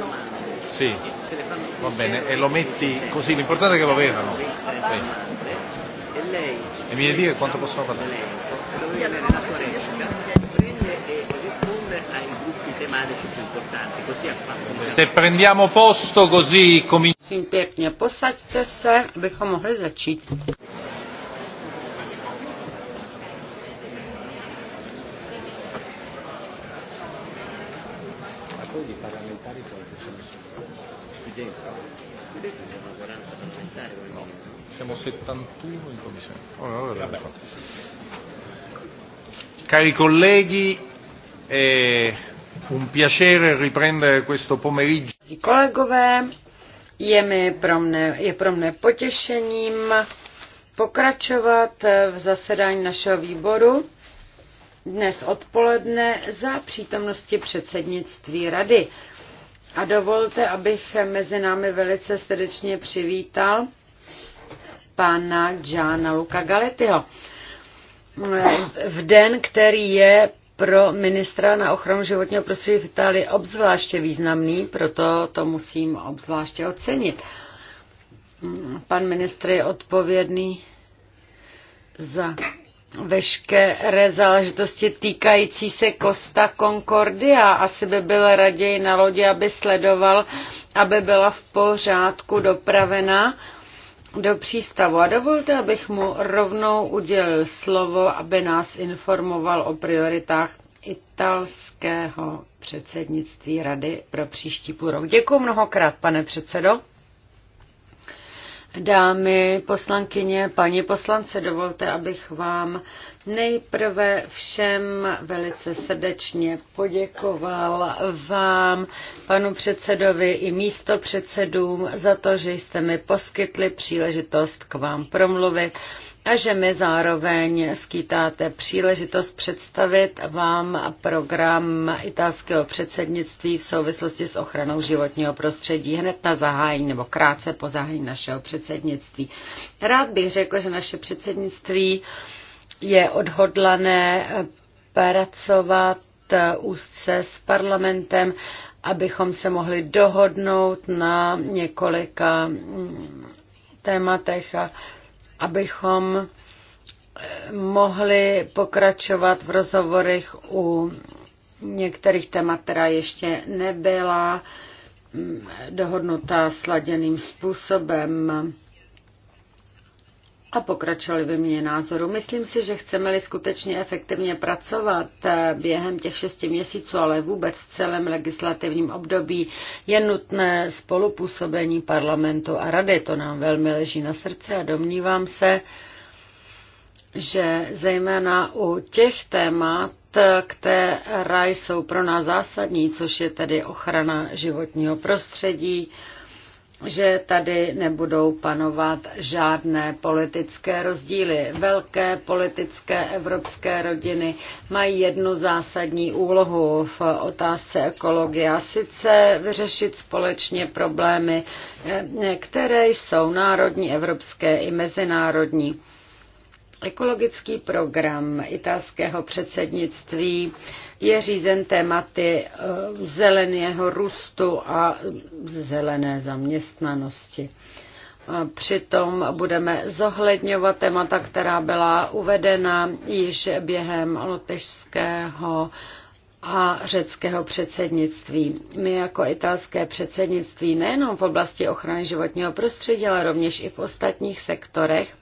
domanda. Sì, Se le fanno va bene, e lo metti così, l'importante è che lo vedano. Sì. E lei? E mi dire quanto possono parlare? Doveva avere la sua replica, prende e risponde ai gruppi tematici più importanti, così ha fatto. Se prendiamo posto così cominciamo. Prosím pěkně, se, abychom mohli solito sono più dentro, sono 40 parlamentari come no. Siamo 71 in commissione. Oh, no, vabbè. Cari colleghi, è un piacere riprendere questo pomeriggio. Kolegové, je, mi pro mne, je pro mne potěšením pokračovat v zasedání našeho výboru dnes odpoledne za přítomnosti předsednictví Rady. A dovolte, abych mezi námi velice srdečně přivítal pana Džána Luka Galetyho. V den, který je pro ministra na ochranu životního prostředí v Itálii obzvláště významný, proto to musím obzvláště ocenit. Pan ministr je odpovědný za veškeré záležitosti týkající se Costa Concordia. Asi by byl raději na lodi, aby sledoval, aby byla v pořádku dopravena do přístavu. A dovolte, abych mu rovnou udělil slovo, aby nás informoval o prioritách italského předsednictví Rady pro příští půl rok. Děkuji mnohokrát, pane předsedo. Dámy poslankyně, paní poslance, dovolte, abych vám nejprve všem velice srdečně poděkoval vám, panu předsedovi i místo předsedům za to, že jste mi poskytli příležitost k vám promluvit a že mi zároveň skýtáte příležitost představit vám program italského předsednictví v souvislosti s ochranou životního prostředí hned na zahájení nebo krátce po zahájení našeho předsednictví. Rád bych řekl, že naše předsednictví je odhodlané pracovat úzce s parlamentem, abychom se mohli dohodnout na několika mm, tématech a abychom eh, mohli pokračovat v rozhovorech u některých témat, která ještě nebyla mm, dohodnuta sladěným způsobem a pokračovali ve mně názoru. Myslím si, že chceme-li skutečně efektivně pracovat eh, během těch šesti měsíců, ale vůbec v celém legislativním období, je nutné spolupůsobení parlamentu a rady. To nám velmi leží na srdci a domnívám se, že zejména u těch témat, které jsou pro nás zásadní, což je tedy ochrana životního prostředí, že tady nebudou panovat žádné politické rozdíly. Velké politické evropské rodiny mají jednu zásadní úlohu v otázce ekologie a sice vyřešit společně problémy, eh, které jsou národní, evropské i mezinárodní. Ekologický program italského předsednictví je řízen tématy eh, zeleného růstu a zelené zaměstnanosti. Přitom budeme zohledňovat témata, která byla uvedena již během lotyšského a řeckého předsednictví. My jako italské předsednictví nejenom v oblasti ochrany životního prostředí, ale rovněž i v ostatních sektorech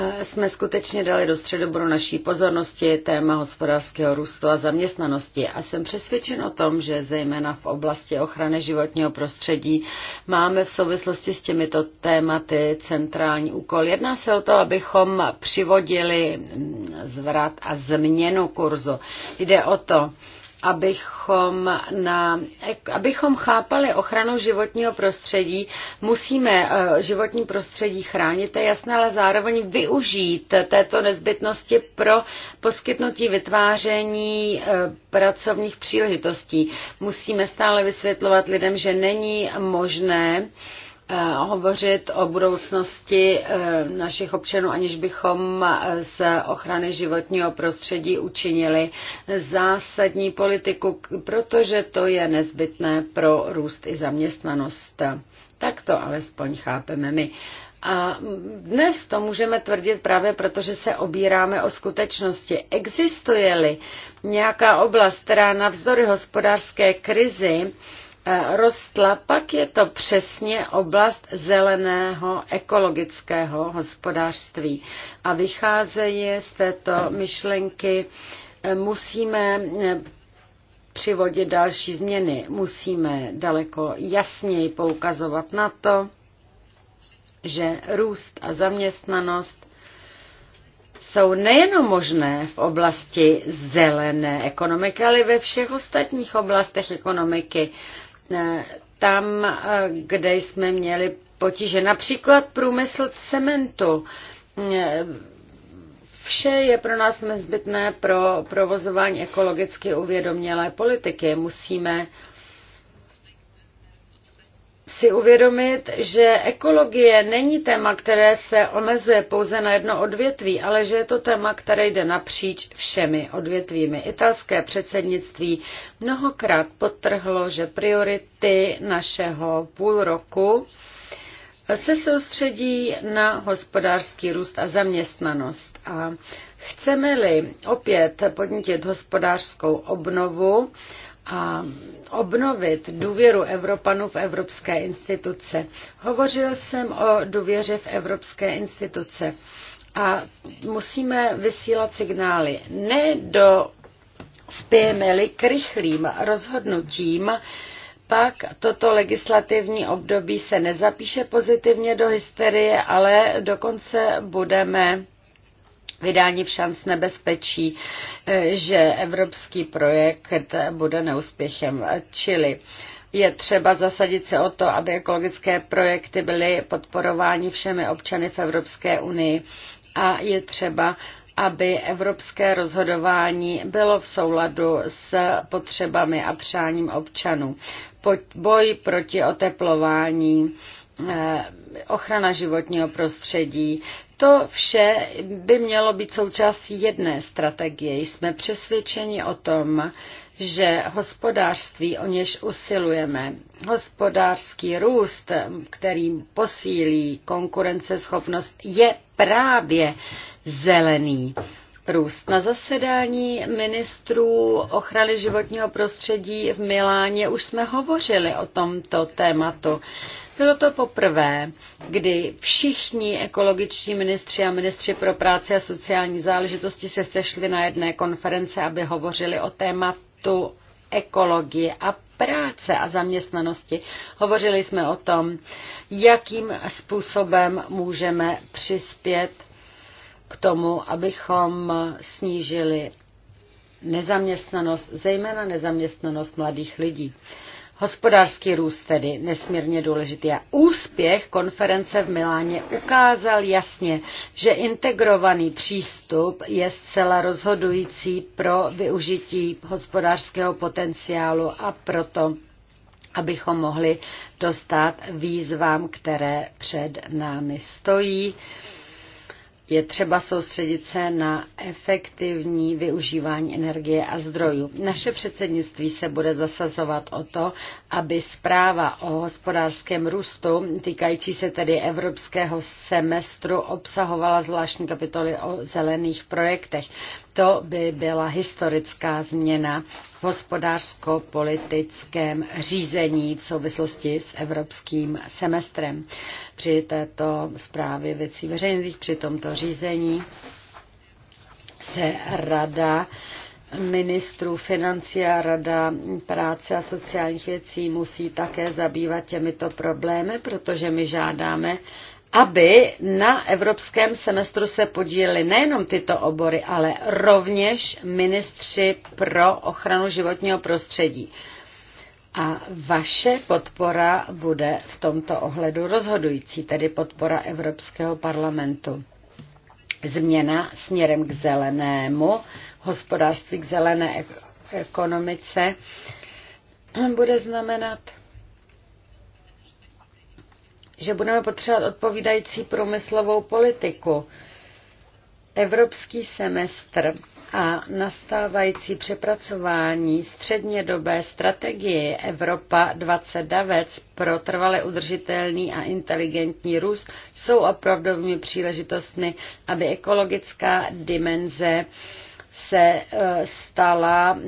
Eh, jsme skutečně dali do středoboru naší pozornosti téma hospodářského růstu a zaměstnanosti a jsem přesvědčen o tom, že zejména v oblasti ochrany životního prostředí máme v souvislosti s těmito tématy centrální úkol. Jedná se o to, abychom přivodili mm, zvrat a změnu kurzu. Jde o to, abychom, na, abychom chápali ochranu životního prostředí, musíme eh, životní prostředí chránit, to je jasné, ale zároveň využít této nezbytnosti pro poskytnutí vytváření eh, pracovních příležitostí. Musíme stále vysvětlovat lidem, že není možné, Eh, hovořit o budoucnosti eh, našich občanů, aniž bychom z eh, ochrany životního prostředí učinili zásadní politiku, protože to je nezbytné pro růst i zaměstnanost. Tak to alespoň chápeme my. A dnes to můžeme tvrdit právě proto, že se obíráme o skutečnosti. Existuje-li nějaká oblast, která navzdory hospodářské krizi Eh, rostla, pak je to přesně oblast zeleného ekologického hospodářství. A vycházejí z této myšlenky, eh, musíme eh, přivodit další změny. Musíme daleko jasněji poukazovat na to, že růst a zaměstnanost jsou nejenom možné v oblasti zelené ekonomiky, ale ve všech ostatních oblastech ekonomiky. Eh, tam, eh, kde jsme měli potíže. Například průmysl cementu. Eh, vše je pro nás nezbytné pro provozování ekologicky uvědomělé politiky. Musíme si uvědomit, že ekologie není téma, které se omezuje pouze na jedno odvětví, ale že je to téma, které jde napříč všemi odvětvími. Italské předsednictví mnohokrát potrhlo, že priority našeho půl roku se soustředí na hospodářský růst a zaměstnanost. A chceme-li opět podnítit hospodářskou obnovu, a obnovit důvěru Evropanů v evropské instituce. Hovořil jsem o důvěře v evropské instituce a musíme vysílat signály. Ne do spějeme-li k rychlým rozhodnutím, pak toto legislativní období se nezapíše pozitivně do hysterie, ale dokonce budeme vydání v šanc nebezpečí, e, že evropský projekt bude neúspěchem. Čili je třeba zasadit se o to, aby ekologické projekty byly podporovány všemi občany v Evropské unii a je třeba aby evropské rozhodování bylo v souladu s potřebami a přáním občanů. Boj proti oteplování, e, ochrana životního prostředí, to vše by mělo být součástí jedné strategie. Jsme přesvědčeni o tom, že hospodářství, o něž usilujeme, hospodářský růst, kterým posílí konkurenceschopnost, je právě zelený růst. Na zasedání ministrů ochrany životního prostředí v Miláně už jsme hovořili o tomto tématu. Bylo to poprvé, kdy všichni ekologiční ministři a ministři pro práci a sociální záležitosti se sešli na jedné konference, aby hovořili o tématu ekologie a práce a zaměstnanosti. Hovořili jsme o tom, jakým způsobem můžeme přispět k tomu, abychom snížili nezaměstnanost, zejména nezaměstnanost mladých lidí. Hospodářský růst tedy nesmírně důležitý a úspěch konference v Miláně ukázal jasně, že integrovaný přístup je zcela rozhodující pro využití hospodářského potenciálu a proto, abychom mohli dostat výzvám, které před námi stojí je třeba soustředit se na efektivní využívání energie a zdrojů. Naše předsednictví se bude zasazovat o to, aby zpráva o hospodářském růstu, týkající se tedy evropského semestru, obsahovala zvláštní kapitoly o zelených projektech. To by byla historická změna v hospodářsko-politickém řízení v souvislosti s evropským semestrem. Při této zprávě věcí veřejných, při tomto řízení se rada ministrů financí a rada práce a sociálních věcí musí také zabývat těmito problémy, protože my žádáme aby na evropském semestru se podíleli nejenom tyto obory, ale rovněž ministři pro ochranu životního prostředí. A vaše podpora bude v tomto ohledu rozhodující, tedy podpora Evropského parlamentu. Změna směrem k zelenému, hospodářství k zelené ekonomice bude znamenat že budeme potřebovat odpovídající průmyslovou politiku. Evropský semestr a nastávající přepracování střednědobé strategie Evropa 29 pro trvale udržitelný a inteligentní růst jsou opravdovými příležitostmi, aby ekologická dimenze se e, stala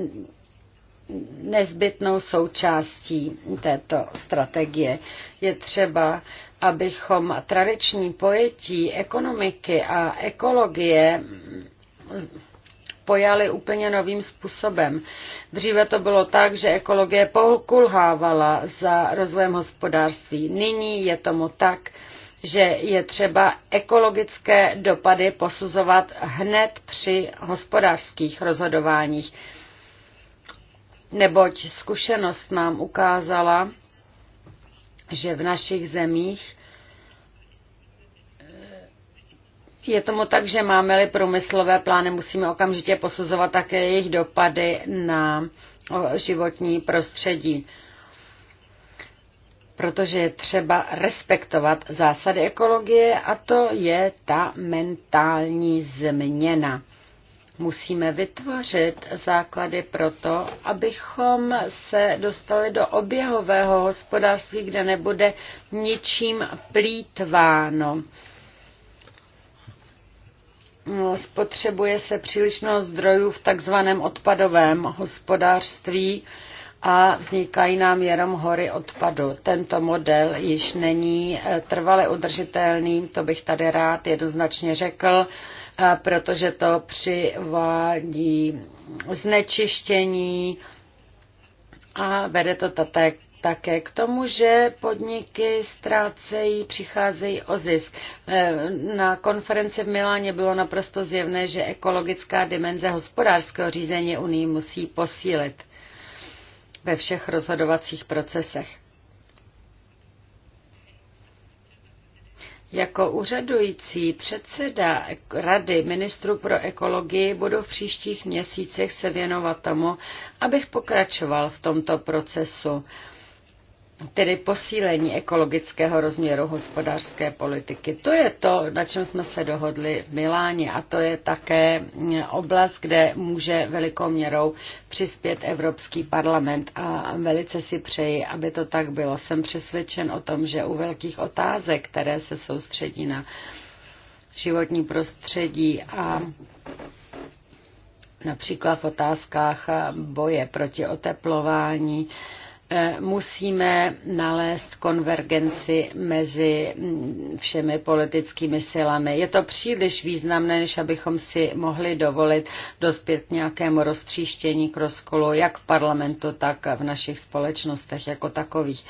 nezbytnou součástí této strategie. Je třeba abychom tradiční pojetí ekonomiky a ekologie pojali úplně novým způsobem. Dříve to bylo tak, že ekologie pokulhávala za rozvojem hospodářství. Nyní je tomu tak, že je třeba ekologické dopady posuzovat hned při hospodářských rozhodováních. Neboť zkušenost nám ukázala, že v našich zemích eh, je tomu tak, že máme-li průmyslové plány, musíme okamžitě posuzovat také jejich dopady na životní prostředí protože je třeba respektovat zásady ekologie a to je ta mentální změna. Musíme vytvořit základy pro to, abychom se dostali do oběhového hospodářství, kde nebude ničím plítváno spotřebuje se příliš mnoho zdrojů v takzvaném odpadovém hospodářství a vznikají nám jenom hory odpadu. Tento model již není eh, trvale udržitelný, to bych tady rád jednoznačně řekl protože to přivádí znečištění a vede to také také k tomu, že podniky ztrácejí, přicházejí o zisk. E, na konferenci v Miláně bylo naprosto zjevné, že ekologická dimenze hospodářského řízení Unii musí posílit ve všech rozhodovacích procesech. Jako úřadující předseda Rady ministru pro ekologii budu v příštích měsících se věnovat tomu, abych pokračoval v tomto procesu tedy posílení ekologického rozměru hospodářské politiky. To je to, na čem jsme se dohodli v Miláně a to je také oblast, kde může velikou měrou přispět Evropský parlament a velice si přeji, aby to tak bylo. Jsem přesvědčen o tom, že u velkých otázek, které se soustředí na životní prostředí a například v otázkách boje proti oteplování, Eh, musíme nalézt konvergenci mezi mm, všemi politickými silami. Je to příliš významné, než abychom si mohli dovolit dospět k nějakému roztříštění k rozkolu, jak v parlamentu, tak v našich společnostech jako takových.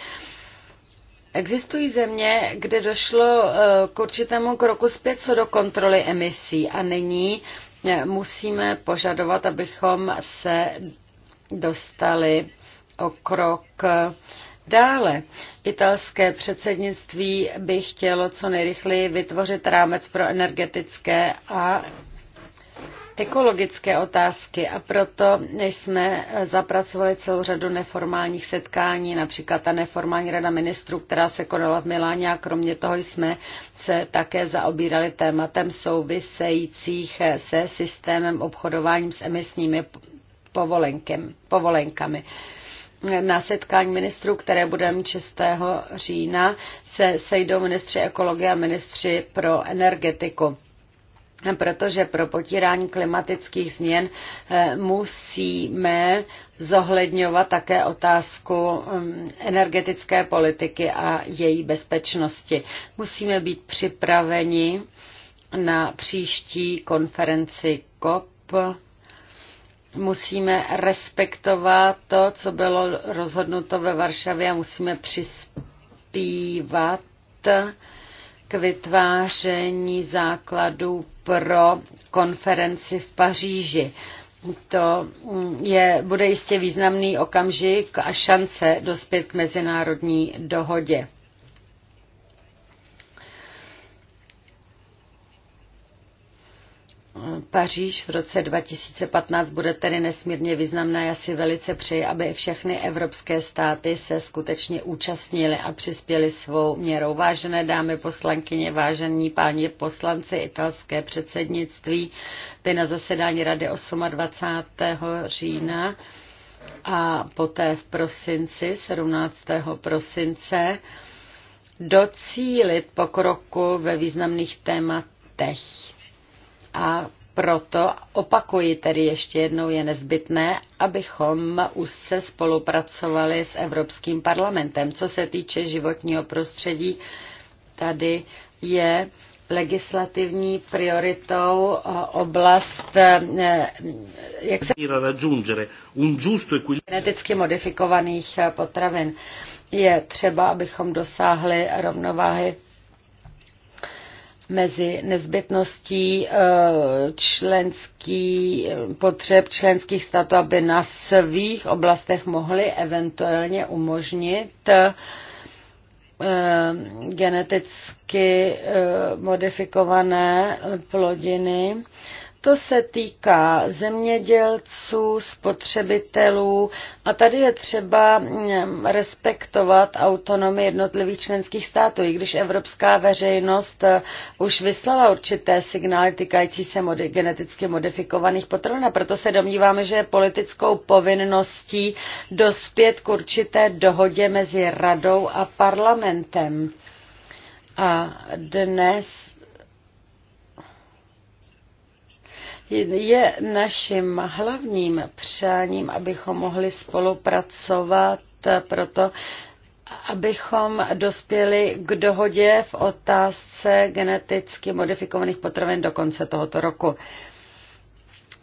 Existují země, kde došlo eh, k určitému kroku zpět co do kontroly emisí a nyní eh, musíme požadovat, abychom se dostali o krok Dále, italské předsednictví by chtělo co nejrychleji vytvořit rámec pro energetické a ekologické otázky a proto jsme zapracovali celou řadu neformálních setkání, například ta neformální rada ministrů, která se konala v Miláně a kromě toho jsme se také zaobírali tématem souvisejících se systémem obchodováním s emisními povolenkami na setkání ministrů, které budeme 6. října, se sejdou ministři ekologie a ministři pro energetiku protože pro potírání klimatických změn eh, musíme zohledňovat také otázku mm, energetické politiky a její bezpečnosti. Musíme být připraveni na příští konferenci COP musíme respektovat to, co bylo rozhodnuto ve Varšavě a musíme přispívat k vytváření základů pro konferenci v Paříži. To je, bude jistě významný okamžik a šance dospět k mezinárodní dohodě. Paříž v roce 2015 bude tedy nesmírně významná. Já si velice přeji, aby všechny evropské státy se skutečně účastnili a přispěli svou měrou. Vážené dámy poslankyně, vážení páni poslanci italské předsednictví, ty na zasedání Rady 28. října a poté v prosinci, 17. prosince, docílit pokroku ve významných tématech a proto opakuji tedy ještě jednou, je nezbytné, abychom úzce spolupracovali s Evropským parlamentem. Co se týče životního prostředí, tady je legislativní prioritou eh, oblast, eh, jak se geneticky modifikovaných eh, potravin. Je třeba, abychom dosáhli rovnováhy mezi nezbytností eh, členský, eh, potřeb členských států, aby na svých oblastech mohli eventuálně umožnit eh, geneticky modifikované plodiny to se týká zemědělců, spotřebitelů a tady je třeba mm, respektovat autonomii jednotlivých členských států, i když evropská veřejnost eh, už vyslala určité signály týkající se modi- geneticky modifikovaných potravin a proto se domníváme, že je politickou povinností dospět k určité dohodě mezi radou a parlamentem. A dnes Je naším hlavním přáním, abychom mohli spolupracovat proto, abychom dospěli k dohodě v otázce geneticky modifikovaných potravin do konce tohoto roku.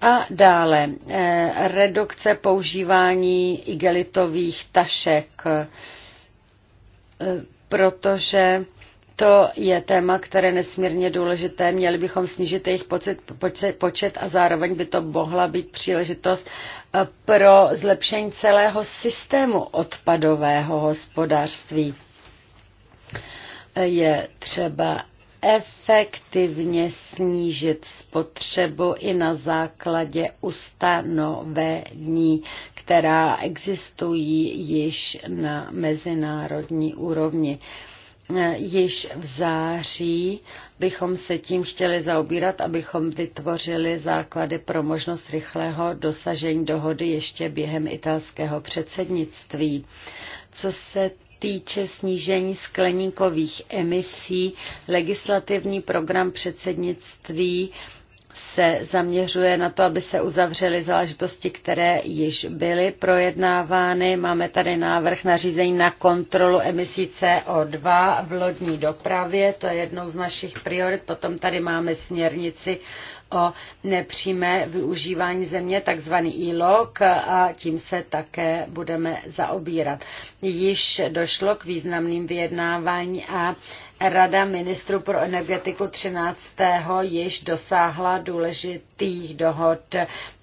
A dále eh, redukce používání igelitových tašek, eh, protože to je téma, které je nesmírně důležité. Měli bychom snížit jejich počet, počet, počet a zároveň by to mohla být příležitost eh, pro zlepšení celého systému odpadového hospodářství. Eh, je třeba efektivně snížit spotřebu i na základě ustanovení, která existují již na mezinárodní úrovni již v září bychom se tím chtěli zaobírat, abychom vytvořili základy pro možnost rychlého dosažení dohody ještě během italského předsednictví. Co se týče snížení skleníkových emisí, legislativní program předsednictví se zaměřuje na to, aby se uzavřely záležitosti, které již byly projednávány. Máme tady návrh na řízení na kontrolu emisí CO2 v lodní dopravě, to je jednou z našich priorit. Potom tady máme směrnici o nepřímé využívání země, takzvaný ILOG, a tím se také budeme zaobírat. Již došlo k významným vyjednávání a Rada ministrů pro energetiku 13. již dosáhla důležitých dohod,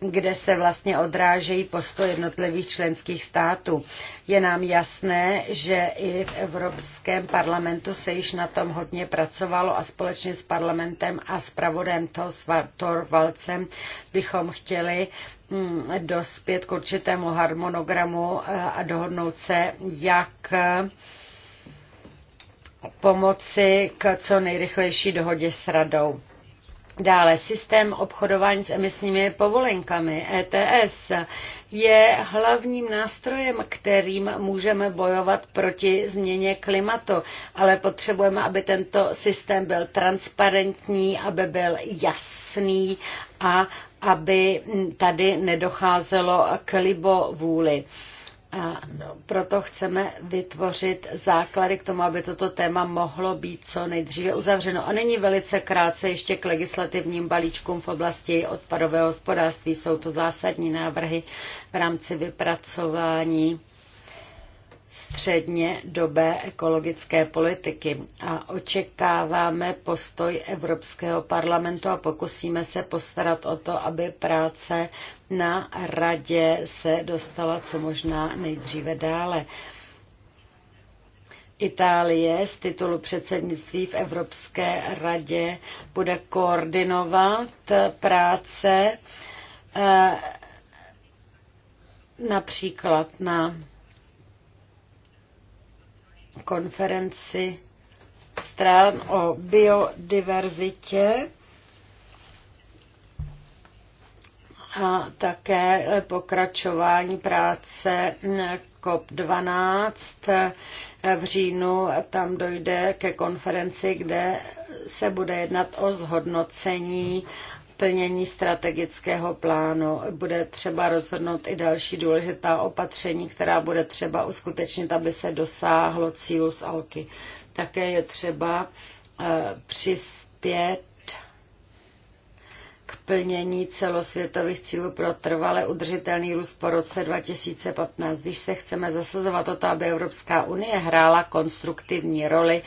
kde se vlastně odrážejí postoj jednotlivých členských států. Je nám jasné, že i v Evropském parlamentu se již na tom hodně pracovalo a společně s parlamentem a s pravodem Torvalcem bychom chtěli mm, dospět k určitému harmonogramu eh, a dohodnout se, jak pomoci k co nejrychlejší dohodě s radou. Dále systém obchodování s emisními povolenkami ETS je hlavním nástrojem, kterým můžeme bojovat proti změně klimatu, ale potřebujeme, aby tento systém byl transparentní, aby byl jasný a aby tady nedocházelo k libovůli. vůli a no, proto chceme vytvořit základy k tomu, aby toto téma mohlo být co nejdříve uzavřeno. A není velice krátce ještě k legislativním balíčkům v oblasti odpadového hospodářství. Jsou to zásadní návrhy v rámci vypracování středně dobé ekologické politiky a očekáváme postoj Evropského parlamentu a pokusíme se postarat o to, aby práce na radě se dostala co možná nejdříve dále. Itálie z titulu předsednictví v Evropské radě bude koordinovat práce eh, například na konferenci stran o biodiverzitě a také pokračování práce COP12 v říjnu. Tam dojde ke konferenci, kde se bude jednat o zhodnocení plnění strategického plánu bude třeba rozhodnout i další důležitá opatření, která bude třeba uskutečnit, aby se dosáhlo cílu z ALKY. Také je třeba eh, přispět k plnění celosvětových cílů pro trvale udržitelný růst po roce 2015. Když se chceme zasazovat o to, aby Evropská unie hrála konstruktivní roli,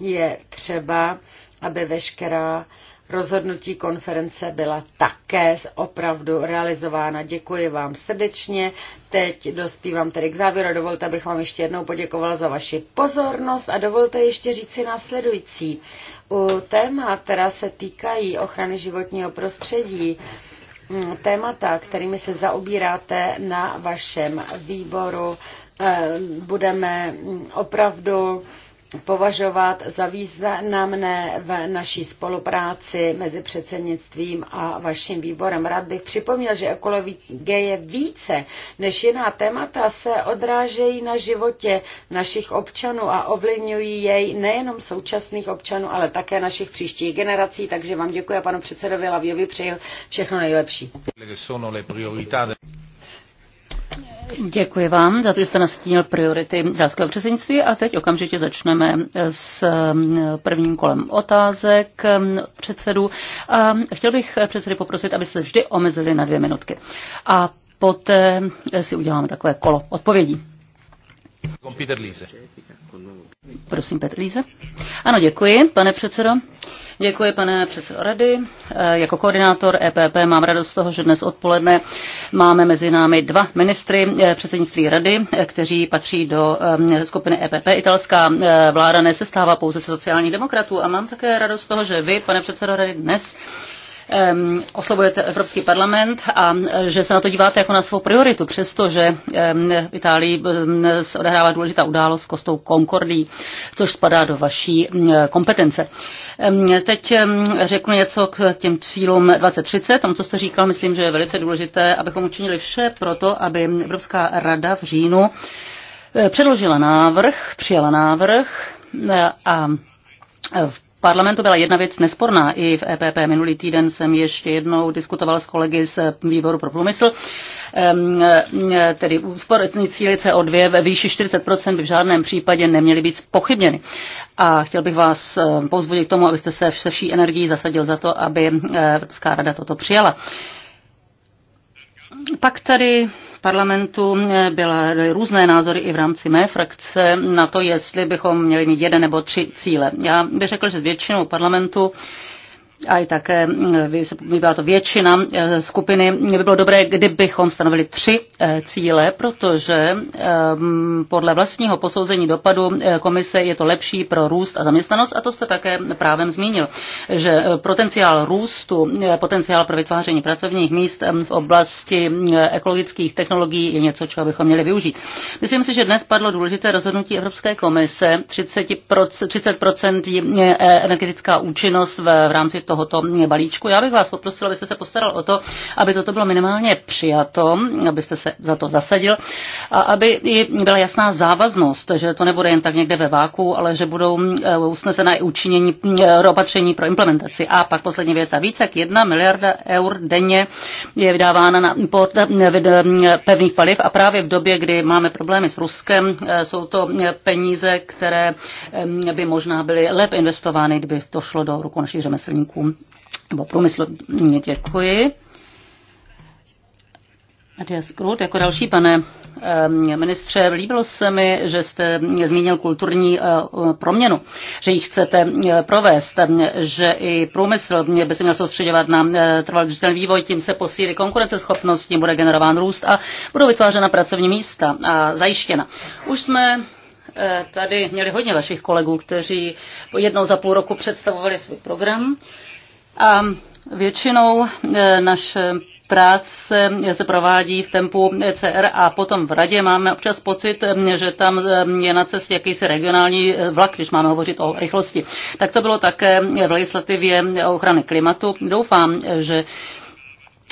je třeba, aby veškerá rozhodnutí konference byla také opravdu realizována. Děkuji vám srdečně. Teď dospívám tedy k závěru. Dovolte, abych vám ještě jednou poděkovala za vaši pozornost a dovolte ještě říci následující. U téma, která se týkají ochrany životního prostředí, mm, témata, kterými se zaobíráte na vašem výboru, eh, budeme mm, opravdu považovat za významné v naší spolupráci mezi předsednictvím a vaším výborem. Rád bych připomněl, že ekologie je více než jiná témata, se odrážejí na životě našich občanů a ovlivňují jej nejenom současných občanů, ale také našich příštích generací. Takže vám děkuji a panu předsedovi Laviovi přeji všechno nejlepší. Děkuji vám za to, že jste nastínil priority dánského předsednictví a teď okamžitě začneme s um, prvním kolem otázek um, předsedů. A chtěl bych předsedy poprosit, aby se vždy omezili na dvě minutky. A poté si uděláme takové kolo odpovědí. Peter Prosím, Petr Líze. Ano, děkuji, pane předsedo. Děkuji, pane předsedo rady. E, jako koordinátor EPP mám radost z toho, že dnes odpoledne máme mezi námi dva ministry e, předsednictví rady, e, kteří patří do skupiny EPP. Italská vláda nesestává pouze se sociálních demokratů a mám také radost z toho, že vy, pane předsedo rady, dnes oslovujete Evropský parlament a že se na to díváte jako na svou prioritu, přestože v Itálii se odehrává důležitá událost s kostou Concordii, což spadá do vaší kompetence. Teď řeknu něco k těm cílům 2030. Tam, co jste říkal, myslím, že je velice důležité, abychom učinili vše pro to, aby Evropská rada v říjnu eh, předložila návrh, přijala návrh eh, a v parlamentu byla jedna věc nesporná. I v EPP minulý týden jsem ještě jednou diskutoval s kolegy z výboru pro průmysl. Tedy úsporní cíly CO2 ve výši 40% by v žádném případě neměly být pochybněny. A chtěl bych vás povzbudit k tomu, abyste se se vší energií zasadil za to, aby Evropská rada toto přijala. Pak tady parlamentu eh, byly různé názory i v rámci mé frakce na to, jestli bychom měli mít jeden nebo tři cíle. Já bych řekl, že s většinou parlamentu a i také mm, byla to většina eh, skupiny, by bylo dobré, kdybychom stanovili tři eh, cíle, protože ehm, podle vlastního posouzení dopadu eh, komise je to lepší pro růst a zaměstnanost a to jste také právem zmínil, že potenciál růstu, potenciál pro vytváření pracovních míst ehm, v oblasti ekologických technologií je něco, čeho bychom měli využít. Myslím si, že dnes padlo důležité rozhodnutí Evropské komise 30%, 30% energetická účinnost v rámci toho tohoto balíčku. Já bych vás poprosil, abyste se postaral o to, aby toto bylo minimálně přijato, abyste se za to zasadil a aby i byla jasná závaznost, že to nebude jen tak někde ve váku, ale že budou eh, usnesena i učinění eh, opatření pro implementaci. A pak poslední věta. Více jak jedna miliarda eur denně je vydávána na import eh, pevných paliv a právě v době, kdy máme problémy s Ruskem, jsou to peníze, které by možná byly lépe investovány, kdyby to šlo do ruku našich řemeslníků podniků nebo průmyslu. Děkuji. Matias Krut, jako další pane eh, ministře, líbilo se mi, že jste zmínil kulturní eh, proměnu, že ji chcete eh, provést, že i průmysl by se měl soustředovat na trvalý digitální vývoj, tím se posílí konkurenceschopnost, tím bude generován růst a budou vytvářena pracovní místa a zajištěna. Už jsme tady měli hodně vašich kolegů, kteří jednou za půl roku představovali svůj program. A většinou e, naše práce se provádí v tempu ECR a potom v radě máme občas pocit, e, že tam e, je na cestě jakýsi regionální vlak, když máme hovořit o rychlosti. Tak to bylo také v legislativě o ochrany klimatu. Doufám, že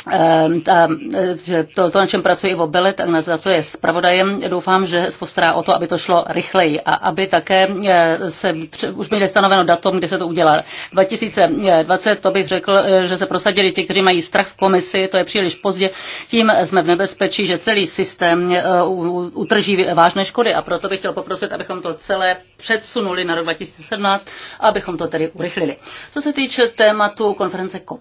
Ehm, ta, ehm, to, to, na čem pracuje Ivo Belet, na co je zpravodajem, doufám, že se postará o to, aby to šlo rychleji a aby také eh, se, už bude stanoveno datum, kdy se to udělá. 2020, to bych řekl, eh, že se prosadili ti, kteří mají strach v komisi, to je příliš pozdě. Tím eh, jsme v nebezpečí, že celý systém utrží vážné škody a proto bych chtěl poprosit, abychom to celé předsunuli na rok 2017, abychom to tedy urychlili. Co se týče tématu konference COP.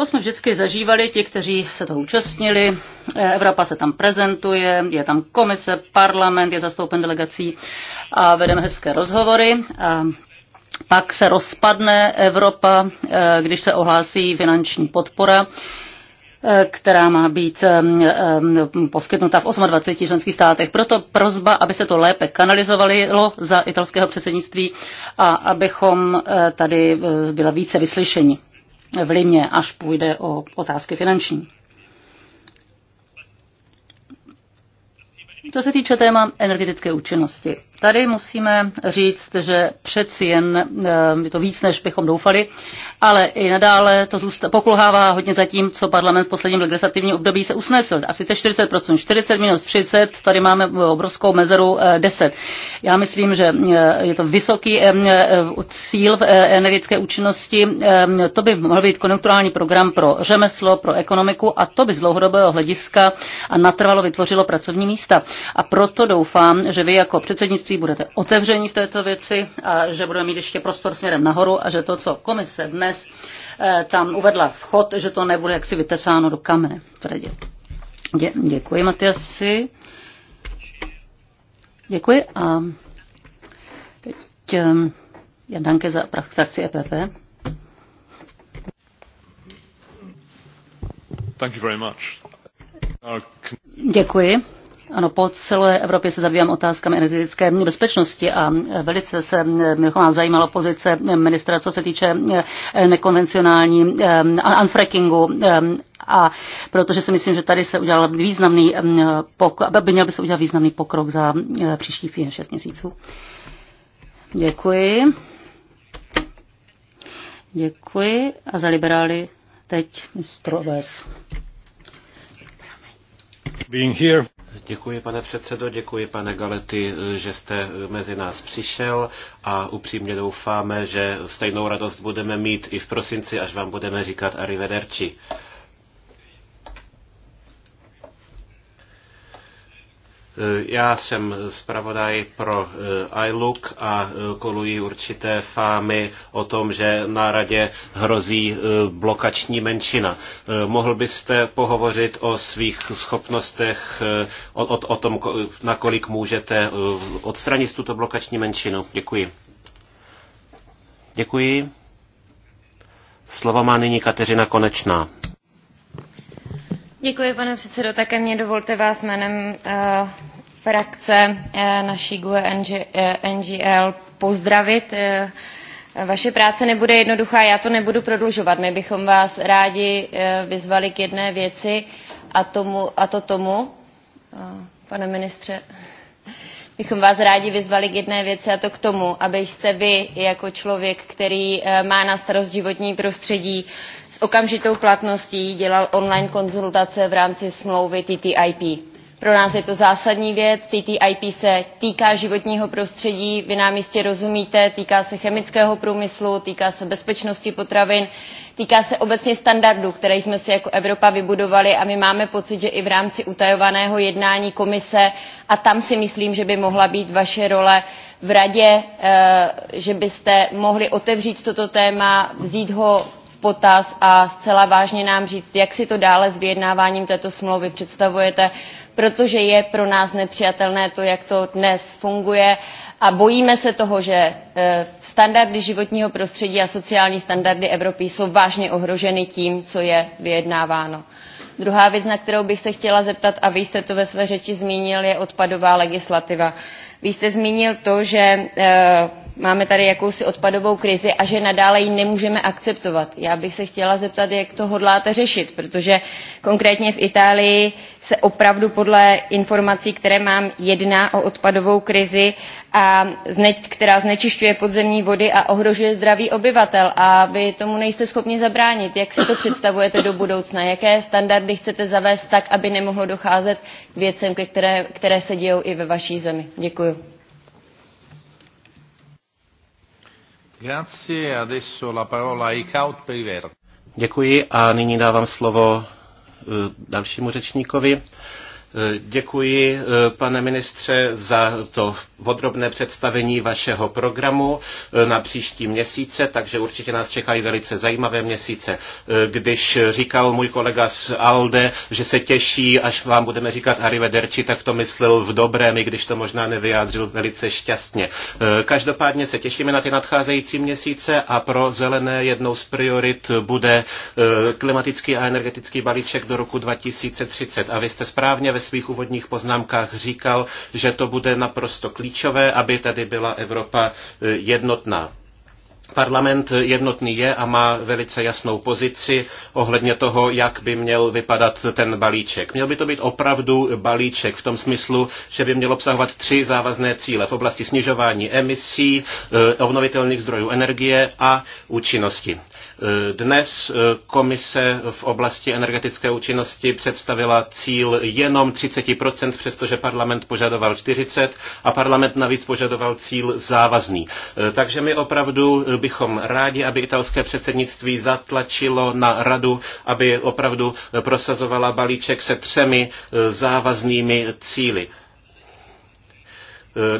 To jsme vždycky zažívali, ti, kteří se toho účastnili. Eh, Evropa se tam prezentuje, je tam komise, parlament, je zastoupen delegací a vedeme hezké rozhovory. A pak se rozpadne Evropa, eh, když se ohlásí finanční podpora eh, která má být poskytnuta v 28 členských státech. Proto prozba, aby se to lépe kanalizovalo za italského předsednictví a abychom tady byla více vyslyšeni v Limě, až půjde o otázky finanční. Co se týče téma energetické účinnosti, Tady musíme říct, že přeci jen eh, je to víc, než bychom doufali, ale i nadále to zůsta- pokulhává hodně za tím, co parlament v posledním legislativním období se usnesl. A sice 40%, 40 minus 30, tady máme obrovskou mezeru 10. Eh, Já myslím, že eh, je to vysoký cíl v energetické účinnosti. To by mohl být konjunkturální program pro řemeslo, pro ekonomiku a to by z dlouhodobého hlediska a natrvalo vytvořilo pracovní místa. A proto doufám, že vy jako předsednictví předsednictví budete otevření v této věci a že budeme mít ještě prostor směrem nahoru a že to, co komise dnes eh, tam uvedla vchod, že to nebude jaksi vytesáno do kamene. Tvrdě. Dě, děkuji, Matiasi. Děkuji a teď eh, Jan Danke za frakci EPP. Thank you very much. Děkuji. Ano, po celé Evropě se zabývám otázkami energetické bezpečnosti a velice se mě zajímalo pozice ministra, co se týče eh, nekonvencionální eh, unfrackingu eh, a protože si myslím, že tady se udělal významný pokrok, měl by se udělat významný pokrok za příštích 6 měsíců. Děkuji. Děkuji. A za liberály teď mistrovec. Being here. Děkuji, pane předsedo, děkuji, pane Galety, že jste mezi nás přišel a upřímně doufáme, že stejnou radost budeme mít i v prosinci, až vám budeme říkat arrivederci. Eh, já jsem zpravodaj pro eh, iLook a eh, kolují určité fámy o tom, že na radě hrozí blokační menšina. Mohl byste pohovořit o svých schopnostech, o, o, o tom, nakolik můžete odstranit tuto blokační menšinu? Děkuji. Děkuji. Slovo má nyní Kateřina Konečná pane předsedo. Také mě dovolte vás jménem eh, frakce eh, naší GUE NGL eh, pozdravit. vaše práce nebude jednoduchá, já to nebudu prodlužovat. My bychom vás rádi vyzvali k jedné věci a, a to tomu, pane ministře, bychom vás rádi vyzvali k jedné věci a to k tomu, abyste vy jako člověk, který eh, má na starost životní prostředí, s okamžitou platností dělal online konzultace v rámci smlouvy TTIP pro nás je to zásadní věc. TTIP se týká životního prostředí, vy nám jistě rozumíte, týká se chemického průmyslu, týká se bezpečnosti potravin, týká se obecně standardů, které jsme si jako Evropa vybudovali a my máme pocit, že i v rámci utajovaného jednání komise a tam si myslím, že by mohla být vaše role v radě, eh, že byste mohli otevřít toto téma, vzít ho potaz a zcela vážně nám říct, jak si to dále s vyjednáváním této smlouvy představujete, protože je pro nás nepřijatelné to jak to dnes funguje a bojíme se toho že eh, standardy životního prostředí a sociální standardy evropy jsou vážně ohroženy tím co je vyjednáváno. druhá věc na kterou bych se chtěla zeptat a vy jste to ve své řeči zmínil je odpadová legislativa. vy jste zmínil to že eh, máme tady jakousi odpadovou krizi a že nadále ji nemůžeme akceptovat. já bych se chtěla zeptat jak to hodláte řešit protože konkrétně v itálii se opravdu podle informací které mám jedná o odpadovou krizi a zneč, která znečišťuje podzemní vody a ohrožuje zdraví obyvatel a vy tomu nejste schopni zabránit. jak si to představujete do budoucna? jaké standardy chcete zavést tak aby nemohlo docházet k věcem které, které se dějí i ve vaší zemi? děkuji. Děkuji a nyní dávám slovo eh, dalšímu řečníkovi. Děkuji, eh, pane ministře, za to podrobné představení vašeho programu eh, na příští měsíce, takže určitě nás čekají velice zajímavé měsíce. Eh, když říkal můj kolega z ALDE, že se těší, až vám budeme říkat arrivederci, tak to myslel v dobrém, i když to možná nevyjádřil velice šťastně. Každopádně se těšíme na ty nadcházející měsíce a pro zelené jednou z priorit bude klimatický a energetický balíček do roku 2030. A vy jste správně ve ve svých úvodních poznámkách říkal, že to bude naprosto klíčové, aby tady byla Evropa e, jednotná. Parlament jednotný je a má velice jasnou pozici ohledně toho, jak by měl vypadat ten balíček. Měl by to být opravdu balíček v tom smyslu, že by měl obsahovat tři závazné cíle v oblasti snižování emisí, e, obnovitelných zdrojů energie a účinnosti. Dnes eh, komise v oblasti energetické účinnosti představila cíl jenom 30%, přestože parlament požadoval 40% a parlament navíc požadoval cíl závazný. Eh, takže my opravdu bychom rádi, aby italské předsednictví zatlačilo na radu, aby opravdu prosazovala balíček se třemi eh, závaznými cíly.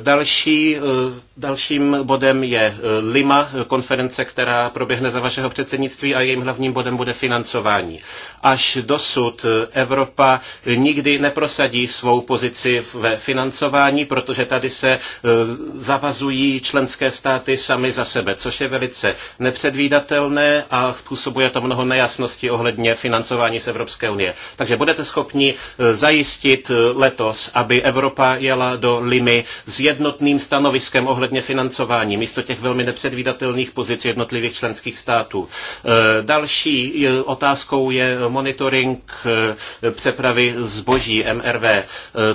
Další Dalším bodem je eh, Lima, eh, konference, která proběhne za vašeho předsednictví a jejím hlavním bodem bude financování. Až dosud eh, Evropa nikdy neprosadí svou pozici ve financování, protože tady se zavazují členské státy sami za sebe, což je velice nepředvídatelné a způsobuje to mnoho nejasností ohledně financování z Evropské unie. Takže budete schopni zajistit letos, aby Evropa jela do Limy s jednotným stanoviskem ohledně ohledně financování, místo těch velmi nepředvídatelných pozic jednotlivých členských států. E, další e, otázkou je monitoring e, přepravy zboží MRV.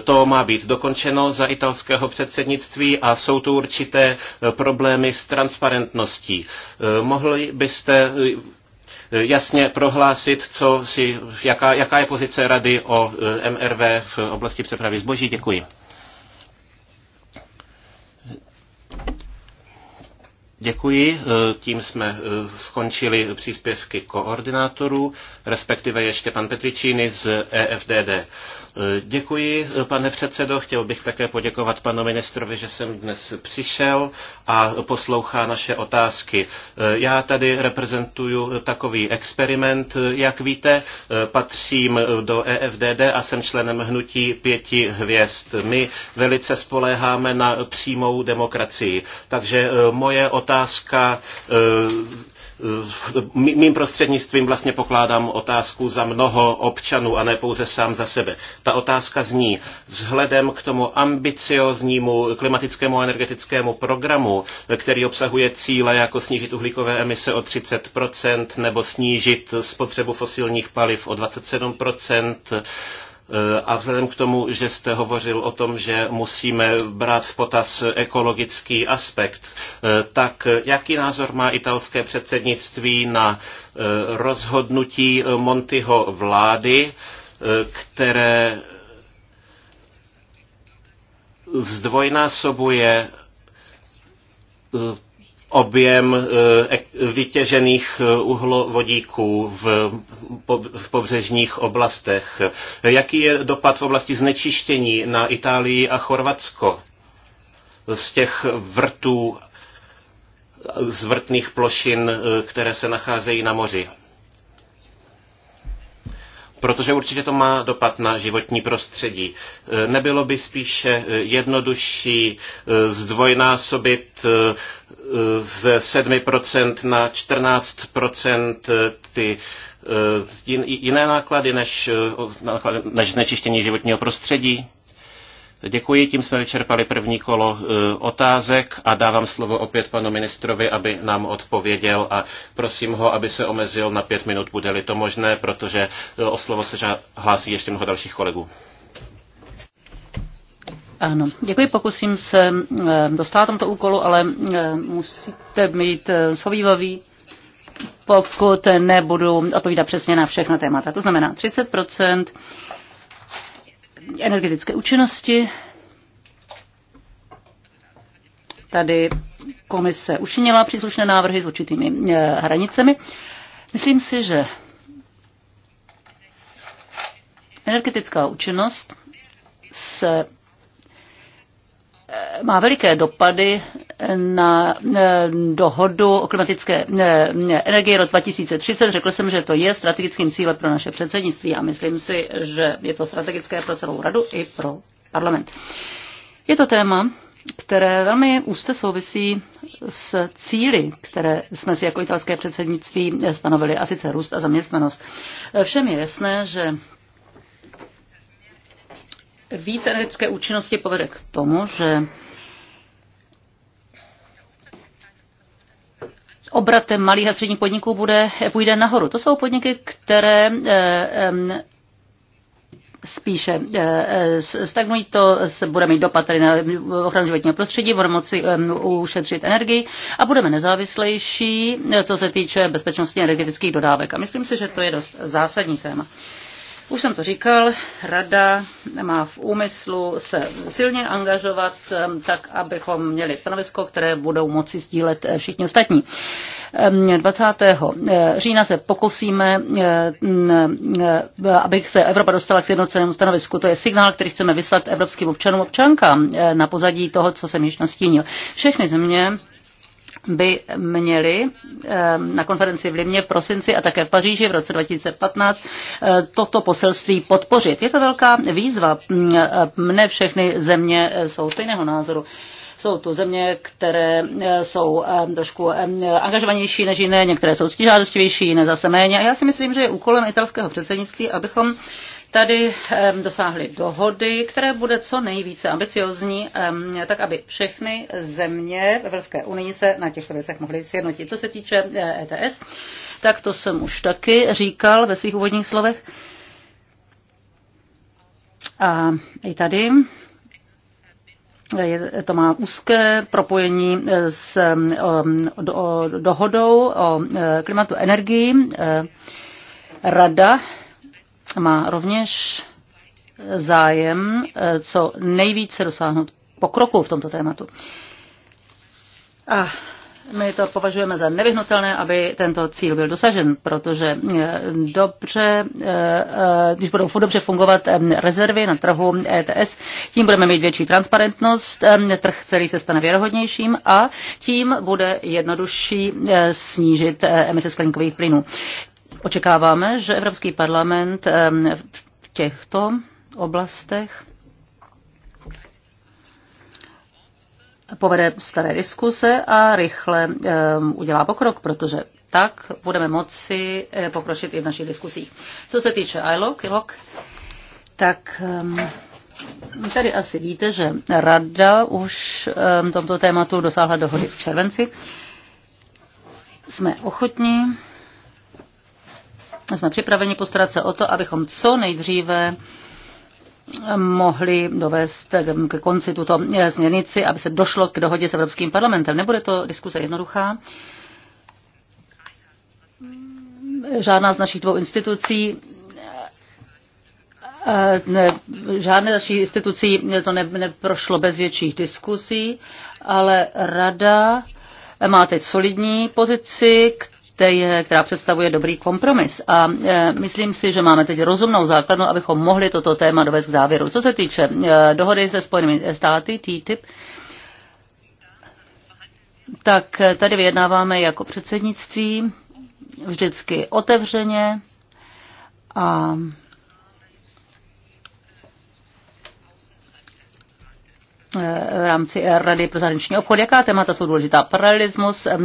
To má být dokončeno za italského předsednictví a jsou tu určité problémy s transparentností. Mohli byste jasně prohlásit, co si, jaká, jaká je pozice rady o MRV v oblasti přepravy zboží. Děkuji. Děkuji. E, tím jsme e, skončili příspěvky koordinátorů, respektive ještě pan Petričíny z EFDD. Děkuji, pane předsedo. Chtěl bych také poděkovat panu ministrovi, že jsem dnes přišel a poslouchá naše otázky. Já tady reprezentuju takový experiment, jak víte, patřím do EFDD a jsem členem hnutí pěti hvězd. My velice spoléháme na přímou demokracii. Takže moje otázka Eh, mým prostřednictvím vlastně pokládám otázku za mnoho občanů a ne pouze sám za sebe. Ta otázka zní, vzhledem k tomu ambicioznímu klimatickému a energetickému programu, eh, který obsahuje cíle jako snížit uhlíkové emise o 30% nebo snížit spotřebu fosilních paliv o 27%, Eh, a vzhledem k tomu, že jste hovořil o tom, že musíme brát v potaz ekologický aspekt, eh, tak jaký názor má italské předsednictví na eh, rozhodnutí Montyho vlády, které zdvojnásobuje objem eh, vytěžených eh, uhlovodíků v, v pobřežních oblastech. Jaký je dopad v oblasti znečištění na Itálii a Chorvatsko z těch vrtů, z vrtných plošin, eh, které se nacházejí na moři? protože určitě to má dopad na životní prostředí. E, nebylo by spíše e, jednodušší e, zdvojnásobit ze 7% na 14% ty jiné náklady než, než znečištění životního prostředí? Děkuji, tím jsme vyčerpali první kolo eh, otázek a dávám slovo opět panu ministrovi, aby nám odpověděl a prosím ho, aby se omezil na pět minut, bude-li to možné, protože eh, o slovo se hlásí ještě mnoho dalších kolegů. Ano, děkuji, pokusím se eh, dostat tomto úkolu, ale musíte e, schovývaví, pokud nebudu odpovídat přesně na všechna témata. To znamená 30 energetické účinnosti. Tady komise učinila příslušné návrhy s určitými eh, hranicemi. Myslím si, že energetická účinnost se má veliké dopady na eh, dohodu o klimatické eh, energie rok 2030. Řekl jsem, že to je strategickým cílem pro naše předsednictví a myslím si, že je to strategické pro celou radu i pro parlament. Je to téma, které velmi úzce souvisí s cíly, které jsme si jako italské předsednictví stanovili, a sice růst a zaměstnanost. Všem je jasné, že více energetické účinnosti povede k tomu, že obratem malých a středních podniků bude, půjde nahoru. To jsou podniky, které eh, spíše eh, stagnují to, bude mít dopad tady na ochranu životního prostředí, budeme moci ušetřit energii a budeme nezávislejší, co se týče bezpečnosti energetických dodávek. A myslím si, že to je dost zásadní téma. Už jsem to říkal, rada má v úmyslu se silně angažovat tak, abychom měli stanovisko, které budou moci sdílet eh, všichni ostatní. 20. Eh, října se pokusíme, eh, aby se Evropa dostala k jednocenému stanovisku. To je signál, který chceme vyslat evropským občanům občankám na pozadí toho, co jsem již nastínil. Všechny země by měli eh, na konferenci v Limě v prosinci a také v Paříži v roce 2015 eh, toto poselství podpořit. Je to velká výzva. Mne mm, eh, všechny země jsou stejného názoru jsou to země, které jsou trošku angažovanější než jiné, některé jsou stížádostivější, jiné zase méně. A já si myslím, že je úkolem italského předsednictví, abychom tady dosáhli dohody, které bude co nejvíce ambiciozní, tak aby všechny země v Evropské unii se na těchto věcech mohly sjednotit. Co se týče ETS, e tak to jsem už taky říkal ve svých úvodních slovech. A i tady je, to má úzké propojení e, s o, o, dohodou o e, klimatu energii. Rada má rovněž zájem eh, co nejvíce dosáhnout pokroku v tomto tématu. A my to považujeme za nevyhnutelné, aby tento cíl byl dosažen, protože eh, dobře, eh, když budou dobře fungovat rezervy na trhu ETS, tím budeme mít větší transparentnost, trh celý se stane věrohodnějším a tím bude jednodušší snížit emise skleníkových plynů. Očekáváme, že Evropský parlament v těchto oblastech povede staré diskuse a rychle udělá pokrok, protože tak budeme moci eh, pokročit i v našich diskusích. Co se týče ILOC, ILOC tak tady asi víte, že Rada už tomto tématu dosáhla dohody v červenci. Jsme ochotní jsme připraveni postarat se o to, abychom co nejdříve mohli dovést k konci tuto eh, směrnici, aby se došlo k dohodě s Evropským parlamentem. Nebude to diskuse jednoduchá. Žádná z našich dvou institucí ne, eh, eh, žádné další institucí to ne, neprošlo bez větších diskusí, ale rada má teď solidní pozici, která představuje dobrý kompromis. A e, myslím si, že máme teď rozumnou základnu, abychom mohli toto téma dovést k závěru. Co se týče e, dohody se Spojenými státy, TTIP, tak tady vyjednáváme jako předsednictví vždycky otevřeně a Eh, v rámci Rady pro zahraniční obchod. Jaká témata jsou důležitá? Paralelismus, eh,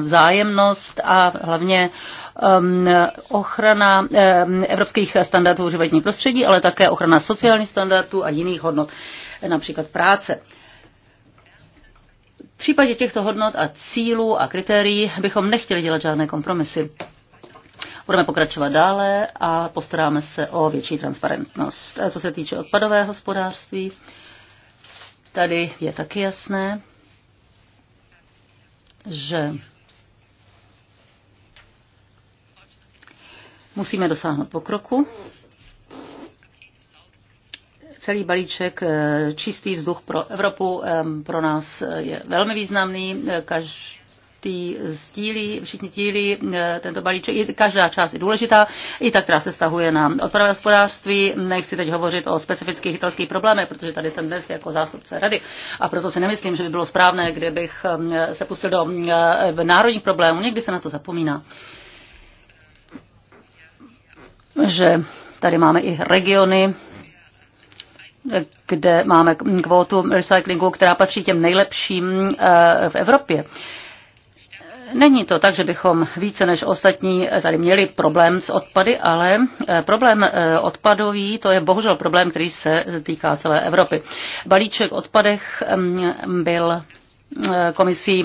vzájemnost a hlavně ehm, ochrana eh, evropských standardů životní prostředí, ale také ochrana sociálních standardů a jiných hodnot, například práce. V případě těchto hodnot a cílů a kritérií bychom nechtěli dělat žádné kompromisy. Budeme pokračovat dále a postaráme se o větší transparentnost. Co se týče odpadového hospodářství, Tady je taky jasné, že musíme dosáhnout pokroku. Celý balíček eh, čistý vzduch pro Evropu eh, pro nás eh, je velmi významný. Každý tý stílí, všichni tílí eh, tento balíček. Každá část je důležitá, i ta, která se stahuje na odpravé hospodářství. Nechci teď hovořit o specifických italských problémech, protože tady jsem dnes jako zástupce rady a proto si nemyslím, že by bylo správné, kdybych eh, se pustil do eh, národních problémů. Někdy se na to zapomíná že tady máme i regiony, kde máme kvótu recyklingu, která patří těm nejlepším v Evropě. Není to tak, že bychom více než ostatní tady měli problém s odpady, ale eh, problém eh, odpadový, to je bohužel problém, který se týká celé Evropy. Balíček odpadech mm, byl eh, komisí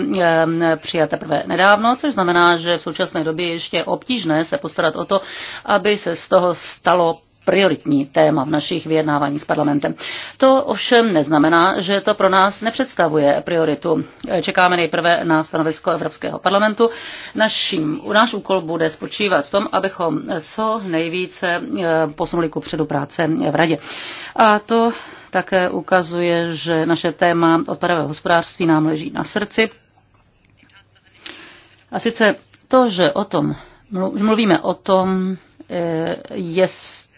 přijat teprve nedávno, což znamená, že v současné době ještě je obtížné se postarat o to, aby se z toho stalo prioritní téma v našich vyjednávání s parlamentem. To ovšem neznamená, že to pro nás nepředstavuje prioritu. Čekáme nejprve na stanovisko Evropského parlamentu. Naším, náš úkol bude spočívat v tom, abychom co nejvíce eh, posunuli ku předu práce v Radě. A to také ukazuje, že naše téma odpadového hospodářství nám leží na srdci. A sice to, že o tom mluvíme o tom, eh, jest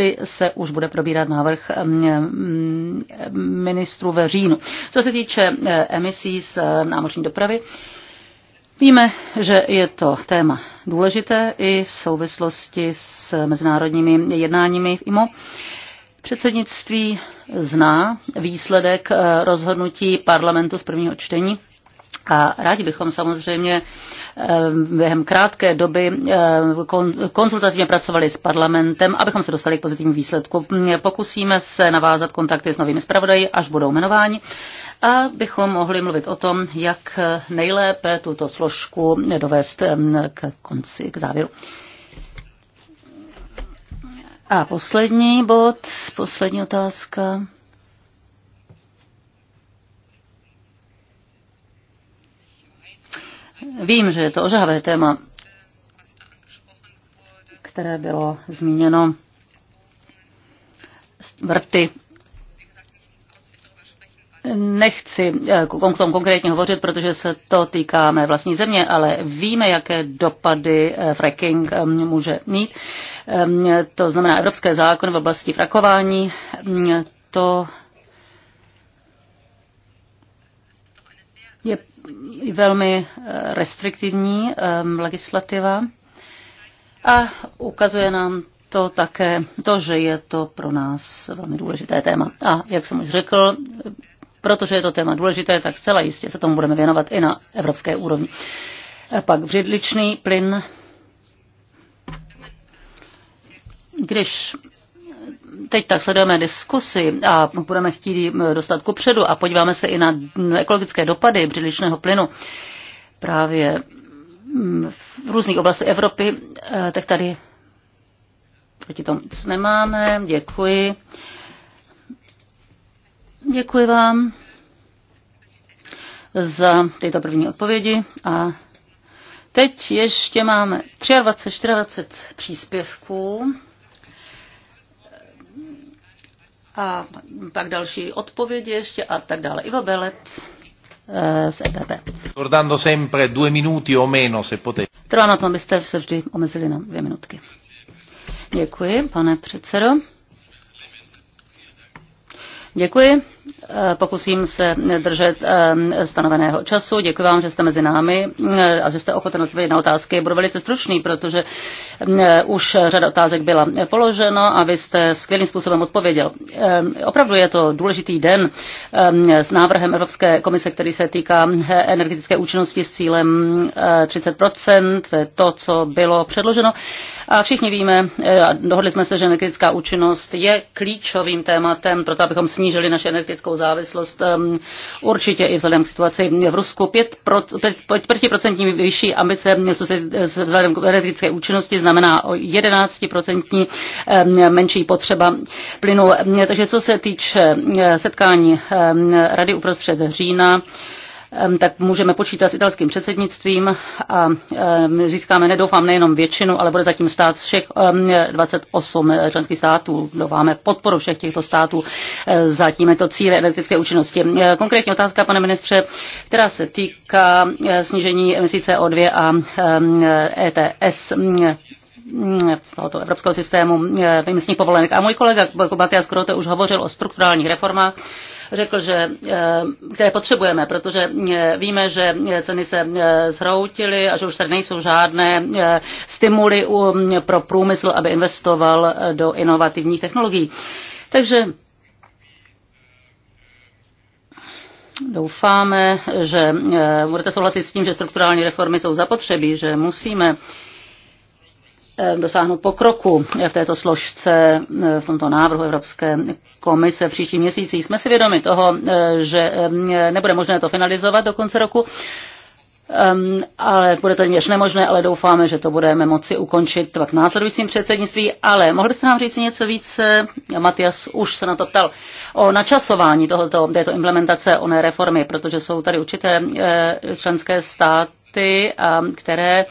jestli se už bude probírat návrh mm, mm, ministru ve říjnu. Co se týče eh, emisí z eh, námořní dopravy, Víme, že je to téma důležité i v souvislosti s mezinárodními jednáními v IMO. Předsednictví zná výsledek eh, rozhodnutí parlamentu z prvního čtení a rádi bychom samozřejmě eh, během krátké doby eh, konzultativně pracovali s parlamentem, abychom se dostali k pozitivním výsledku. Mm, Pokusíme se navázat kontakty s novými zpravodaji, až budou jmenováni, a bychom mohli mluvit o tom, jak nejlépe tuto složku dovést mm, k konci, k závěru. A poslední bod, poslední otázka. Vím, že je to ožahavé téma, které bylo zmíněno vrty. Nechci eh, k tomu konkrétně hovořit, protože se to týká mé vlastní země, ale víme, jaké dopady eh, fracking eh, může mít. To znamená evropské zákon v oblasti frakování. To je velmi eh, restriktivní eh, legislativa a ukazuje nám to také to, že je to pro nás velmi důležité téma. A jak jsem už řekl, protože je to téma důležité, tak zcela jistě se tomu budeme věnovat i na evropské úrovni. Pak vřidličný plyn. Když teď tak sledujeme diskusy a budeme chtít dostat ku předu a podíváme se i na ekologické dopady břidličného plynu právě mm, v různých oblastech Evropy, eh, tak tady proti tomu nic nemáme. Děkuji. Děkuji vám za tyto první odpovědi a teď ještě máme 23, 24 příspěvků. A pak další odpovědi ještě a tak dále. Ivo Belet eh, z EPP. Ricordando sempre due minuti o meno, se potete. Trvá na tom, abyste se vždy omezili na dvě minutky. Děkuji, pane předsedo. Děkuji. Eh, pokusím se držet eh, stanoveného času. Děkuji vám, že jste mezi námi eh, a že jste ochoten odpovědět na otázky. Budu velice stručný, protože už řada otázek byla položena a vy jste skvělým způsobem odpověděl. Opravdu je to důležitý den s návrhem Evropské komise, který se týká energetické účinnosti s cílem 30 to je to, co bylo předloženo. A všichni víme, e, a dohodli jsme se, že energetická účinnost je klíčovým tématem pro to, abychom snížili naši energetickou závislost. Určitě i vzhledem k situaci v Rusku 5% vyšší ambice co se vzhledem k energetické účinnosti znamená o 11% menší potřeba plynu. Takže co se týče e, setkání Rady uprostřed října, tak můžeme počítat s italským předsednictvím a získáme, nedoufám, nejenom většinu, ale bude zatím stát všech 28 eh, členských států. Doufáme podporu všech těchto států eh, za tímto cíle energetické účinnosti. Eh, konkrétní otázka, pane ministře, která se týká snížení emisí CO2 a ETS e mm, z tohoto evropského systému emisních povolenek. A můj kolega Matias Krote už hovořil o strukturálních reformách řekl, že, eh, které potřebujeme, protože eh, víme, že eh, ceny se zhroutily a že už tady nejsou žádné stimuly um, pro průmysl, aby investoval do inovativních technologií. Takže doufáme, že budete souhlasit s tím, že strukturální reformy jsou zapotřebí, že musíme Eh, dosáhnout pokroku v této složce, eh, v tomto návrhu Evropské komise v příštím měsíci. Jsme si vědomi toho, eh, že nebude možné to finalizovat do konce roku, Um, ale bude to něž nemožné, ale doufáme, že to budeme moci ukončit pak následujícím předsednictví. Ale mohl byste nám říct něco více, Matias už se na to ptal, o načasování tohoto, této implementace oné reformy, protože jsou tady určité e, členské státy, a, které e,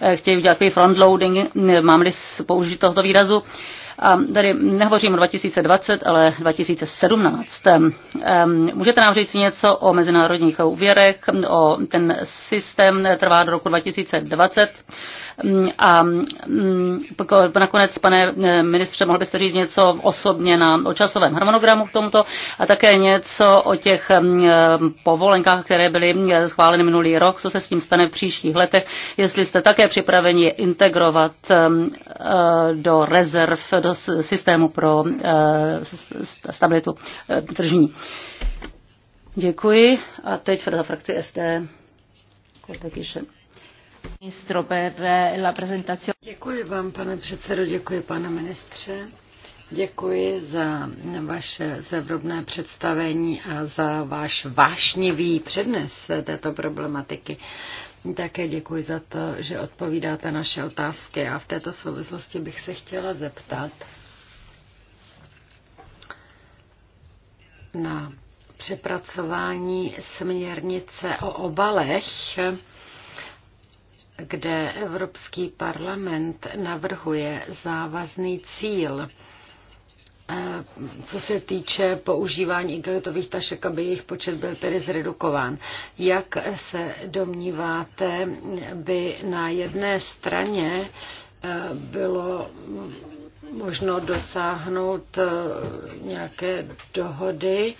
Eh, chtějí udělat takový frontloading, eh, mám-li použít tohoto výrazu. A tady nehovořím o 2020, ale 2017. Můžete nám říct něco o mezinárodních úvěrech, o ten systém eh, trvá do roku 2020 a mm, mm, nakonec, pane eh, ministře, mohl byste říct něco osobně na, o časovém harmonogramu k tomuto a také něco o těch eh, povolenkách, které byly eh, schváleny minulý rok, co se s tím stane v příštích letech, jestli jste také připraveni je integrovat do rezerv, do systému pro stabilitu tržní. Děkuji. A teď za frakci ST. Děkuji. Děkuji vám, pane předsedo, děkuji, pane ministře. Děkuji za vaše zevrobné představení a za váš vášnivý přednes této problematiky. Také děkuji za to, že odpovídáte naše otázky a v této souvislosti bych se chtěla zeptat na přepracování směrnice o obalech kde Evropský parlament navrhuje závazný cíl, eh, co se týče používání igelitových tašek, aby jejich počet byl tedy zredukován. Jak se domníváte, by na jedné straně eh, bylo možno dosáhnout eh, nějaké dohody,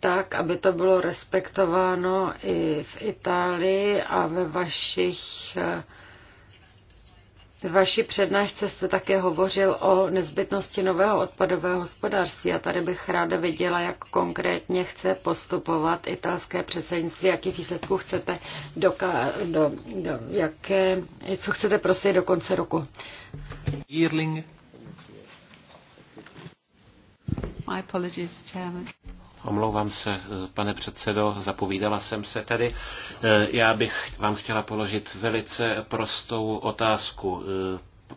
tak, aby to bylo respektováno i v Itálii a ve vašich v eh, vaší přednášce jste také hovořil o nezbytnosti nového odpadového hospodářství a tady bych ráda viděla, jak konkrétně chce postupovat italské předsednictví, Jaký výsledků chcete doka- do, do, jaké, co chcete prosit do konce roku. Jirling. My apologies, Chairman. Omlouvám se, eh, pane předsedo, zapovídala jsem se tady. Eh, já bych vám chtěla položit velice prostou otázku. Eh,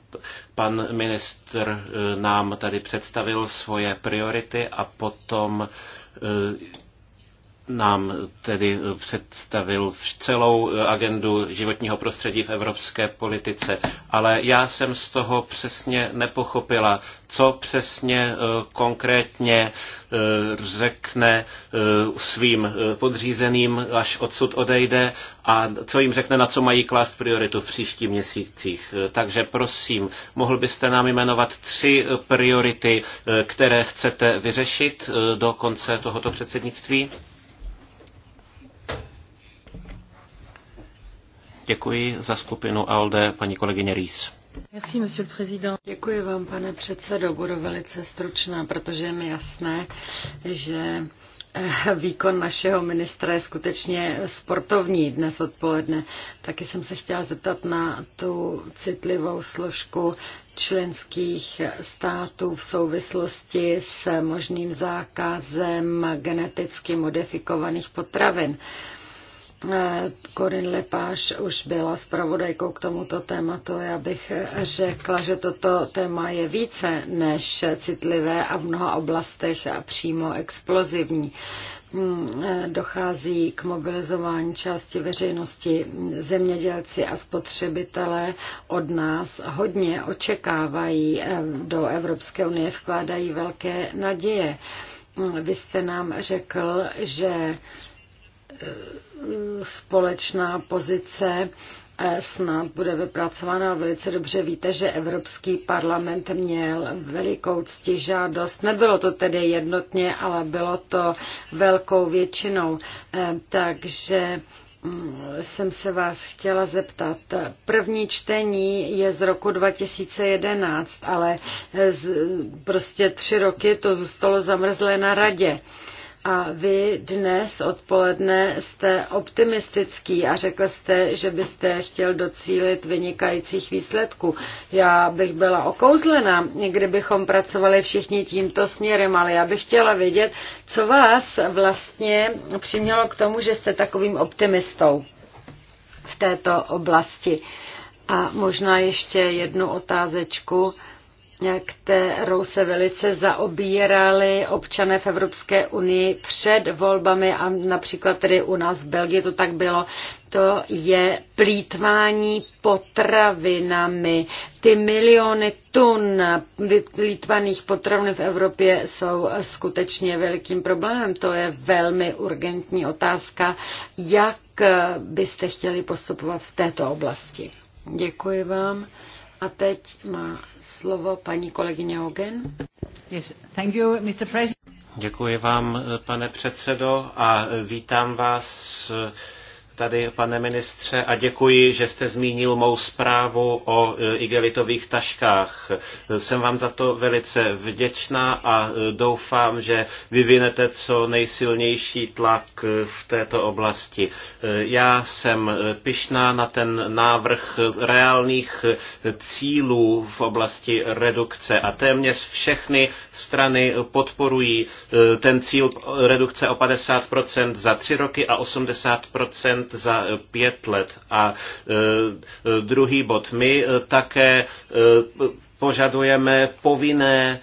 pan ministr nám tady představil svoje priority a potom nám tedy představil celou agendu životního prostředí v evropské politice, ale já jsem z toho přesně nepochopila, co přesně eh, konkrétně eh, řekne eh, svým podřízeným, až odsud odejde a co jim řekne, na co mají klást prioritu v příštích měsících. Takže prosím, mohl byste nám jmenovat tři priority, které chcete vyřešit do konce tohoto předsednictví? Děkuji za skupinu ALDE paní kolegyně Rýs. Děkuji vám, pane předsedo. Budu velice stručná, protože je mi jasné, že eh, výkon našeho ministra je skutečně sportovní dnes odpoledne. Taky jsem se chtěla zeptat na tu citlivou složku členských států v souvislosti s možným zákazem geneticky modifikovaných potravin. Korin Lepáš už byla zpravodajkou k tomuto tématu. Já bych řekla, že toto téma je více než citlivé a v mnoha oblastech přímo explozivní hmm, dochází k mobilizování části veřejnosti. Zemědělci a spotřebitelé od nás hodně očekávají, eh, do Evropské unie vkládají velké naděje. Hmm, vy jste nám řekl, že Eh, společná pozice eh, snad bude vypracována velice dobře. Víte, že Evropský parlament měl velikou žádost. Nebylo to tedy jednotně, ale bylo to velkou většinou. Eh, takže mm, jsem se vás chtěla zeptat. První čtení je z roku 2011, ale z, prostě tři roky to zůstalo zamrzlé na radě. A vy dnes odpoledne jste optimistický a řekl jste, že byste chtěl docílit vynikajících výsledků. Já bych byla okouzlená, kdybychom pracovali všichni tímto směrem, ale já bych chtěla vědět, co vás vlastně přimělo k tomu, že jste takovým optimistou v této oblasti. A možná ještě jednu otázečku kterou se velice zaobírali občané v Evropské unii před volbami a například tedy u nás v Belgii to tak bylo, to je plítvání potravinami. Ty miliony tun plítvaných potravin v Evropě jsou skutečně velikým problémem. To je velmi urgentní otázka. Jak byste chtěli postupovat v této oblasti? Děkuji vám. A teď má slovo paní kolegyně Hogan. Yes, thank you, Mr. President. Děkuji vám, pane předsedo, a vítám vás tady, pane ministře, a děkuji, že jste zmínil mou zprávu o e, igelitových taškách. Jsem vám za to velice vděčná a e, doufám, že vyvinete co nejsilnější tlak e, v této oblasti. Já jsem pišná na ten návrh reálných cílů v oblasti redukce a téměř všechny strany podporují ten cíl redukce o 50% za tři roky a 80% za eh, pět let. A eh, eh, druhý bod. My také požadujeme povinné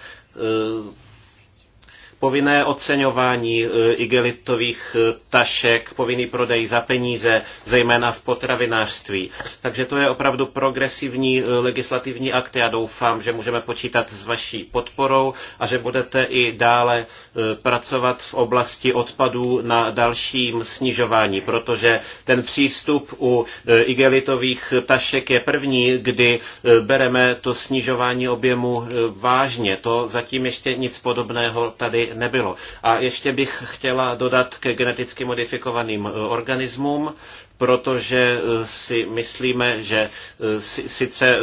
povinné oceňování e, igelitových e, tašek, povinný prodej za peníze, zejména v potravinářství. Takže to je opravdu progresivní e, legislativní akt. Já doufám, že můžeme počítat s vaší podporou a že budete i dále pracovat v oblasti odpadů na dalším snižování, protože ten přístup u igelitových tašek je první, kdy bereme to snižování objemu vážně. To zatím ještě nic podobného tady nebylo. A ještě bych chtěla dodat ke geneticky modifikovaným e, organismům, protože e, si myslíme, že e, sice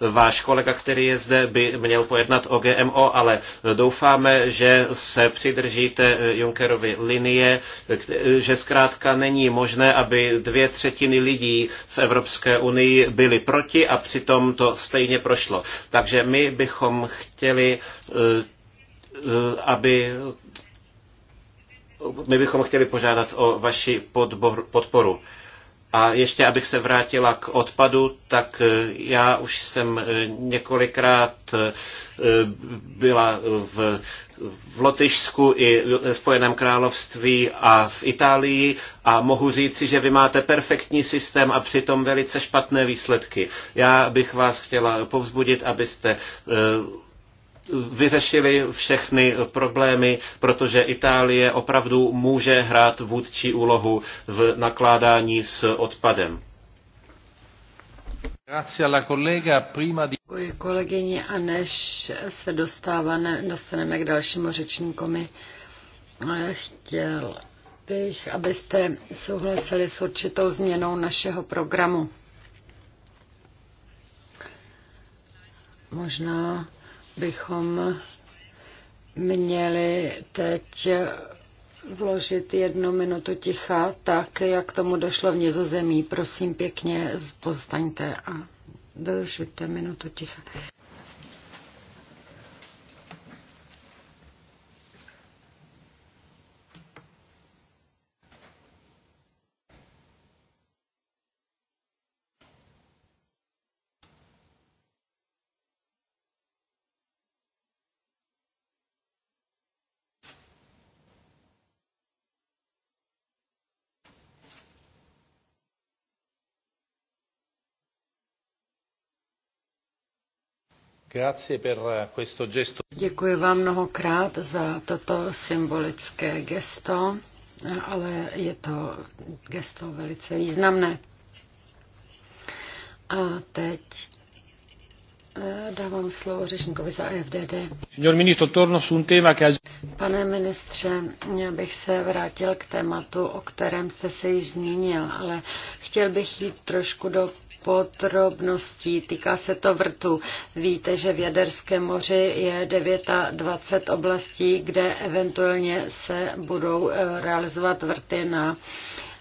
váš kolega, který je zde, by měl pojednat o GMO, ale doufáme, že se přidržíte Junckerovy linie, že zkrátka není možné, aby dvě třetiny lidí v Evropské unii byly proti a přitom to stejně prošlo. Takže my bychom chtěli Eh, aby my bychom chtěli požádat o vaši podbor, podporu. A ještě abych se vrátila k odpadu, tak eh, já už jsem eh, několikrát byla v, v Lotyšsku i ve Spojeném království a v Itálii a mohu říci, že vy máte perfektní systém a přitom velice špatné výsledky. Já bych vás chtěla povzbudit, abyste vyřešili všechny problémy, protože Itálie opravdu může hrát vůdčí úlohu v nakládání s odpadem. Děkuji kolegyně a než se dostáváme, dostaneme k dalšímu řečníkovi, eh, chtěl bych, abyste souhlasili s určitou změnou našeho programu. Možná bychom měli teď vložit jednu minutu ticha, tak jak tomu došlo v Nizozemí. Prosím pěkně, postaňte a dožujte minutu ticha. Eh, Děkuji vám mnohokrát za toto symbolické gesto, ale je to gesto velice významné. A teď eh, dávám slovo řečníkovi za EFDD. Pane ministře, já bych se vrátil k tématu, o kterém jste se již zmínil, ale chtěl bych jít trošku do podrobností. Týká se to vrtu. Víte, že v Jaderském moři je 29 oblastí, kde eventuálně se budou eh, realizovat vrty na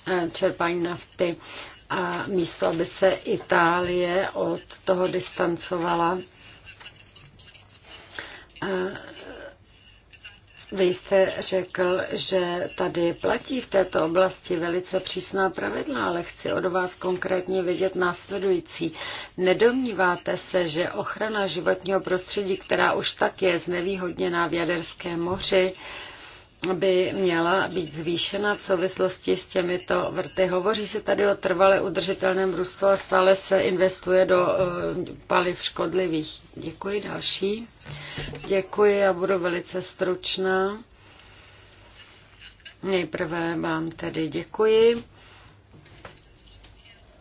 eh, čerpání nafty. A místo, aby se Itálie od toho distancovala, eh, vy jste řekl, že tady platí v této oblasti velice přísná pravidla, ale chci od vás konkrétně vědět následující. Nedomníváte se, že ochrana životního prostředí, která už tak je znevýhodněná v Jaderském moři, by měla být zvýšena v souvislosti s těmito vrty. Hovoří se tady o trvale udržitelném růstu a stále se investuje do eh, paliv škodlivých. Děkuji další. Děkuji a budu velice stručná. Nejprve vám tedy děkuji.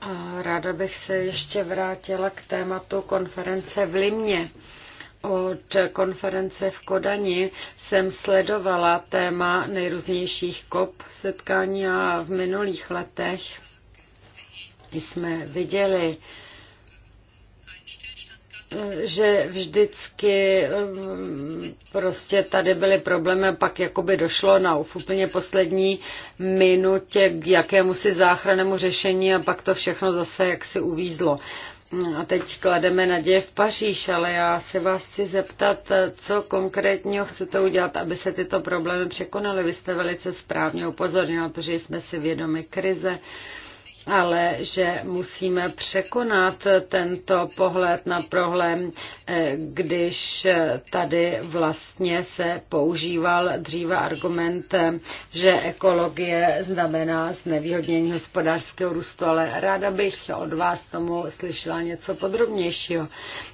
A ráda bych se ještě vrátila k tématu konference v Limě od konference v Kodani jsem sledovala téma nejrůznějších kop setkání a v minulých letech jsme viděli, že vždycky mm, prostě tady byly problémy pak jakoby došlo na v úplně poslední minutě k jakému si záchrannému řešení a pak to všechno zase jaksi uvízlo. A teď klademe naděje v Paříž, ale já se vás chci zeptat, co konkrétního chcete udělat, aby se tyto problémy překonaly. Vy jste velice správně upozornil na to, že jsme si vědomi krize, ale že musíme překonat tento pohled na problém, eh, když tady vlastně se používal dříve argument, eh, že ekologie znamená znevýhodnění hospodářského růstu, ale ráda bych od vás tomu slyšela něco podrobnějšího.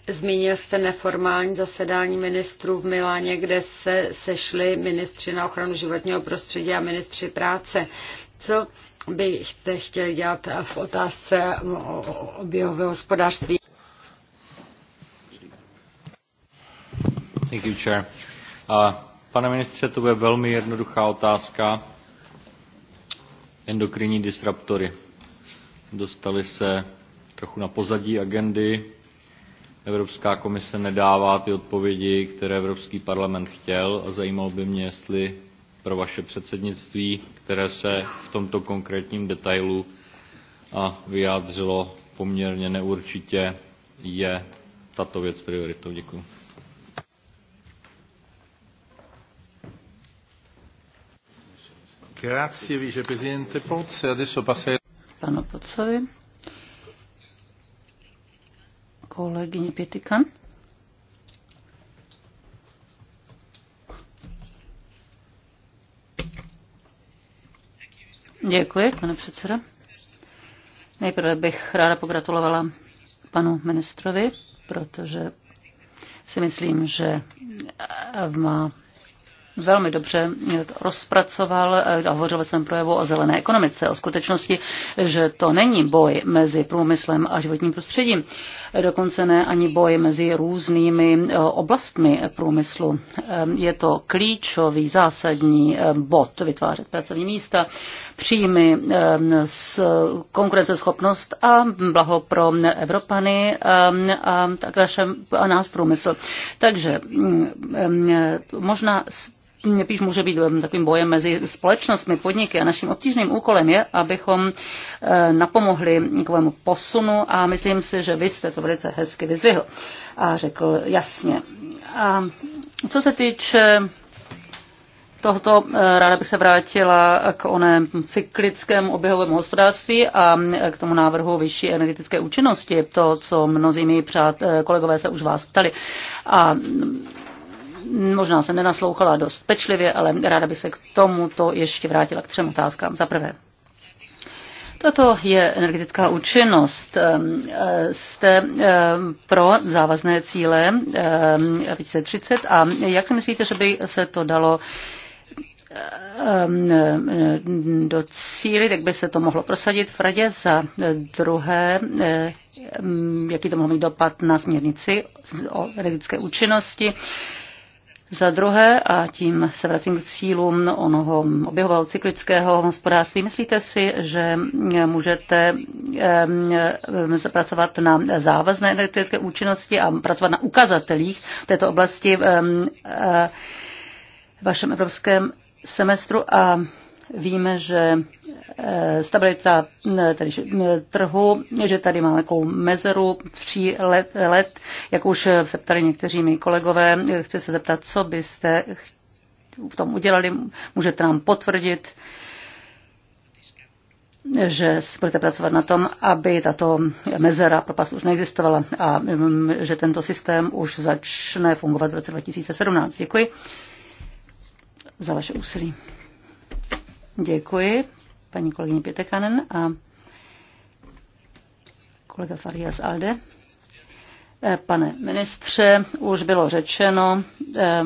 Zmínil jste neformální zasedání ministrů v Miláně, kde se sešli ministři na ochranu životního prostředí a ministři práce. Co byste chtěli dělat v otázce oběhového hospodářství? Thank you, chair. Uh, pane ministře, to bude velmi jednoduchá otázka. Endokrinní disruptory. Dostali se trochu na pozadí agendy. Evropská komise nedává ty odpovědi, které Evropský parlament chtěl a zajímalo by mě, jestli pro vaše předsednictví, které se v tomto konkrétním detailu a vyjádřilo poměrně neurčitě, je tato věc prioritou. Děkuji. Grazie, viceprezidente Pozzi. Adesso passerei... Panu Pozzovi. Kolegyně Pětikan. Děkuji, pane předsedo. Nejprve bych ráda pogratulovala panu ministrovi, protože si myslím, že má velmi dobře rozpracoval a hovořil ve svém projevu o zelené ekonomice, o skutečnosti, že to není boj mezi průmyslem a životním prostředím, dokonce ne ani boj mezi různými eh, oblastmi průmyslu. Eh, je to klíčový zásadní eh, bod vytvářet pracovní místa, příjmy, konkurenceschopnost a blaho pro Evropany a tak a nás průmysl. Takže mm, možná nepíš může být um, takovým bojem mezi společnostmi, podniky a naším obtížným úkolem je, abychom uh, napomohli někomu posunu a myslím si, že vy jste to velice hezky vyzvihl a řekl jasně. A co se týče tohoto uh, ráda bych se vrátila k onem cyklickému oběhovému hospodářství a k tomu návrhu vyšší energetické účinnosti, to, co mnozí mý přát, uh, kolegové se už vás ptali. A Možná jsem nenaslouchala dost pečlivě, ale ráda bych se k tomuto ještě vrátila k třem otázkám. Za prvé, Toto je energetická účinnost. Ehm, eh, jste ehm, pro závazné cíle 2030 ehm, a jak si myslíte, že by se to dalo do cíly, tak by se to mohlo prosadit v radě. Za druhé, jaký to mohlo mít dopad na směrnici o energetické účinnosti. Za druhé, a tím se vracím k cílům onoho oběhového cyklického hospodářství, myslíte si, že můžete pracovat na závazné energetické účinnosti a pracovat na ukazatelích v této oblasti v e, vašem evropském semestru a Víme, že eh, stabilita eh, tedy eh, trhu, že tady máme takovou mezeru tří let, let, jak už se ptali někteří mý kolegové. Chci se zeptat, co byste v tom udělali. Můžete nám potvrdit, že budete pracovat na tom, aby tato mezera propast už neexistovala a mm, že tento systém už začne fungovat v roce 2017. Děkuji za vaše úsilí. Děkuji, paní kolegyně Pětekanen a kolega Farias Alde. Eh, pane ministře, už bylo řečeno eh,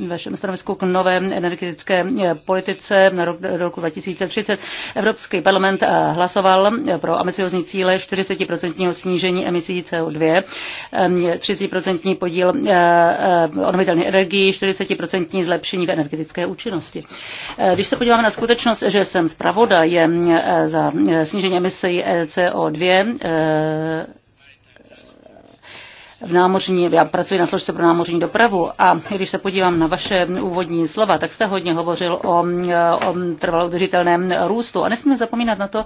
ve vašem stanovisku k nové energetické eh, politice na rok, roku 2030. Evropský parlament hlasoval pro ambiciozní cíle 40% snížení emisí CO2, 30% podíl obnovitelné energii, 40% zlepšení v energetické účinnosti. Když se podíváme na skutečnost, že jsem zpravodajem za snížení emisí CO2, v námořní, já pracuji na složce pro námořní dopravu a když se podívám na vaše úvodní slova, tak jste hodně hovořil o, o trvalo udržitelném růstu a nesmíme zapomínat na to,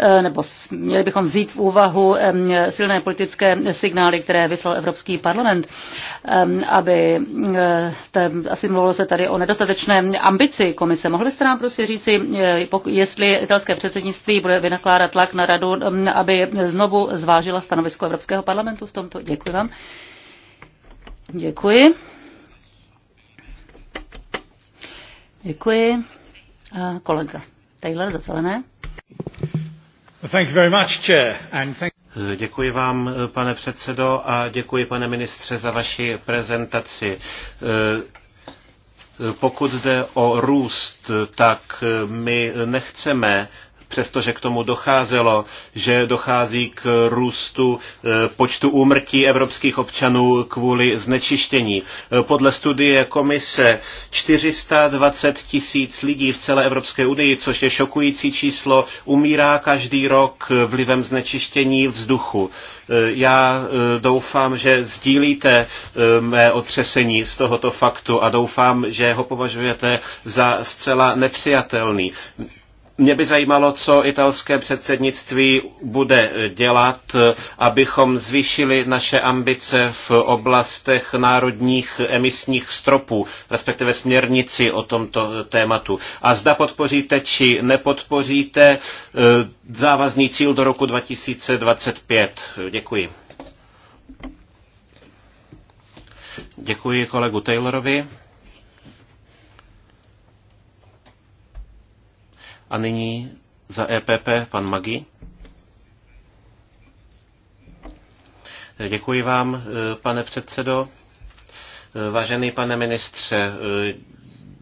Eh, nebo měli bychom vzít v úvahu silné politické signály, které vyslal Evropský parlament, aby eh, asi mluvilo se tady o nedostatečné ambici komise. Mohli jste nám prostě říci, eh, jestli italské předsednictví bude vynakládat tlak na radu, aby znovu zvážila stanovisko Evropského parlamentu v tomto? Děkuji vám. Děkuji. Děkuji. A kolega Taylor za zelené. Děkuji vám, pane předsedo, a děkuji, pane ministře, za vaši prezentaci. Eh, pokud jde o růst, tak eh, my nechceme přestože k tomu docházelo, že dochází k růstu e, počtu úmrtí evropských občanů kvůli znečištění. E, podle studie komise 420 tisíc lidí v celé Evropské unii, což je šokující číslo, umírá každý rok vlivem znečištění vzduchu. E, já doufám, že sdílíte mé otřesení z tohoto faktu a doufám, že ho považujete za zcela nepřijatelný. Mě by zajímalo, co italské předsednictví bude dělat, abychom zvýšili naše ambice v oblastech národních emisních stropů, respektive směrnici o tomto tématu. A zda podpoříte či nepodpoříte eh, závazný cíl do roku 2025. Děkuji. Děkuji kolegu Taylorovi. A nyní za EPP pan Magi. Děkuji vám, eh, pane předsedo. Eh, vážený pane ministře, eh,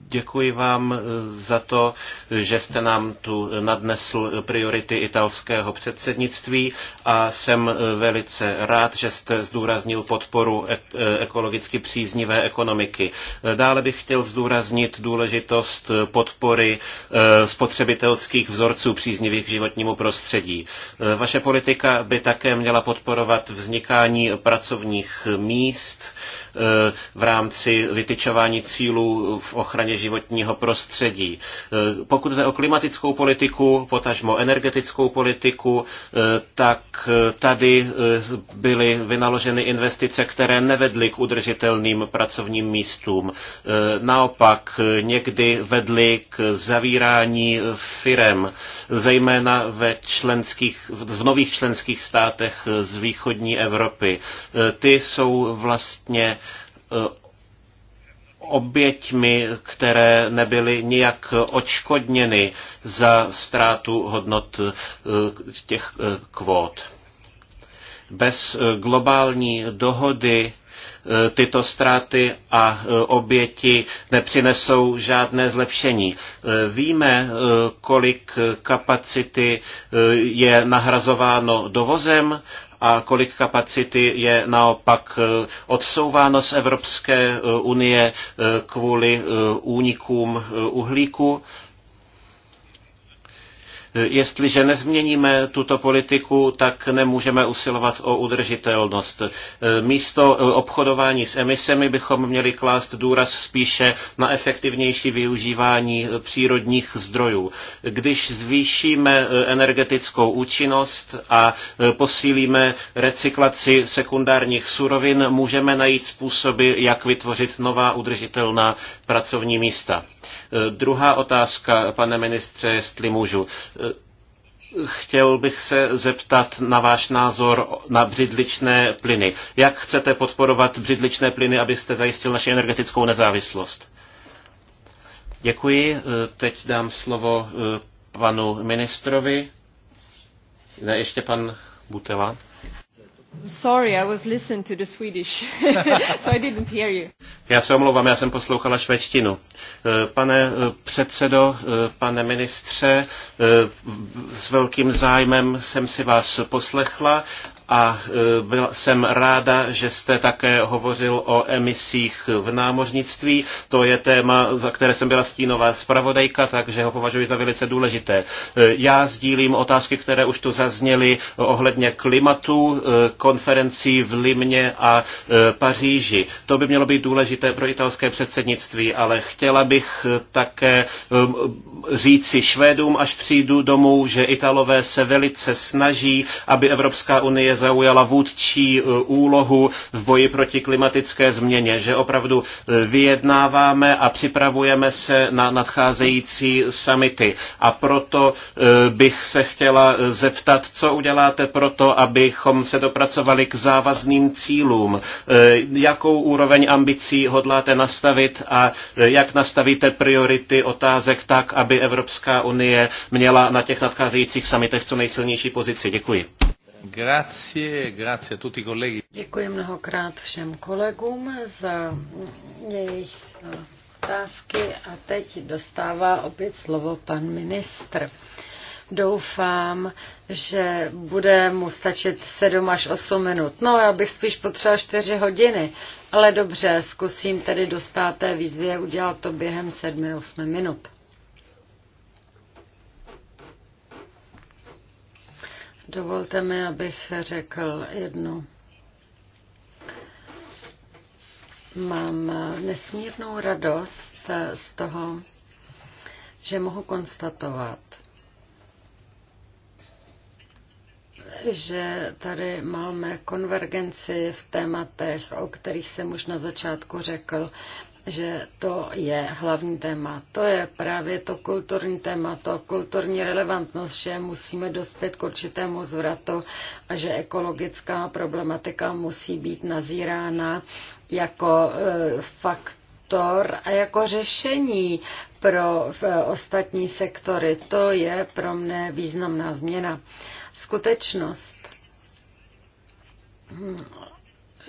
Děkuji vám eh, za to, že jste nám tu nadnesl priority italského předsednictví a jsem eh, velice rád, že jste zdůraznil podporu eh, ekologicky příznivé ekonomiky. Dále bych chtěl zdůraznit důležitost podpory spotřebitelských vzorců příznivých k životnímu prostředí. Vaše politika by také měla podporovat vznikání pracovních míst, v rámci vytyčování cílů v ochraně životního prostředí. Eh, pokud jde o klimatickou politiku, potažmo energetickou politiku, eh, tak eh, tady byly vynaloženy investice, které nevedly k udržitelným pracovním místům. Naopak někdy vedly k zavírání firem, zejména ve členských, v nových členských státech z východní Evropy. Ty jsou vlastně Eh, oběťmi, které nebyly nijak očkodněny za ztrátu hodnot eh, těch eh, kvót. Bez globální dohody tyto ztráty a oběti nepřinesou žádné zlepšení. Víme, kolik kapacity je nahrazováno dovozem a kolik kapacity je naopak eh, odsouváno z Evropské eh, unie eh, kvůli únikům uhlíku Jestliže nezměníme tuto politiku, tak nemůžeme usilovat o udržitelnost. Místo obchodování s emisemi bychom měli klást důraz spíše na efektivnější využívání přírodních zdrojů. Když zvýšíme energetickou účinnost a posílíme recyklaci sekundárních surovin, můžeme najít způsoby, jak vytvořit nová udržitelná pracovní místa. Druhá otázka, pane ministře, jestli můžu. Chtěl bych se zeptat na váš názor na břidličné plyny. Jak chcete podporovat břidličné plyny, abyste zajistil naši energetickou nezávislost? Děkuji. Teď dám slovo eh, panu ministrovi. Ne, ještě pan Butela. Sorry, I was listening to the Swedish, so I didn't hear you. Já se omlouvám, já jsem poslouchala švédštinu. Eh, pane eh, předsedo, eh, pane ministře, s velkým zájmem jsem si vás poslechla a e, byl jsem ráda, že jste také hovořil o emisích v námořnictví. To je téma, za které jsem byla stínová zpravodajka, takže ho považuji za velice důležité. E, já sdílím otázky, které už tu zazněly ohledně klimatu, e, konferencí v Limně a Paříži. To by mělo být důležité pro italské předsednictví, ale chtěla bych také říci Švédům, až přijdu domů, že Italové se velice snaží, aby Evropská unie zaujala vůdčí e, úlohu v boji proti klimatické změně, že opravdu e, vyjednáváme a připravujeme se na nadcházející samity. A proto e, bych se chtěla zeptat, co uděláte pro to, abychom se dopracovali k závazným cílům. Jakou úroveň ambicí hodláte nastavit a jak nastavíte priority otázek tak, aby Evropská unie měla na těch nadcházejících samitech co nejsilnější pozici? Děkuji. Grazie, grazie a tutti colleghi. Děkuji mnohokrát všem kolegům za jejich eh, otázky a teď dostává opět slovo pan ministr. Doufám, že bude mu stačit 7 až 8 minut. No, já bych spíš potřeboval 4 hodiny, ale dobře, zkusím tedy dostat té výzvy a udělat to během 7-8 minut. Dovolte mi, abych řekl jednu. Mám nesmírnou radost z toho, že mohu konstatovat, že tady máme konvergenci v tématech, o kterých jsem už na začátku řekl, že to je hlavní téma. To je právě to kulturní téma, to kulturní relevantnost, že musíme dospět k určitému zvratu a že ekologická problematika musí být nazírána jako e, faktor a jako řešení pro ostatní sektory. To je pro mne významná změna. Skutečnost, hm,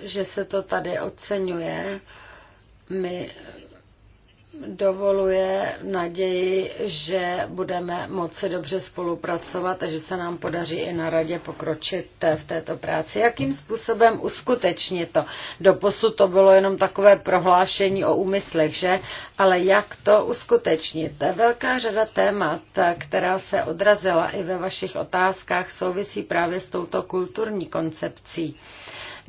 že se to tady oceňuje, mi dovoluje naději, že budeme moci dobře spolupracovat a že se nám podaří i na radě pokročit v této práci. Jakým způsobem uskutečně to? Doposud to bylo jenom takové prohlášení o úmyslech, že? Ale jak to uskutečnit? Velká řada témat, která se odrazila i ve vašich otázkách, souvisí právě s touto kulturní koncepcí.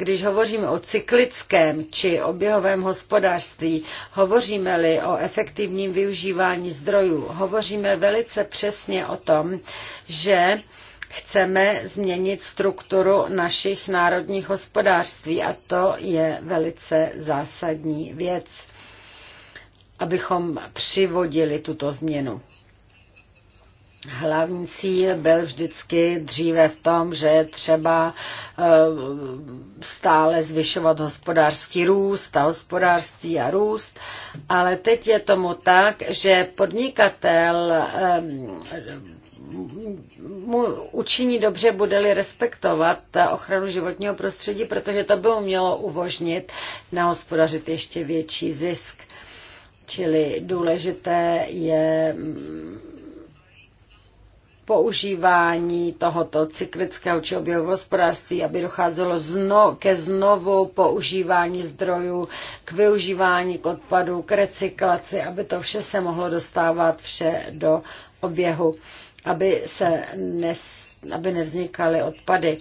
Když hovoříme o cyklickém či oběhovém hospodářství, hovoříme-li o efektivním využívání zdrojů, hovoříme velice přesně o tom, že chceme změnit strukturu našich národních hospodářství a to je velice zásadní věc, abychom přivodili tuto změnu. Hlavní cíl byl vždycky dříve v tom, že je třeba eh, stále zvyšovat hospodářský růst a hospodářství a růst, ale teď je tomu tak, že podnikatel eh, mu učiní dobře, bude-li respektovat ochranu životního prostředí, protože to by mu mělo uvožnit na hospodařit ještě větší zisk. Čili důležité je používání tohoto cyklického či objevu hospodářství, aby docházelo zno, ke znovu používání zdrojů, k využívání k odpadu, k recyklaci, aby to vše se mohlo dostávat vše do oběhu, aby se nes, aby nevznikaly odpady.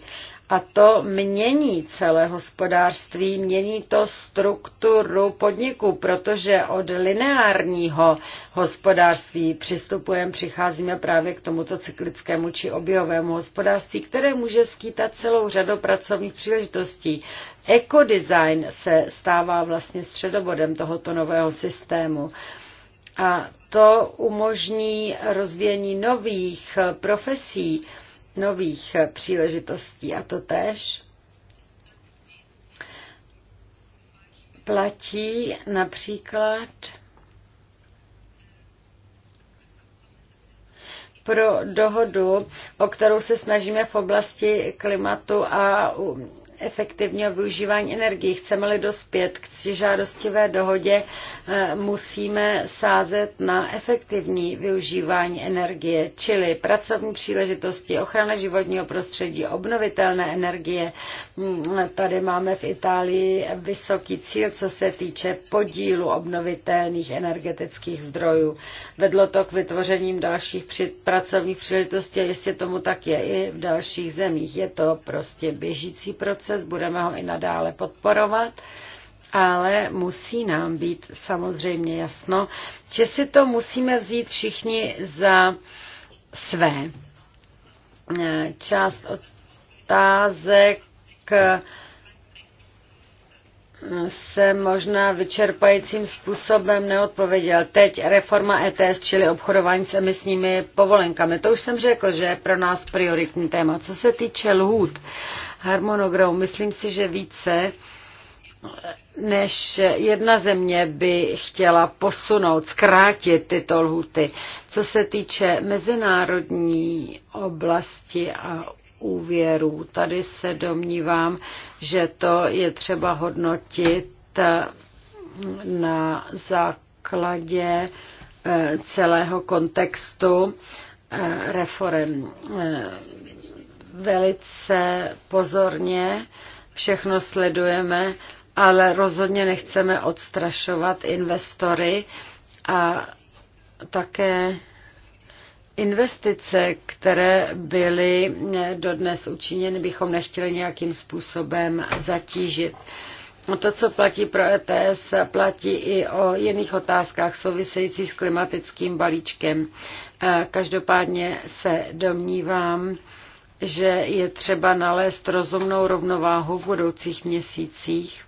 A to mění celé hospodářství, mění to strukturu podniku, protože od lineárního hospodářství přistupujeme, přicházíme právě k tomuto cyklickému či objevovému hospodářství, které může skýtat celou řadu pracovních příležitostí. Ekodesign se stává vlastně středobodem tohoto nového systému. A to umožní rozvíjení nových profesí, nových příležitostí a to tež platí například pro dohodu, o kterou se snažíme v oblasti klimatu a efektivního využívání energie Chceme-li dospět k žádostivé dohodě, eh, musíme sázet na efektivní využívání energie, čili pracovní příležitosti, ochrana životního prostředí, obnovitelné energie. Mm, tady máme v Itálii vysoký cíl, co se týče podílu obnovitelných energetických zdrojů. Vedlo to k vytvořením dalších pracovních příležitostí a jistě tomu tak je i v dalších zemích. Je to prostě běžící proces proces, budeme ho i nadále podporovat, ale musí nám být samozřejmě jasno, že si to musíme vzít všichni za své. Část otázek jsem možná vyčerpajícím způsobem neodpověděl. Teď reforma ETS, čili obchodování s emisními povolenkami. To už jsem řekl, že je pro nás prioritní téma. Co se týče lhůt, harmonogramu, myslím si, že více než jedna země by chtěla posunout, zkrátit tyto lhuty. Co se týče mezinárodní oblasti a úvěrů. Tady se domnívám, že to je třeba hodnotit eh, na základě eh, celého kontextu eh, reform. Velice pozorně všechno sledujeme, ale rozhodně nechceme odstrašovat investory a také Investice, které byly dodnes učiněny, bychom nechtěli nějakým způsobem zatížit. To, co platí pro ETS, platí i o jiných otázkách souvisejících s klimatickým balíčkem. Každopádně se domnívám, že je třeba nalézt rozumnou rovnováhu v budoucích měsících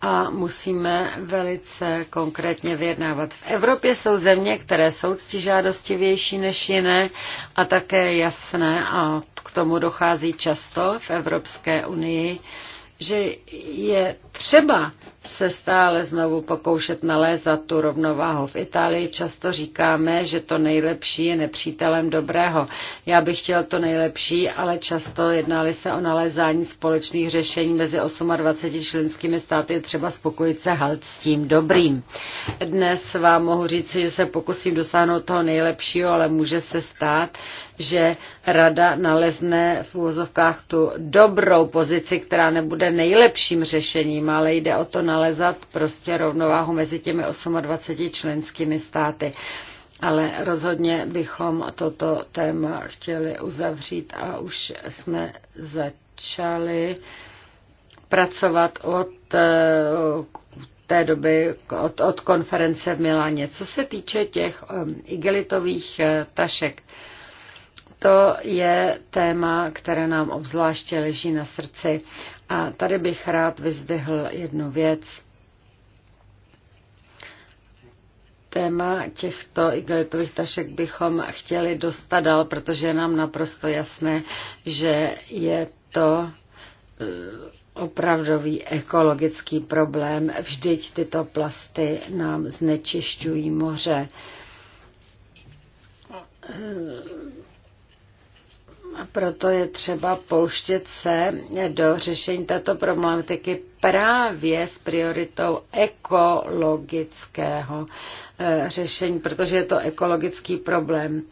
a musíme velice konkrétně vyjednávat. V Evropě jsou země, které jsou ctižádostivější než jiné a také jasné, a k tomu dochází často v Evropské unii, že je třeba se stále znovu pokoušet nalézat tu rovnováhu. V Itálii často říkáme, že to nejlepší je nepřítelem dobrého. Já bych chtěl to nejlepší, ale často jednali se o nalézání společných řešení mezi 28 členskými státy. Je třeba spokojit se halt s tím dobrým. Dnes vám mohu říct, že se pokusím dosáhnout toho nejlepšího, ale může se stát, že rada nalezne v úvozovkách tu dobrou pozici, která nebude nejlepším řešením, ale jde o to na nalezat prostě rovnováhu mezi těmi 28 členskými státy. Ale rozhodně bychom toto téma chtěli uzavřít a už jsme začali pracovat od eh, té doby od, od konference v Miláně. Co se týče těch eh, igelitových eh, tašek, to je téma, které nám obzvláště leží na srdci a tady bych rád vyzdvihl jednu věc. Téma těchto igelitových tašek bychom chtěli dostat dál, protože je nám naprosto jasné, že je to eh, opravdový ekologický problém. Vždyť tyto plasty nám znečišťují moře proto je třeba pouštět se do řešení této problematiky právě s prioritou ekologického eh, řešení, protože je to ekologický problém.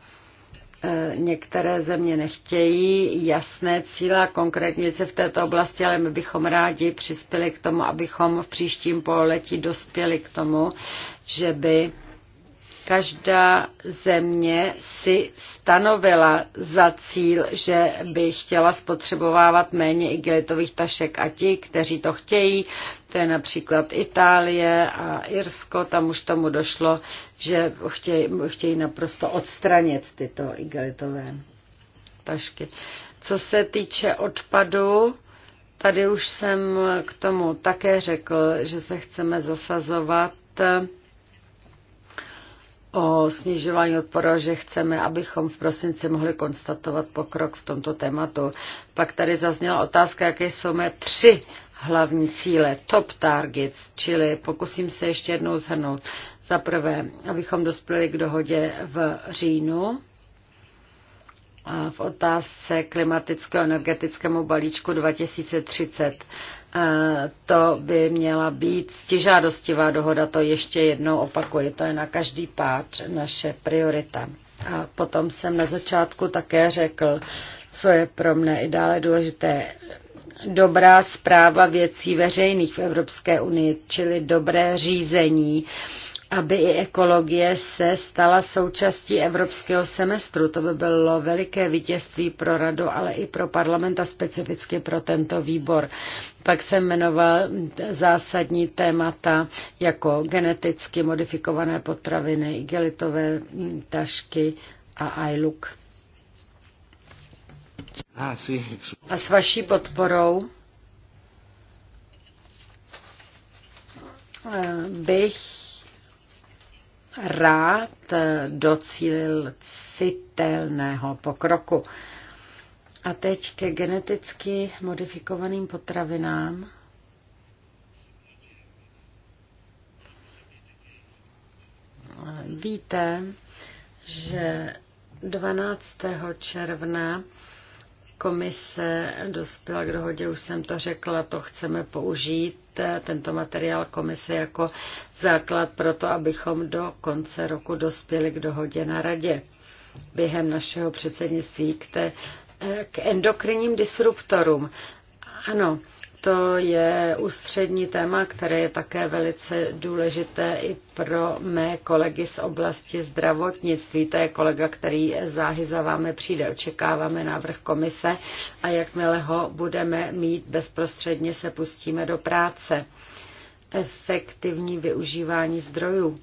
Eh, některé země nechtějí jasné cíle a konkrétní věci v této oblasti, ale my bychom rádi přispěli k tomu, abychom v příštím pololetí dospěli k tomu, že by Každá země si stanovila za cíl, že by chtěla spotřebovávat méně igelitových tašek a ti, kteří to chtějí, to je například Itálie a Irsko, tam už tomu došlo, že chtějí, chtějí naprosto odstranit tyto igelitové tašky. Co se týče odpadu, tady už jsem k tomu také řekl, že se chceme zasazovat o snižování odporu, že chceme, abychom v prosinci mohli konstatovat pokrok v tomto tématu. Pak tady zazněla otázka, jaké jsou mé tři hlavní cíle, top targets, čili pokusím se ještě jednou zhrnout. Za prvé, abychom dospěli k dohodě v říjnu v otázce klimatického energetickému balíčku 2030 to by měla být stižádostivá dohoda, to ještě jednou opakuji, to je na každý páč naše priorita. A potom jsem na začátku také řekl, co je pro mne i dále důležité, dobrá zpráva věcí veřejných v Evropské unii, čili dobré řízení aby i ekologie se stala součástí evropského semestru. To by bylo veliké vítězství pro radu, ale i pro parlament a specificky pro tento výbor. Pak jsem jmenoval zásadní témata jako geneticky modifikované potraviny, igelitové tašky a iLook. Ah, a s vaší podporou eh, bych rád docílil citelného pokroku. A teď ke geneticky modifikovaným potravinám. Víte, že 12. června komise dospěla k dohodě, už jsem to řekla, to chceme použít Eh, tento materiál komise jako základ pro to, abychom do konce roku dospěli k dohodě na radě během našeho předsednictví k, té, eh, k endokrinním disruptorům. Ano, to je ústřední téma, které je také velice důležité i pro mé kolegy z oblasti zdravotnictví. To je kolega, který záhy za vámi přijde. Očekáváme návrh komise a jakmile ho budeme mít, bezprostředně se pustíme do práce. Efektivní využívání zdrojů.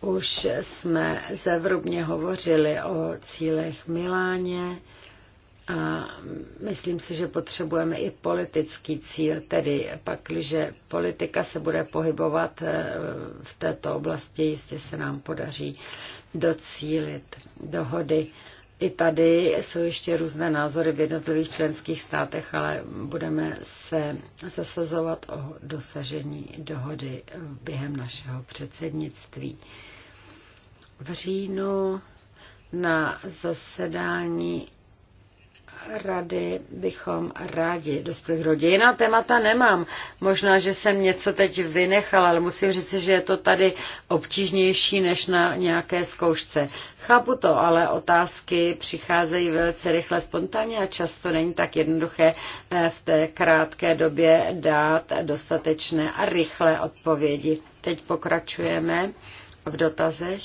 Už jsme zevrubně hovořili o cílech Miláně a myslím si, že potřebujeme i politický cíl, tedy pakliže politika se bude pohybovat eh, v této oblasti, jistě se nám podaří docílit dohody. I tady jsou ještě různé názory v jednotlivých členských státech, ale budeme se zasazovat o dosažení dohody během našeho předsednictví. V říjnu na zasedání rady bychom rádi dospěli k rodě. Jiná témata nemám. Možná, že jsem něco teď vynechal, ale musím říct, že je to tady obtížnější než na nějaké zkoušce. Chápu to, ale otázky přicházejí velice rychle, spontánně a často není tak jednoduché eh, v té krátké době dát dostatečné a rychlé odpovědi. Teď pokračujeme v dotazech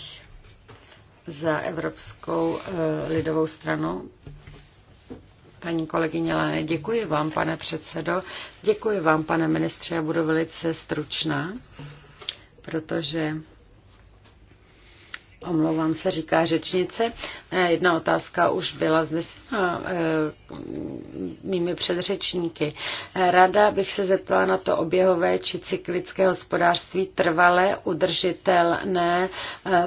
za Evropskou eh, lidovou stranu. Paní kolegyně Lene, děkuji vám, pane předsedo. Děkuji vám, pane ministře, já budu velice stručná, protože Omlouvám se, říká řečnice. Eh, jedna otázka už byla zde s eh, eh, mými předřečníky. Rada bych se zeptala na to oběhové či cyklické hospodářství trvalé udržitelné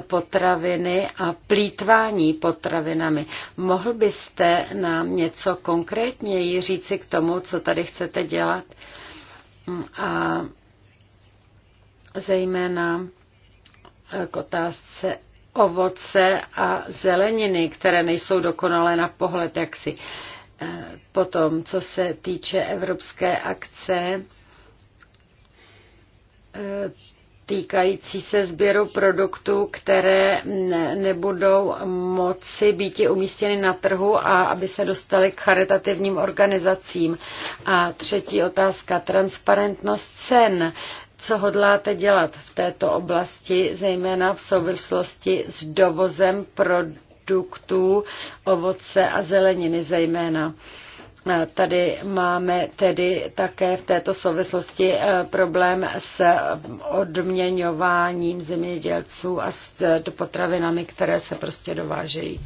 potraviny a plítvání potravinami. Mohl byste nám něco konkrétněji říci k tomu, co tady chcete dělat? Mm, a zejména k otázce ovoce a zeleniny, které nejsou dokonalé na pohled jak si e, Potom, co se týče evropské akce e, týkající se sběru produktů, které nebudou moci být umístěny na trhu a aby se dostaly k charitativním organizacím. A třetí otázka, transparentnost cen co hodláte dělat v této oblasti, zejména v souvislosti s dovozem produktů ovoce a zeleniny zejména. Tady máme tedy také v této souvislosti e, problém s odměňováním zemědělců a s e, potravinami, které se prostě dovážejí.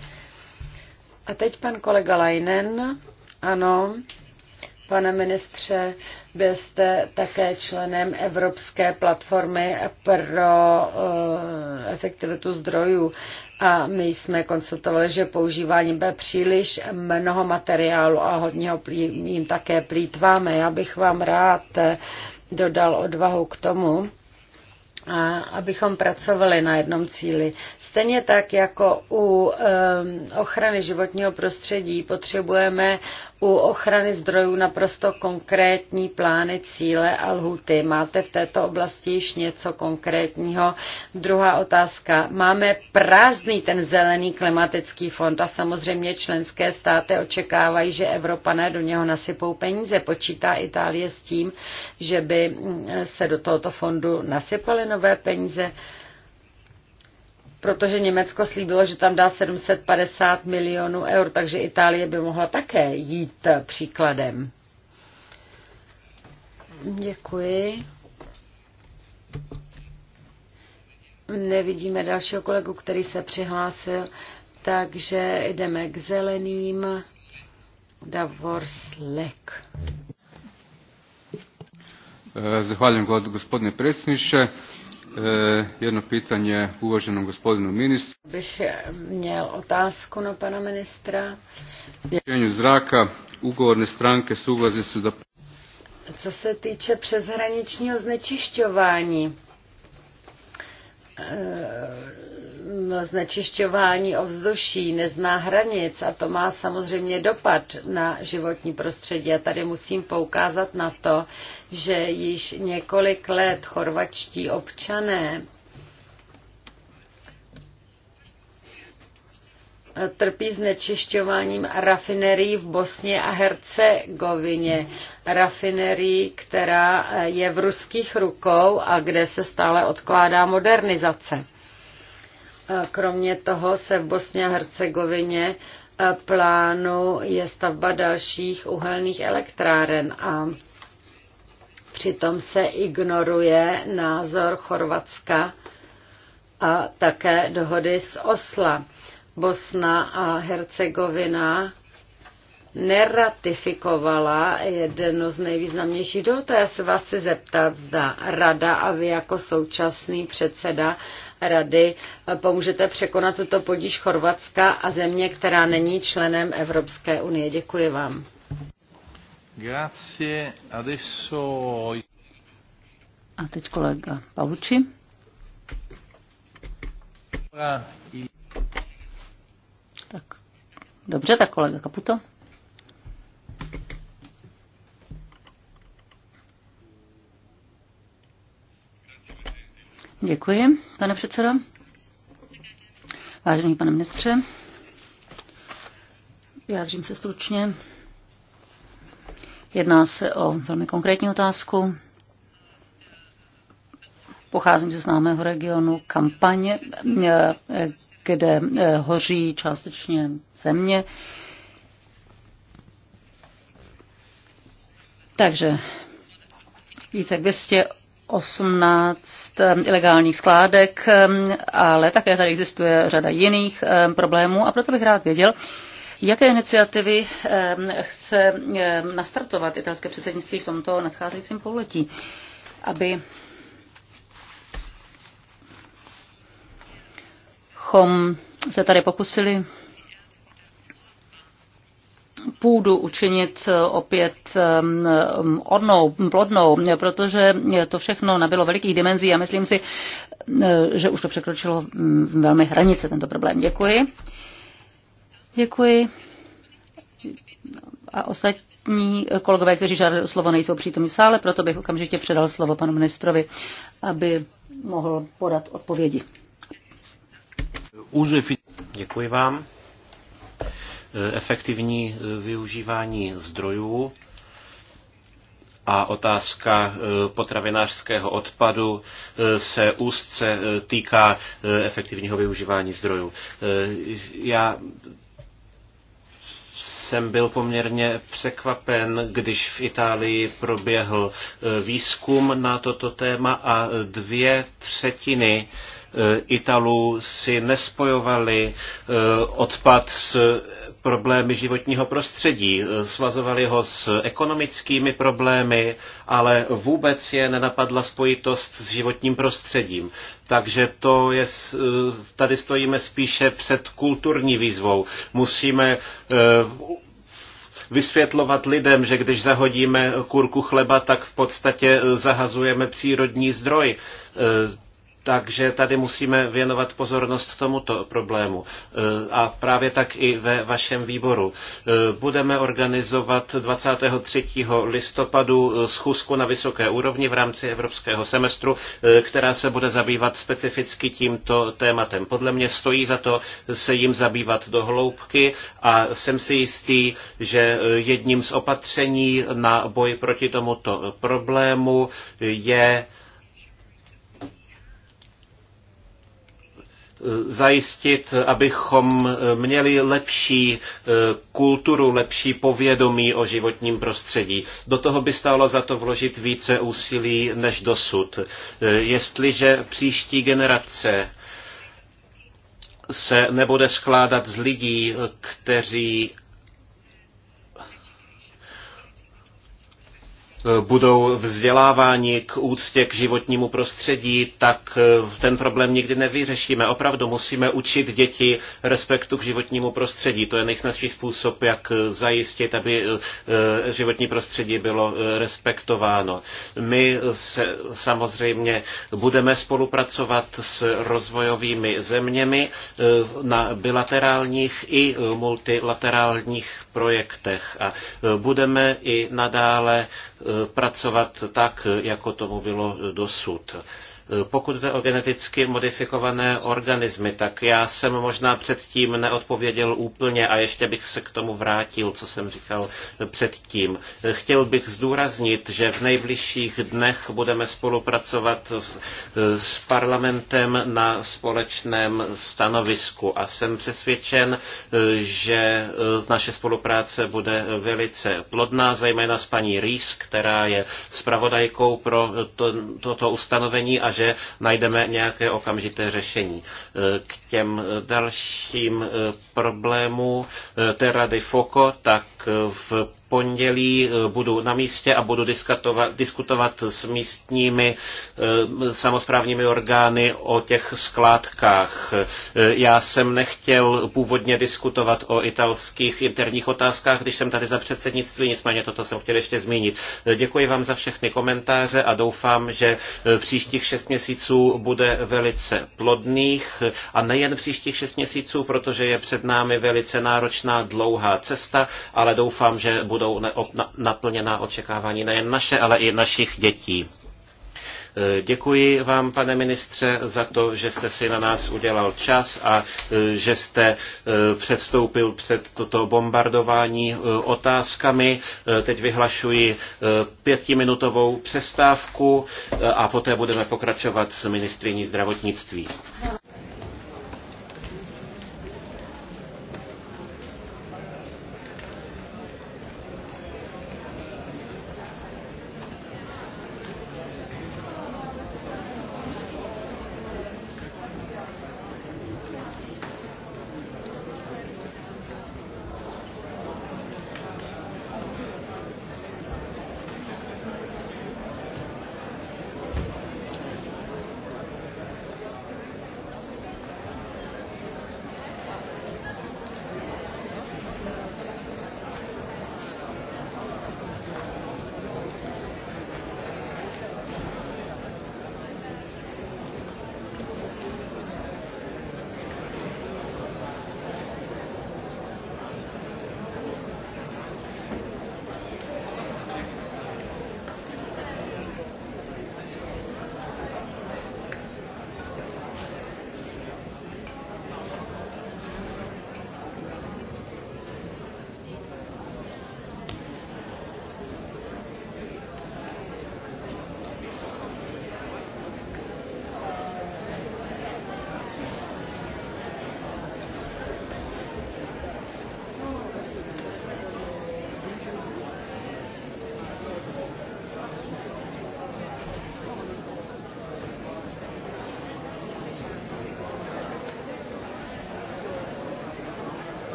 A teď pan kolega Leinen. Ano, Pane ministře, byl jste také členem Evropské platformy pro eh, efektivitu zdrojů a my jsme konstatovali, že používání bude příliš mnoho materiálu a hodně jim také plítváme. Já bych vám rád eh, dodal odvahu k tomu, a abychom pracovali na jednom cíli. Stejně tak jako u um, ochrany životního prostředí potřebujeme u ochrany zdrojů naprosto konkrétní plány, cíle a lhuty. Máte v této oblasti již něco konkrétního? Druhá otázka. Máme prázdný ten zelený klimatický fond a samozřejmě členské státy očekávají, že Evropané do něho nasypou peníze. Počítá Itálie s tím, že by se do tohoto fondu nasypaly nové peníze? protože Německo slíbilo, že tam dá 750 milionů eur, takže Itálie by mohla také jít příkladem. Děkuji. Nevidíme dalšího kolegu, který se přihlásil, takže jdeme k zeleným. Davor Slek. Zahvaljujem gospodine predsjedniče. Eh, jedno pitanje uvaženom gospodinu ministru. Bych měl otázku na pana ministra. zraka ugovorne stranke suglasne su da... Co se týče přeshraničního znečišťování, eh, znečišťování ovzduší nezná hranic a to má samozřejmě dopad na životní prostředí. A tady musím poukázat na to, že již několik let chorvačtí občané trpí znečišťováním rafinerií v Bosně a Hercegovině. Rafinerii, která je v ruských rukou a kde se stále odkládá modernizace. Kromě toho se v Bosně a Hercegovině e, plánu je stavba dalších uhelných elektráren a přitom se ignoruje názor Chorvatska a také dohody z Osla. Bosna a Hercegovina neratifikovala jednu z nejvýznamnějších dohod. Já se vás chci zeptat, zda Rada a vy jako současný předseda rady eh, pomůžete překonat tuto podíž Chorvatska a země, která není členem Evropské unie. Děkuji vám. Grazie. Adesso... A teď kolega Pavuči. Tak. Dobře, tak kolega Kaputo. Děkuji, pane předsedo. Vážený pane ministře, vyjádřím se stručně. Jedná se o velmi konkrétní otázku. Pocházím ze známého regionu kampaně, kde hoří částečně země. Takže více jak 200 18 ilegálních skládek, ale také tady existuje řada jiných problémů a proto bych rád věděl, Jaké iniciativy chce nastartovat italské předsednictví v tomto nadcházejícím pololetí, aby chom se tady pokusili půdu učinit opět um, um, odnou, plodnou, protože to všechno nabilo velikých dimenzí a myslím si, uh, že už to překročilo mm, velmi hranice tento problém. Děkuji. Děkuji. A ostatní kolegové, kteří žádali slovo, nejsou přítomní v sále, proto bych okamžitě předal slovo panu ministrovi, aby mohl podat odpovědi. Děkuji vám efektivní eh, využívání zdrojů a otázka eh, potravinářského odpadu eh, se úzce týká efektivního využívání zdrojů. Já jsem byl poměrně překvapen, když v Itálii proběhl výzkum na toto téma a dvě třetiny Eh, Italů si nespojovali eh, odpad s problémy životního prostředí, eh, svazovali ho s ekonomickými problémy, ale vůbec je nenapadla spojitost s životním prostředím. Takže to je, tady stojíme spíše před kulturní výzvou. Musíme vysvětlovat lidem, že když zahodíme kurku chleba, tak v podstatě zahazujeme přírodní zdroj takže tady musíme věnovat pozornost tomuto problému. E, a právě tak i ve vašem výboru. E, budeme organizovat 23. listopadu e, schůzku na vysoké úrovni v rámci evropského semestru, která se bude zabývat specificky tímto tématem. Podle mě stojí za to se jim zabývat do hloubky a jsem si jistý, že jedním z opatření na boj proti tomuto problému je Eh, zajistit, abychom eh, měli lepší eh, kulturu, lepší povědomí o životním prostředí. Do toho by stálo za to vložit více úsilí než dosud. Jestliže příští generace se nebude skládat z lidí, kteří Eh, budou vzděláváni k úctě k životnímu prostředí, tak eh, ten problém nikdy nevyřešíme. Opravdu musíme učit děti respektu k životnímu prostředí. To je nejsnažší způsob, jak eh, zajistit, aby životní prostředí bylo respektováno. My se samozřejmě budeme spolupracovat s rozvojovými zeměmi na bilaterálních i multilaterálních projektech a budeme i nadále pracovat tak, jako tomu bylo dosud. Pokud jde o geneticky modifikované organismy, tak já jsem možná předtím neodpověděl úplně a ještě bych se k tomu vrátil, co jsem říkal předtím. Chtěl bych zdůraznit, že v nejbližších dnech budeme spolupracovat s parlamentem na společném stanovisku a jsem přesvědčen, že naše spolupráce bude velice plodná, zejména s paní Rýs, která je zpravodajkou pro to, toto ustanovení a že že najdeme nějaké okamžité řešení. E, k těm e, dalším e, problémům té rady FOKO, tak tak v pondělí eh, budu na místě a budu diskutovat s místními eh, samozprávními orgány o těch skládkách. Eh, já jsem nechtěl původně diskutovat o italských interních otázkách, když jsem tady za předsednictví, nicméně toto jsem chtěl ještě zmínit. Děkuji vám za všechny komentáře a doufám, že příštích šest měsíců bude velice plodných a nejen příštích šest měsíců, protože je před námi velice náročná dlouhá cesta, ale ale doufám, že budou naplněná očekávání nejen naše, ale i našich dětí. E, děkuji vám, pane ministře, za to, že jste si na nás udělal čas a e, že jste e, předstoupil před toto bombardování otázkami. Teď vyhlašuji pětiminutovou přestávku a poté budeme pokračovat s ministriní zdravotnictví.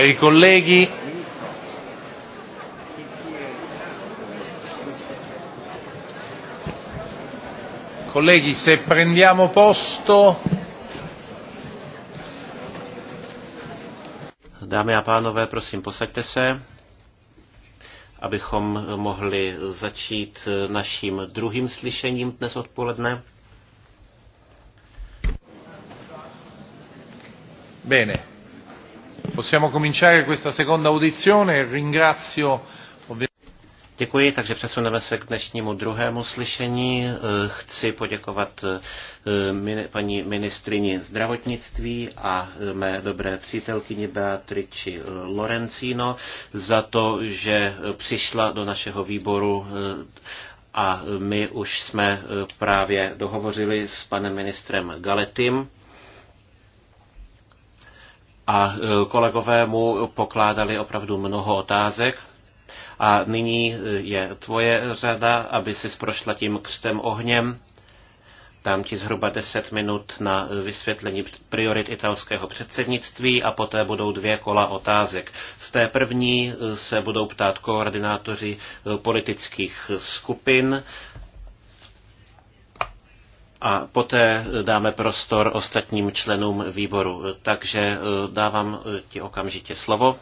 Cari colleghi, colleghi se prendiamo posto. Dámy a pánové, prosím, posaďte se, abychom mohli začít naším druhým slyšením dnes odpoledne. Bene. Possiamo cominciare questa seconda audizione. Ringrazio Děkuji, takže přesuneme se k dnešnímu druhému slyšení. Eh, chci poděkovat eh, paní ministrině zdravotnictví a eh, mé dobré přítelkyni Beatriči Lorencino za to, že přišla do našeho výboru a my už jsme právě dohovořili s panem ministrem Galetim a e, kolegové mu pokládali opravdu mnoho otázek. A nyní e, je tvoje řada, aby si prošla tím křtem ohněm. Dám ti zhruba 10 minut na e, vysvětlení priorit italského předsednictví a poté budou dvě kola otázek. V té první se budou ptát koordinátoři politických skupin a poté dáme prostor ostatním členům výboru. Takže eh, dávám eh, ti okamžitě slovo,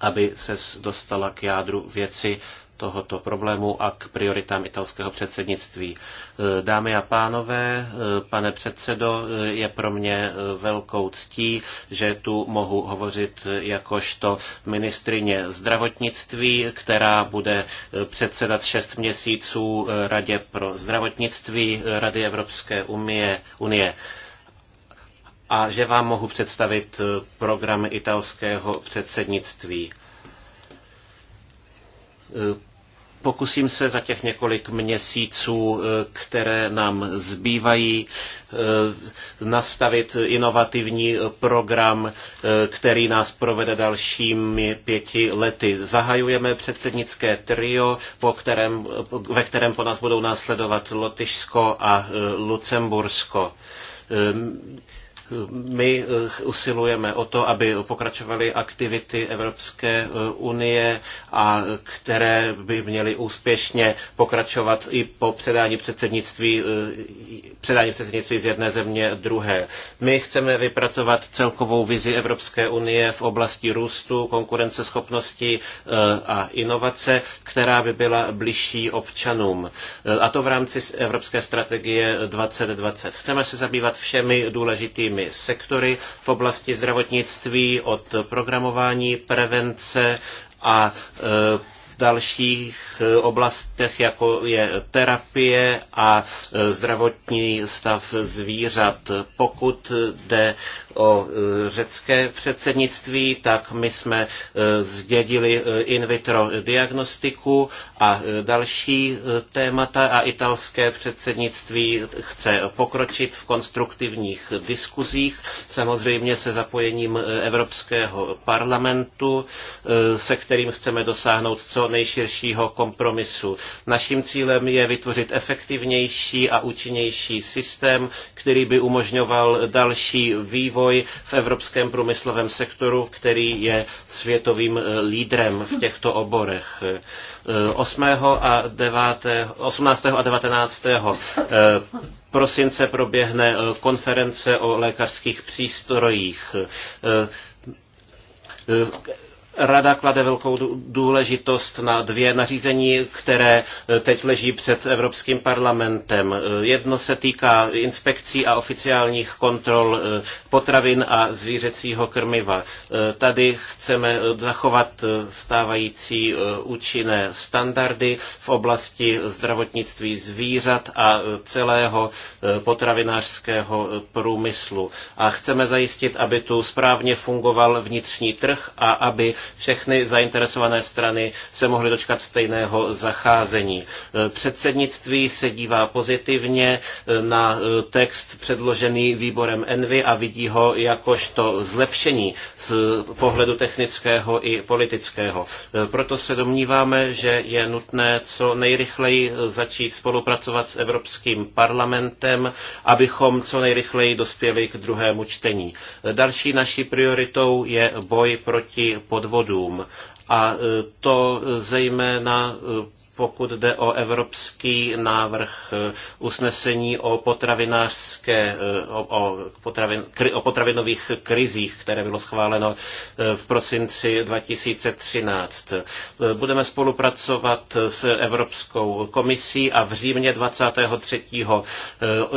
aby se dostala k jádru věci tohoto problému a k prioritám italského předsednictví. Eh, dámy a pánové, eh, pane předsedo, eh, je pro mě velkou ctí, že tu mohu hovořit jakožto ministrině zdravotnictví, která bude předsedat šest měsíců Radě pro zdravotnictví Rady Evropské unie. unie a že vám mohu představit program italského předsednictví. Pokusím se za těch několik měsíců, eh, které nám zbývají, eh, nastavit inovativní program, eh, který nás provede dalšími pěti lety. Zahajujeme předsednické trio, po kterém, ve kterém po nás budou následovat Lotyšsko a Lucembursko ehm, my eh, usilujeme o to, aby pokračovaly aktivity Evropské eh, unie, a které by měly úspěšně pokračovat i po předání předsednictví, eh, předání předsednictví z jedné země druhé. My chceme vypracovat celkovou vizi Evropské unie v oblasti růstu, konkurenceschopnosti a inovace, která by byla bližší občanům. A to v rámci Evropské strategie 2020. Chceme se zabývat všemi důležitými všemi sektory v oblasti zdravotnictví od programování, prevence a e, dalších eh, oblastech, jako je terapie a eh, zdravotní stav zvířat. Pokud jde o eh, řecké předsednictví, tak my jsme zdědili in vitro diagnostiku a další témata a italské předsednictví chce pokročit v konstruktivních diskuzích, samozřejmě se zapojením Evropského parlamentu, se kterým chceme dosáhnout co nejširšího kompromisu. Naším cílem je vytvořit efektivnější a účinnější systém, který by umožňoval další vývoj v evropském průmyslovém sektoru, který je světovým eh, lídrem v těchto oborech. 8. Eh, a 9, 18. a 19. Eh, prosince proběhne konference o lékařských přístrojích Rada klade velkou důležitost na dvě nařízení, které eh, teď leží před Evropským parlamentem. Eh, Jedno se týká inspekcí a oficiálních kontrol eh, potravin a zvířecího krmiva. Tady chceme zachovat stávající účinné standardy v oblasti zdravotnictví zvířat a celého potravinářského průmyslu. A chceme zajistit, aby tu správně fungoval vnitřní trh a aby všechny zainteresované strany se mohly dočkat stejného zacházení. E, předsednictví se dívá pozitivně e, na e, text předložený výborem Envy a vidí ho jakožto zlepšení z pohledu technického i politického. Proto se domníváme, že je nutné co nejrychleji začít spolupracovat s Evropským parlamentem, abychom co nejrychleji dospěli k druhému čtení. Další naší prioritou je boj proti podvodům podvodům. A e, to zejména e, pokud jde o evropský návrh eh, usnesení o potravinářské, eh, o, o, potravin, kri, o potravinových krizích, které bylo schváleno eh, v prosinci 2013. Budeme spolupracovat s Evropskou komisí a v Římě 23.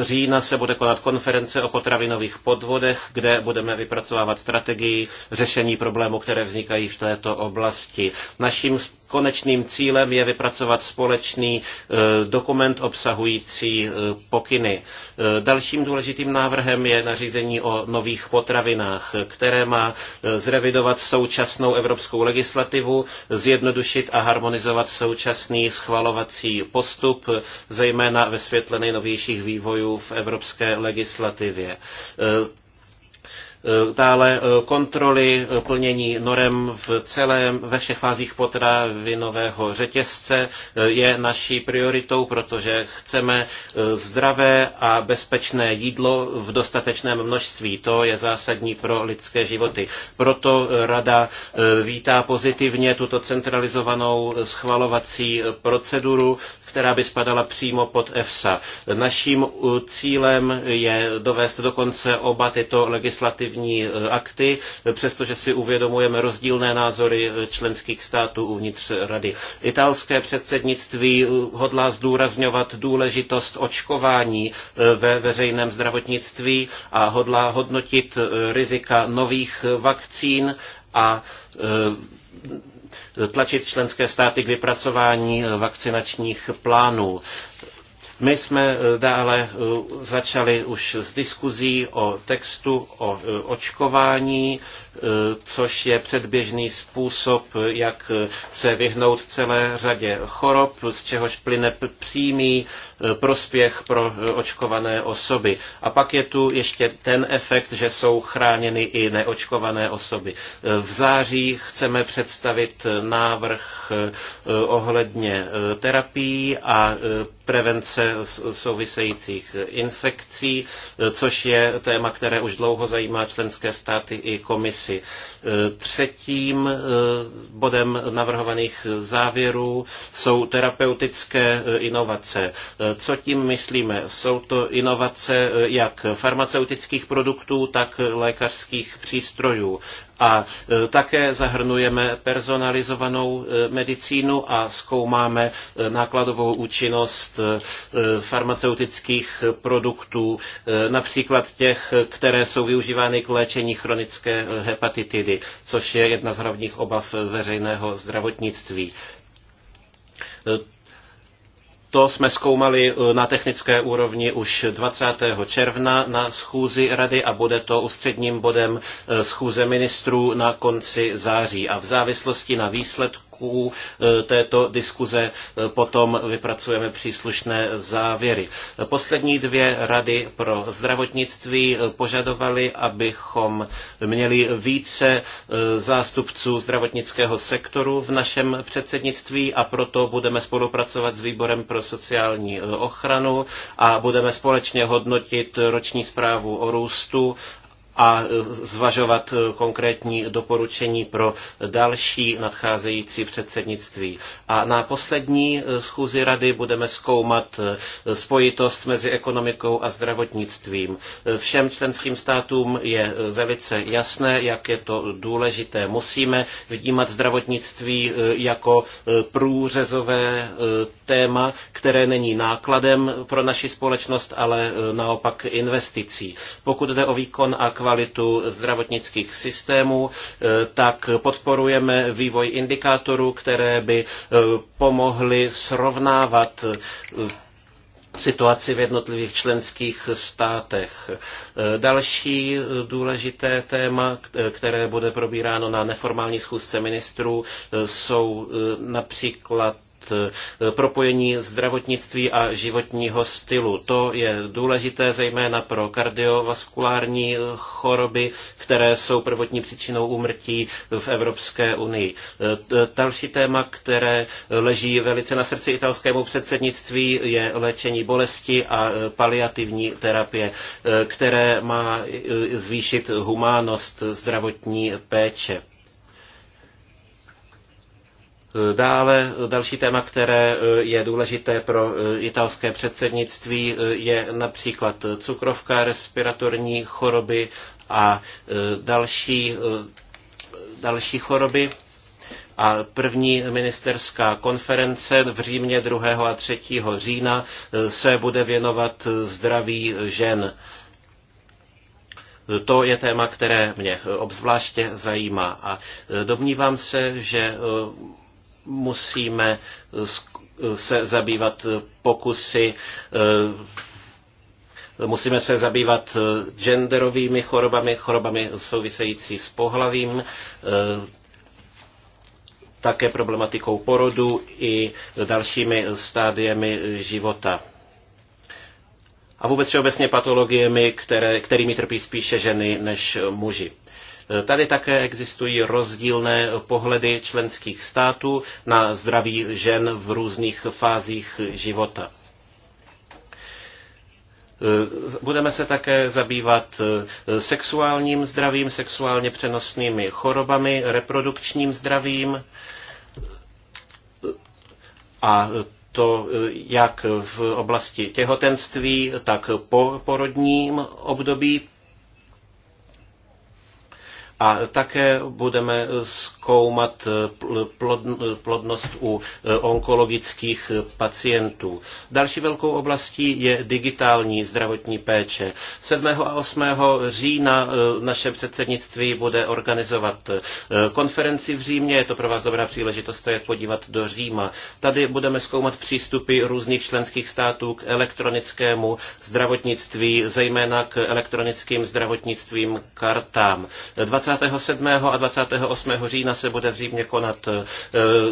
října se bude konat konference o potravinových podvodech, kde budeme vypracovávat strategii řešení problémů, které vznikají v této oblasti. Naším Konečným cílem je vypracovat společný e, dokument obsahující e, pokyny. E, dalším důležitým návrhem je nařízení o nových potravinách, které má zrevidovat současnou evropskou legislativu, zjednodušit a harmonizovat současný schvalovací postup, zejména ve světle nejnovějších vývojů v evropské legislativě. Eh, dále eh, kontroly eh, plnění norem v celém, ve všech fázích potravinového řetězce je naší prioritou, protože chceme zdravé a bezpečné jídlo v dostatečném množství. To je zásadní pro lidské životy. Proto Rada vítá pozitivně tuto centralizovanou schvalovací proceduru, která by spadala přímo pod EFSA. Naším uh, cílem je dovést do konce oba tyto legislativní uh, akty, přestože si uvědomujeme rozdílné názory uh, členských států uvnitř rady. Italské předsednictví hodlá zdůrazňovat důležitost očkování ve veřejném zdravotnictví a hodlá hodnotit rizika nových vakcín a tlačit členské státy k vypracování eh, vakcinačních plánů. My jsme eh, dále eh, začali už s diskuzí o textu, o očkování, Eh, což je předběžný způsob, jak se vyhnout celé řadě chorob, z čehož plyne přímý eh, prospěch pro eh, očkované osoby. A pak je tu ještě ten efekt, že jsou chráněny i neočkované osoby. V září chceme představit návrh ohledně terapií a prevence souvisejících infekcí, což je téma, které už dlouho zajímá členské státy i komisi komisi. Eh, třetím eh, bodem navrhovaných závěrů jsou terapeutické eh, inovace. Co tím myslíme? Jsou to inovace jak farmaceutických produktů, tak lékařských přístrojů. A e, také zahrnujeme personalizovanou e, medicínu a zkoumáme e, nákladovou účinnost farmaceutických produktů, například těch, které jsou využívány k léčení chronické hepatitidy, což je jedna z hlavních obav veřejného zdravotnictví. To jsme zkoumali eh, na technické úrovni už 20. června na schůzi rady a bude to ústředním bodem eh, schůze ministrů na konci září. A v závislosti na výsledku výsledků eh, této diskuze eh, potom vypracujeme příslušné závěry. Poslední dvě rady pro zdravotnictví eh, požadovaly, abychom měli více zástupců zdravotnického sektoru v našem předsednictví a proto budeme spolupracovat s výborem pro sociální ochranu a budeme společně hodnotit roční zprávu o růstu a zvažovat konkrétní doporučení pro další nadcházející předsednictví. A na poslední schůzi rady budeme zkoumat spojitost mezi ekonomikou a zdravotnictvím. Všem členským státům je velice jasné, jak je to důležité. Musíme vnímat zdravotnictví jako průřezové téma, které není nákladem pro naši společnost, ale naopak investicí. Pokud jde o výkon a kvalitu zdravotnických systémů, e, tak podporujeme vývoj indikátorů, které by e, pomohly srovnávat e, situaci v jednotlivých členských státech. Další důležité téma, které bude probíráno na neformální schůzce ministrů, jsou například Eh, propojení zdravotnictví a životního stylu. To je důležité zejména pro kardiovaskulární choroby, které jsou prvotní příčinou úmrtí v Evropské unii. Eh, další téma, které leží velice na srdci italskému předsednictví, je léčení bolesti a eh, paliativní terapie, které má zvýšit humánost zdravotní péče. Dále další téma, které eh, je důležité pro eh, italské předsednictví, eh, je například cukrovka, respiratorní choroby a další, další choroby. A první ministerská konference v Římě 2. a 3. října se bude věnovat zdraví žen. To je téma, které mě obzvláště zajímá a domnívám se, že Eh, eh, eh, musíme se zabývat pokusy musíme se zabývat genderovými chorobami, chorobami související s pohlavím, také problematikou porodu i dalšími stádiemi života. A vůbec všeobecně patologiemi, které, kterými trpí spíše ženy než muži. Eh, tady také existují rozdílné pohledy členských států na zdraví žen v různých fázích života. Eh, budeme se také zabývat eh, sexuálním zdravím, sexuálně přenosnými chorobami, reprodukčním zdravím a to jak v oblasti těhotenství, tak po porodním období. A také budeme zkoumat eh, eh, plodnost u eh, onkologických pacientů. Další velkou oblastí je digitální zdravotní péče. 7. a 8. října naše předsednictví bude organizovat konferenci v Římě. Je to pro vás dobrá příležitost se podívat do Říma. Tady budeme zkoumat přístupy různých členských států k elektronickému zdravotnictví, zejména k elektronickým zdravotnictvím kartám. 20 27. a 28. října se bude v Římě konat eh,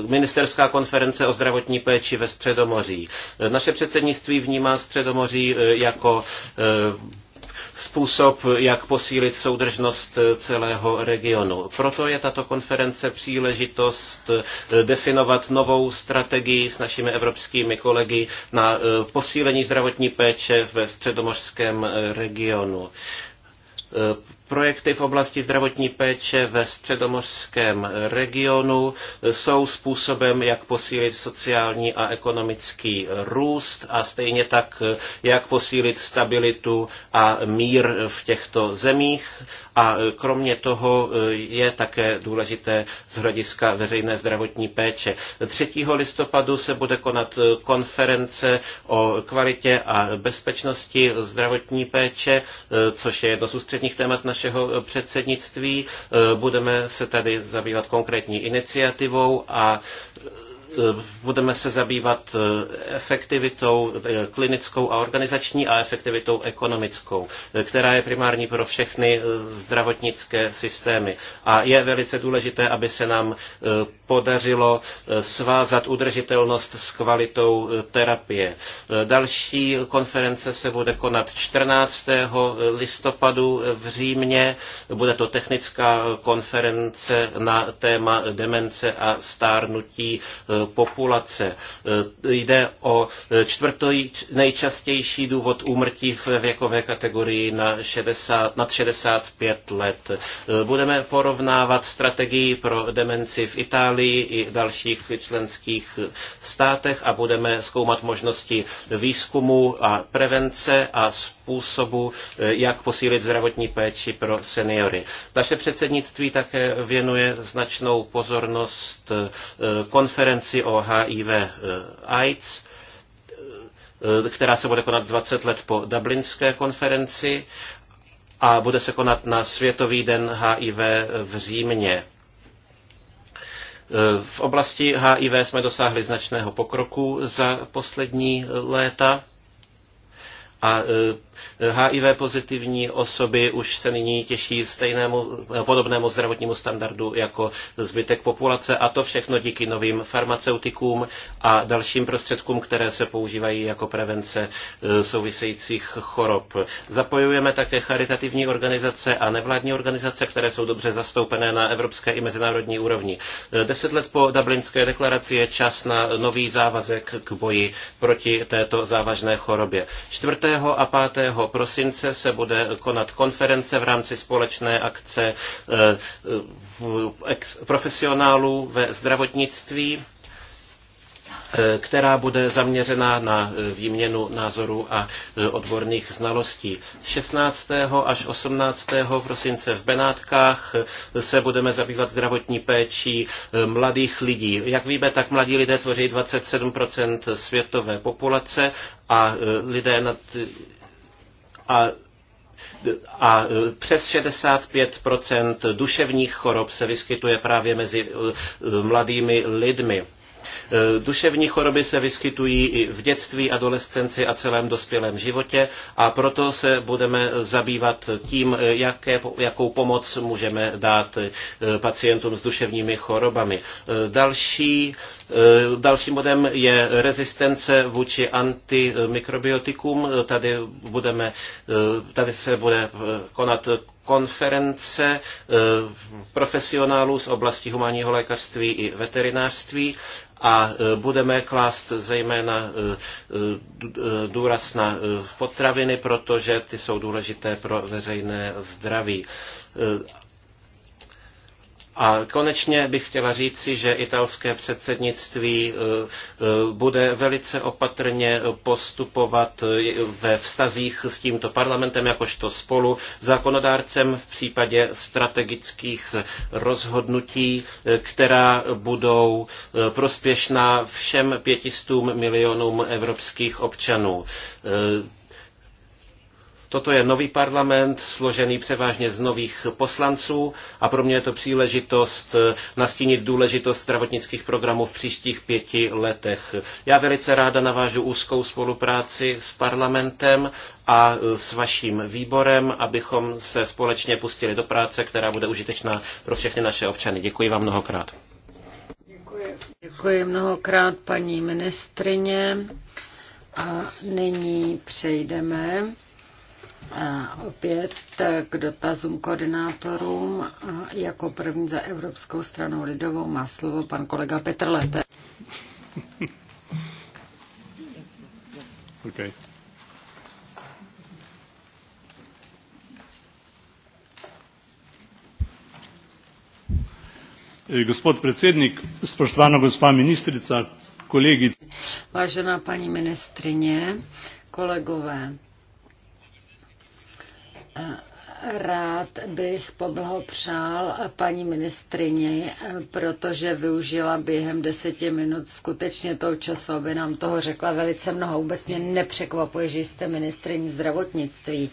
ministerská konference o zdravotní péči ve Středomoří. Eh, naše předsednictví vnímá Středomoří eh, jako způsob, jak posílit soudržnost celého regionu. Proto je tato konference příležitost definovat novou strategii s našimi evropskými kolegy na posílení zdravotní péče ve středomořském regionu Projekty v oblasti zdravotní péče ve středomořském regionu jsou způsobem, jak posílit sociální a ekonomický růst a stejně tak, jak posílit stabilitu a mír v těchto zemích. A kromě toho je také důležité z hlediska veřejné zdravotní péče. 3. listopadu se bude konat konference o kvalitě a bezpečnosti zdravotní péče, což je jedno z ústředních témat naší našeho eh, předsednictví. Eh, budeme se tady zabývat konkrétní iniciativou a eh, Eh, budeme se zabývat eh, efektivitou eh, klinickou a organizační a efektivitou ekonomickou, která je primární pro všechny zdravotnické systémy. A je velice důležité, aby se nám podařilo svázat udržitelnost s kvalitou terapie. Další konference se bude konat 14. listopadu v Římě. Bude to technická konference na téma demence a stárnutí populace. E, jde o e, čtvrtý nejčastější důvod úmrtí v věkové kategorii na 60, nad 65 let. E, budeme porovnávat strategii pro demenci v Itálii i dalších členských státech a budeme zkoumat možnosti výzkumu a prevence a způsobu, jak posílit zdravotní péči pro seniory. Naše předsednictví také věnuje značnou pozornost konferenci konferenci o HIV eh, AIDS, eh, eh, která se bude konat 20 let po Dublinské konferenci a bude se konat na Světový den HIV v Římě. V oblasti HIV jsme dosáhli značného pokroku za poslední léta a HIV pozitivní osoby už se nyní těší stejnému podobnému zdravotnímu standardu jako zbytek populace a to všechno díky novým farmaceutikům a dalším prostředkům, které se používají jako prevence e, souvisejících chorob. Zapojujeme také charitativní organizace a nevládní organizace, které jsou dobře zastoupené na evropské i mezinárodní úrovni. E, deset let po Dublinské deklaraci je čas na nový závazek k boji proti této závažné chorobě. 4. a 5 prosince se bude konat konference v rámci společné akce eh, profesionálů ve zdravotnictví eh, která bude zaměřena na eh, výměnu názorů a odborných znalostí. 16. až 18. prosince v Benátkách se budeme zabývat zdravotní péčí mladých lidí. Jak víme, tak mladí lidé tvoří 27 světové populace a lidé nad a a přes 65 duševních chorob se vyskytuje právě mezi eh, mladými lidmi. Eh, duševní choroby se vyskytují i v dětství, adolescenci a celém dospělém životě a proto se budeme zabývat tím, eh, jaké, jakou pomoc můžeme dát eh, pacientům s duševními chorobami. Další, dalším bodem je rezistence vůči antimikrobiotikům. Tady, budeme, tady se bude konat konference eh, profesionálů z oblasti humánního lékařství i veterinářství a eh, budeme klást zejména eh, důraz na potraviny, protože ty jsou důležité pro veřejné zdraví. A konečně bych chtěla říci, že italské předsednictví eh, eh, bude velice opatrně postupovat eh, ve vztazích s tímto parlamentem, jakožto spolu zákonodárcem v případě strategických rozhodnutí, která budou prospěšná všem pětistům milionům evropských občanů. Toto je nový parlament, složený převážně z nových poslanců a pro mě je to příležitost eh, nastínit důležitost zdravotnických programů v příštích pěti letech. Já velice ráda navážu úzkou spolupráci s parlamentem a eh, s vaším výborem, abychom se společně pustili do práce, která bude užitečná pro všechny naše občany. Děkuji vám mnohokrát. Děkuji, děkuji mnohokrát paní ministrině. A nyní přejdeme a opět k dotazům koordinátorům. Jako první za Evropskou stranou lidovou má slovo pan kolega Petr Lete. Okay. Eh, gospod predsednik, spoštovana gospa ministrica, kolegice. Vážená paní ministrině, kolegové, Rád bych poblhopřál paní ministrině, protože využila během deseti minut skutečně toho času, aby nám toho řekla velice mnoho. Vůbec mě nepřekvapuje, že jste ministrině zdravotnictví.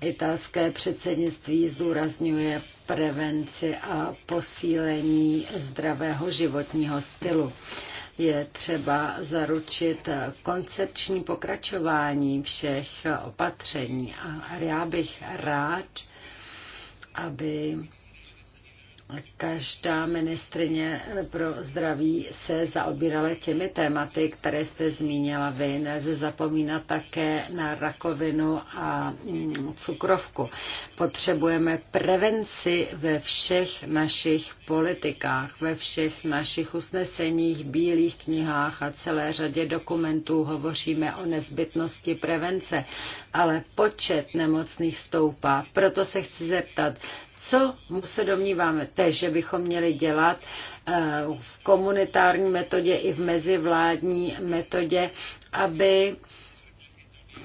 Italské předsednictví zdůrazňuje prevenci a posílení zdravého životního stylu je třeba zaručit koncepční pokračování všech opatření. A já bych rád, aby Každá ministrině pro zdraví se zaobírala těmi tématy, které jste zmínila vy. Nelze zapomínat také na rakovinu a mm, cukrovku. Potřebujeme prevenci ve všech našich politikách, ve všech našich usneseních, bílých knihách a celé řadě dokumentů hovoříme o nezbytnosti prevence, ale počet nemocných stoupá. Proto se chci zeptat, co se domníváme teď, že bychom měli dělat eh, v komunitární metodě i v mezivládní metodě, aby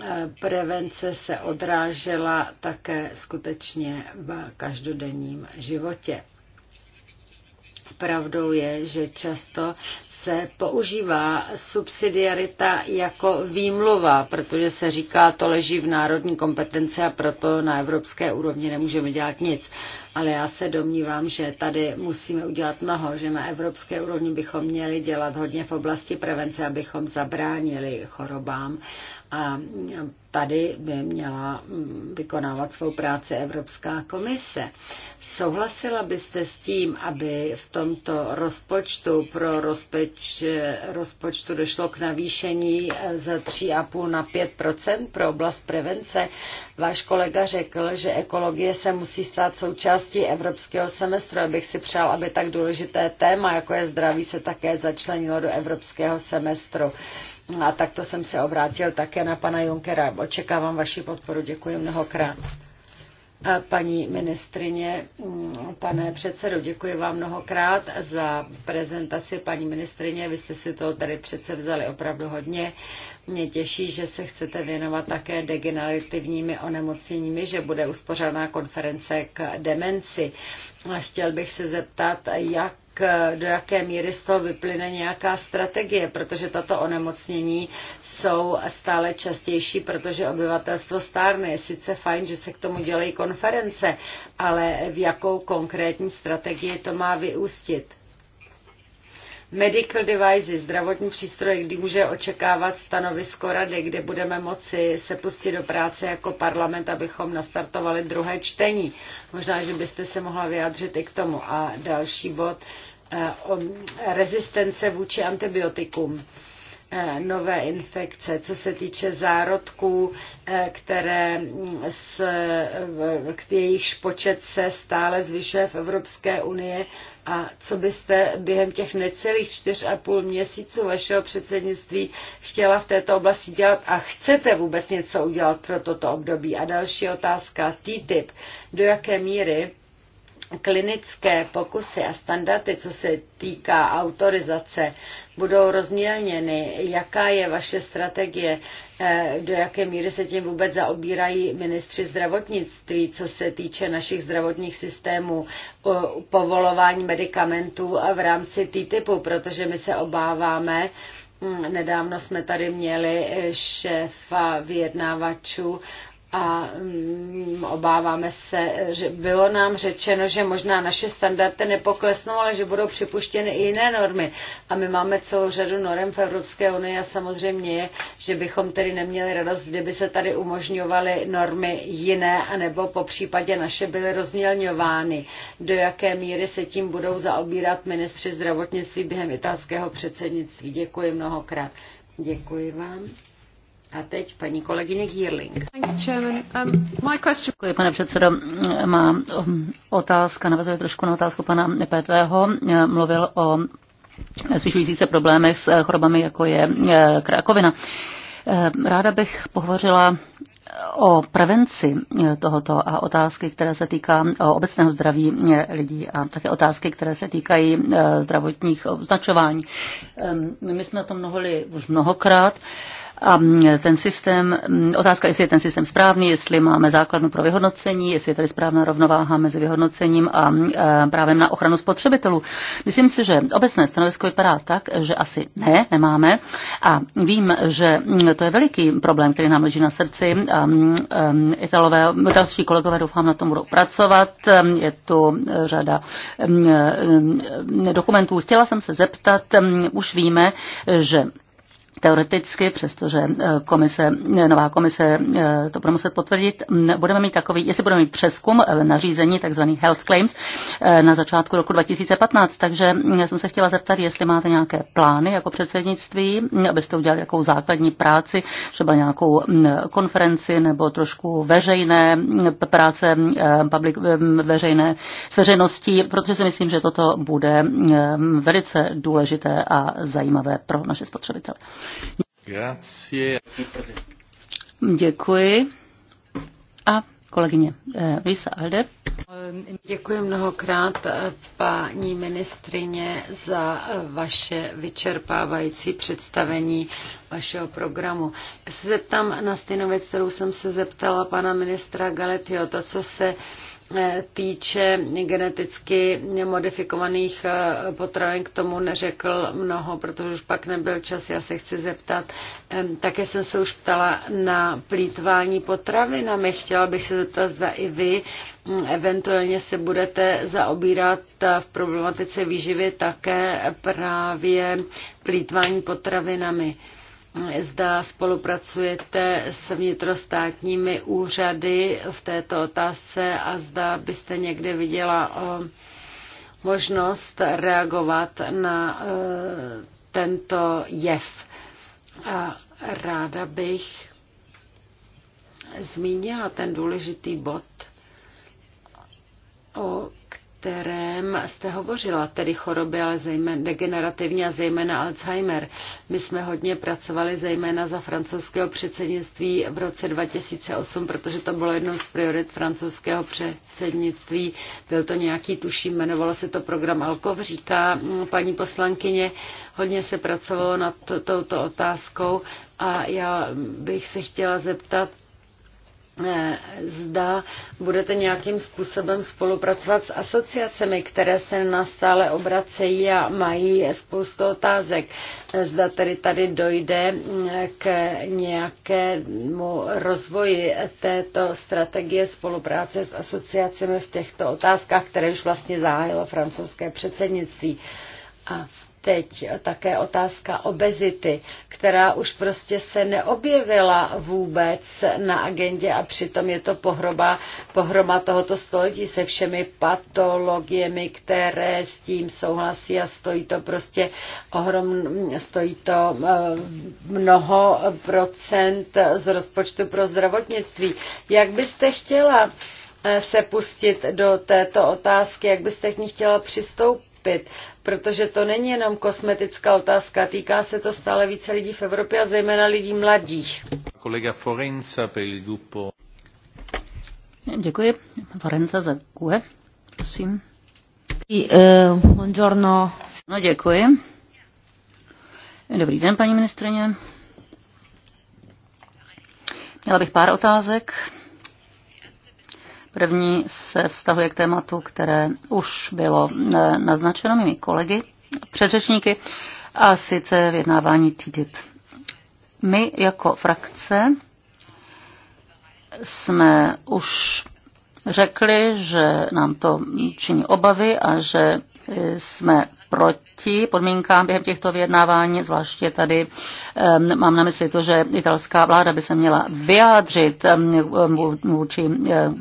eh, prevence se odrážela také skutečně v každodenním životě. Pravdou je, že často se používá subsidiarita jako výmluva, protože se říká, to leží v národní kompetenci a proto na evropské úrovni nemůžeme dělat nic. Ale já se domnívám, že tady musíme udělat mnoho, že na evropské úrovni bychom měli dělat hodně v oblasti prevence, abychom zabránili chorobám a tady by měla vykonávat svou práci Evropská komise. Souhlasila byste s tím, aby v tomto rozpočtu pro rozpeč, rozpočtu došlo k navýšení z 3,5 na 5 pro oblast prevence? Váš kolega řekl, že ekologie se musí stát součástí evropského semestru. Já bych si přál, aby tak důležité téma, jako je zdraví, se také začlenilo do evropského semestru. A takto jsem se obrátil také na pana Junkera. Očekávám vaši podporu. Děkuji mnohokrát. A paní ministrině, mm, pane předsedo, děkuji vám mnohokrát za prezentaci. Paní ministrině, vy jste si to tady přece vzali opravdu hodně. Mě těší, že se chcete věnovat také degenerativními onemocněními, že bude uspořádána konference k demenci. A chtěl bych se zeptat, jak k, do jaké míry z toho vyplyne nějaká strategie, protože tato onemocnění jsou stále častější, protože obyvatelstvo stárne. Je sice fajn, že se k tomu dělají konference, ale v jakou konkrétní strategii to má vyústit? medical devices, zdravotní přístroje, kdy může očekávat stanovisko rady, kde budeme moci se pustit do práce jako parlament, abychom nastartovali druhé čtení. Možná, že byste se mohla vyjádřit i k tomu. A další bod, eh, rezistence vůči antibiotikům Eh, nové infekce. Co se týče zárodků, eh, které mm, s, k jejichž počet se stále zvyšuje v Evropské unii a co byste během těch necelých čtyř a půl měsíců vašeho předsednictví chtěla v této oblasti dělat a chcete vůbec něco udělat pro toto období? A další otázka, TTIP, do jaké míry klinické pokusy a standardy, co se týká autorizace, budou rozmělněny. Jaká je vaše strategie? Eh, do jaké míry se tím vůbec zaobírají ministři zdravotnictví, co se týče našich zdravotních systémů, povolování medicamentů a v rámci TTIPu, protože my se obáváme, hm, Nedávno jsme tady měli eh, šéfa vyjednávačů a mm, obáváme se, že bylo nám řečeno, že možná naše standardy nepoklesnou, ale že budou připuštěny i jiné normy. A my máme celou řadu norm v Evropské unii a samozřejmě je, že bychom tedy neměli radost, kdyby se tady umožňovaly normy jiné, anebo po případě naše byly rozmělňovány. Do jaké míry se tím budou zaobírat ministři zdravotnictví během italského předsednictví. Děkuji mnohokrát. Děkuji vám. A teď paní kolegyně Gierling. Um, Děkuji, pane předsedo. Má um, otázka, navazuje trošku na otázku pana Petvého. Mluvil o zvyšujících se problémech s eh, chorobami, jako je eh, krákovina. Eh, ráda bych pohovořila o prevenci tohoto a otázky, které se týká obecného zdraví lidí a také otázky, které se týkají zdravotních označování. My jsme na to mluvili už mnohokrát a mm, ten systém, mm, otázka, jestli je ten systém správný, jestli máme základnu pro vyhodnocení, jestli je tady správná rovnováha mezi vyhodnocením a mm, právem na ochranu spotřebitelů. Myslím si, že obecné stanovisko vypadá tak, že asi ne, nemáme. A vím, že to je veliký problém, který nám leží na srdci. Italové, další kolegové doufám na tom budou pracovat. Je tu eh, řada eh, dokumentů. Chtěla jsem se zeptat, už víme, že teoreticky, přestože eh, komise, eh, nová komise eh, to bude muset potvrdit, budeme mít takový, jestli budeme mít přeskum nařízení tzv. health claims na začátku roku 2015, takže hm, já jsem se chtěla zeptat, jestli máte nějaké plány jako předsednictví, hm, abyste udělali jakou základní práci, třeba nějakou hm, konferenci nebo trošku veřejné práce public, veřejné s veřejností, protože si myslím, že toto bude velice důležité a zajímavé pro naše spotřebitele. Děkuji. A kolegyně eh, Lisa Alde. Děkuji mnohokrát, eh, paní ministrině, za eh, vaše vyčerpávající představení vašeho programu. Já se zeptám na stejnou věc, kterou jsem se zeptala pana ministra Galetio, to, co se týče geneticky modifikovaných eh, potravin, k tomu neřekl mnoho, protože už pak nebyl čas, já se chci zeptat. Také jsem se už ptala na plítvání potravinami. Chtěla bych se zeptat, zda i vy mm, eventuálně se budete zaobírat eh, v problematice výživy také právě plítvání potravinami zda spolupracujete s vnitrostátními úřady v této otázce a zda byste někde viděla eh, možnost reagovat na eh, tento jev. A ráda bych zmínila ten důležitý bod o kterém jste hovořila, tedy choroby, ale zejména degenerativní a zejména Alzheimer. My jsme hodně pracovali zejména za francouzského předsednictví v roce 2008, protože to bylo jednou z priorit francouzského předsednictví. Byl to nějaký, tuším, jmenovalo se to program Alkov, říká mm, paní poslankyně. Hodně se pracovalo nad touto otázkou a já bych se chtěla zeptat, Eh, zda budete nějakým způsobem spolupracovat s asociacemi, které se na nás stále obracejí a mají spoustu otázek. Eh, zda tedy tady dojde mm, k nějakému rozvoji této strategie spolupráce s asociacemi v těchto otázkách, které už vlastně zahájilo francouzské předsednictví. A Teď také otázka obezity, která už prostě se neobjevila vůbec na agendě a přitom je to pohroba, pohroma tohoto století se všemi patologiemi, které s tím souhlasí a stojí to prostě ohrom, stojí to eh, mnoho procent z rozpočtu pro zdravotnictví. Jak byste chtěla eh, se pustit do této otázky, jak byste k ní chtěla přistoupit? cockpit, protože to není jenom kosmetická otázka, týká se to stále více lidí v Evropě a zejména lidí mladých. Kolega Forenza per il gruppo. Děkuji. Forenza za QE, prosím. I, uh, buongiorno. No děkuji. Dobrý den, paní ministrině. Měla bych pár otázek. První se vztahuje k tématu, které už bylo e, naznačeno mými kolegy, předřečníky, a sice vyjednávání TTIP. My jako frakce jsme už řekli, že nám to činí obavy a že e, jsme proti podmínkám během těchto vyjednávání, zvláště tady mám na mysli to, že italská vláda by se měla vyjádřit vůči,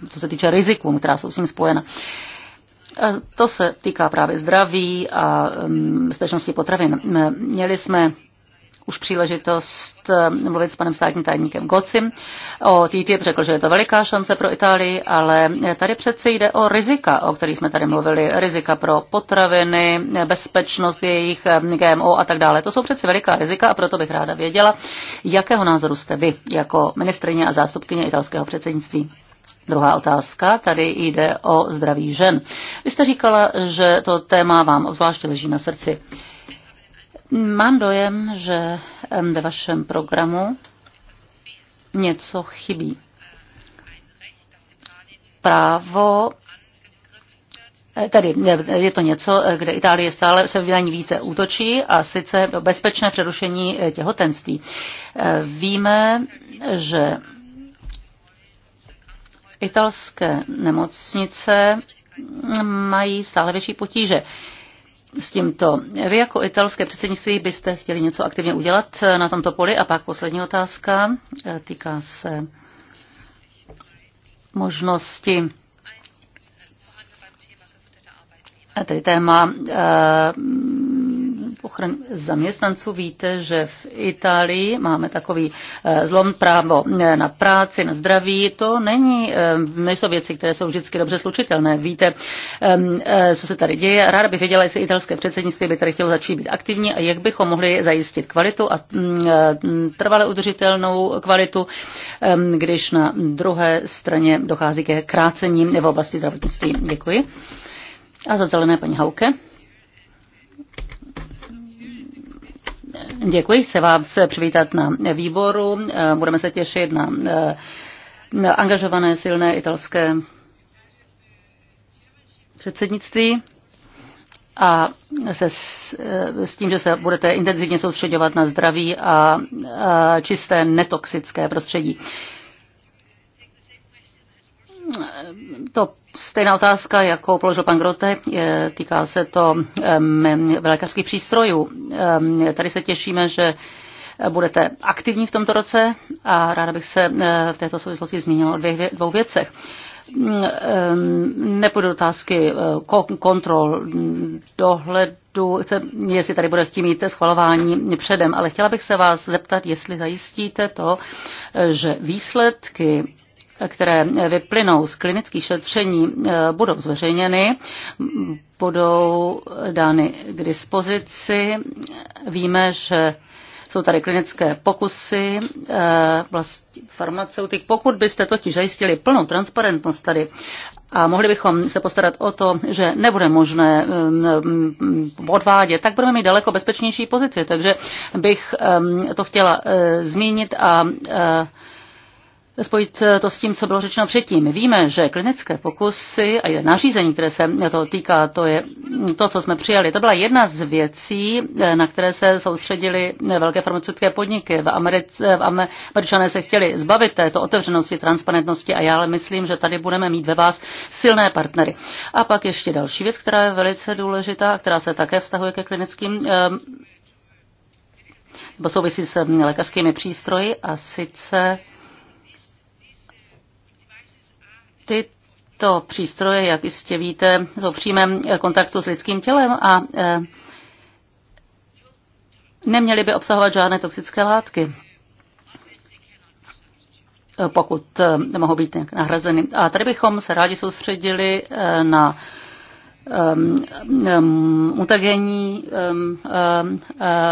co se týče rizikům, která jsou s ním spojena. E, to se týká právě zdraví a bezpečnosti potravin. Měli jsme už příležitost eh, mluvit s panem státním tajemníkem Gocim. O TTIP řekl, že je to veliká šance pro Itálii, ale tady přece jde o rizika, o kterých jsme tady mluvili. Rizika pro potraviny, bezpečnost jejich eh, GMO a tak dále. To jsou přece veliká rizika a proto bych ráda věděla, jakého názoru jste vy jako ministrině a zástupkyně italského předsednictví. Druhá otázka, tady jde o zdraví žen. Vy jste říkala, že to téma vám zvláště leží na srdci. Mám dojem, že ve vašem programu něco chybí. Právo eh, Tedy je to něco, eh, kde Itálie stále se vydání více útočí a sice bezpečné přerušení eh, těhotenství. Víme, že italské nemocnice mají stále větší potíže s tímto. Vy jako italské předsednictví byste chtěli něco aktivně udělat eh, na tomto poli? A pak poslední otázka eh, týká se možnosti eh, tedy téma ochrany zaměstnanců. Víte, že v Itálii máme takový eh, zlom právo eh, na práci, na zdraví. To není, eh, nejsou věci, které jsou vždycky dobře slučitelné. Víte, ehm, co se tady děje. Ráda bych věděla, jestli italské předsednictví by tady chtělo začít být aktivní a jak bychom mohli zajistit kvalitu a mm, trvale udržitelnou kvalitu, ehm, když na druhé straně dochází ke krácení v oblasti zdravotnictví. Děkuji. A za zelené paní Hauke. Děkuji, se se přivítat na výboru. Eh, budeme se těšit eh, na angažované silné italské předsednictví a se, eh, s tím, že se budete intenzivně soustředovat na zdraví a čisté netoxické prostředí to stejná otázka, jako položil pan Grote, týká se to lékařských přístrojů. Tady se těšíme, že budete aktivní v tomto roce a ráda bych se eh, v této souvislosti zmínila o dvě, dvou věcech. Nepůjdu otázky eh, kontrol, dohledu, jestli tady bude chtít mít schvalování předem, ale chtěla bych se vás zeptat, jestli zajistíte to, že výsledky které vyplynou z klinických šetření, eh, budou zveřejněny, budou dány k dispozici. Víme, že jsou tady klinické pokusy eh, vlastní farmaceutik. Pokud byste totiž zajistili plnou transparentnost tady a mohli bychom se postarat o to, že nebude možné mm, mm, odvádět, tak budeme mít daleko bezpečnější pozici. Takže bych ehm, to chtěla eh, zmínit a spojit eh, to s tím, co bylo řečeno předtím. Víme, že klinické pokusy a je nařízení, které se to týká, to je to, co jsme přijali. To byla jedna z věcí, eh, na které se soustředili eh, velké farmaceutické podniky. V, Americe, v Američané se chtěli zbavit této otevřenosti, transparentnosti a já ale myslím, že tady budeme mít ve vás silné partnery. A pak ještě další věc, která je velice důležitá, která se také vztahuje ke klinickým nebo souvisí s mm, lékařskými přístroji a sice Ty tyto přístroje, jak jistě víte, jsou v přímém kontaktu s lidským tělem a e, neměly by obsahovat žádné toxické látky, e, pokud e, mohou být nějak nahrazeny. A tady bychom se rádi soustředili na mutagenní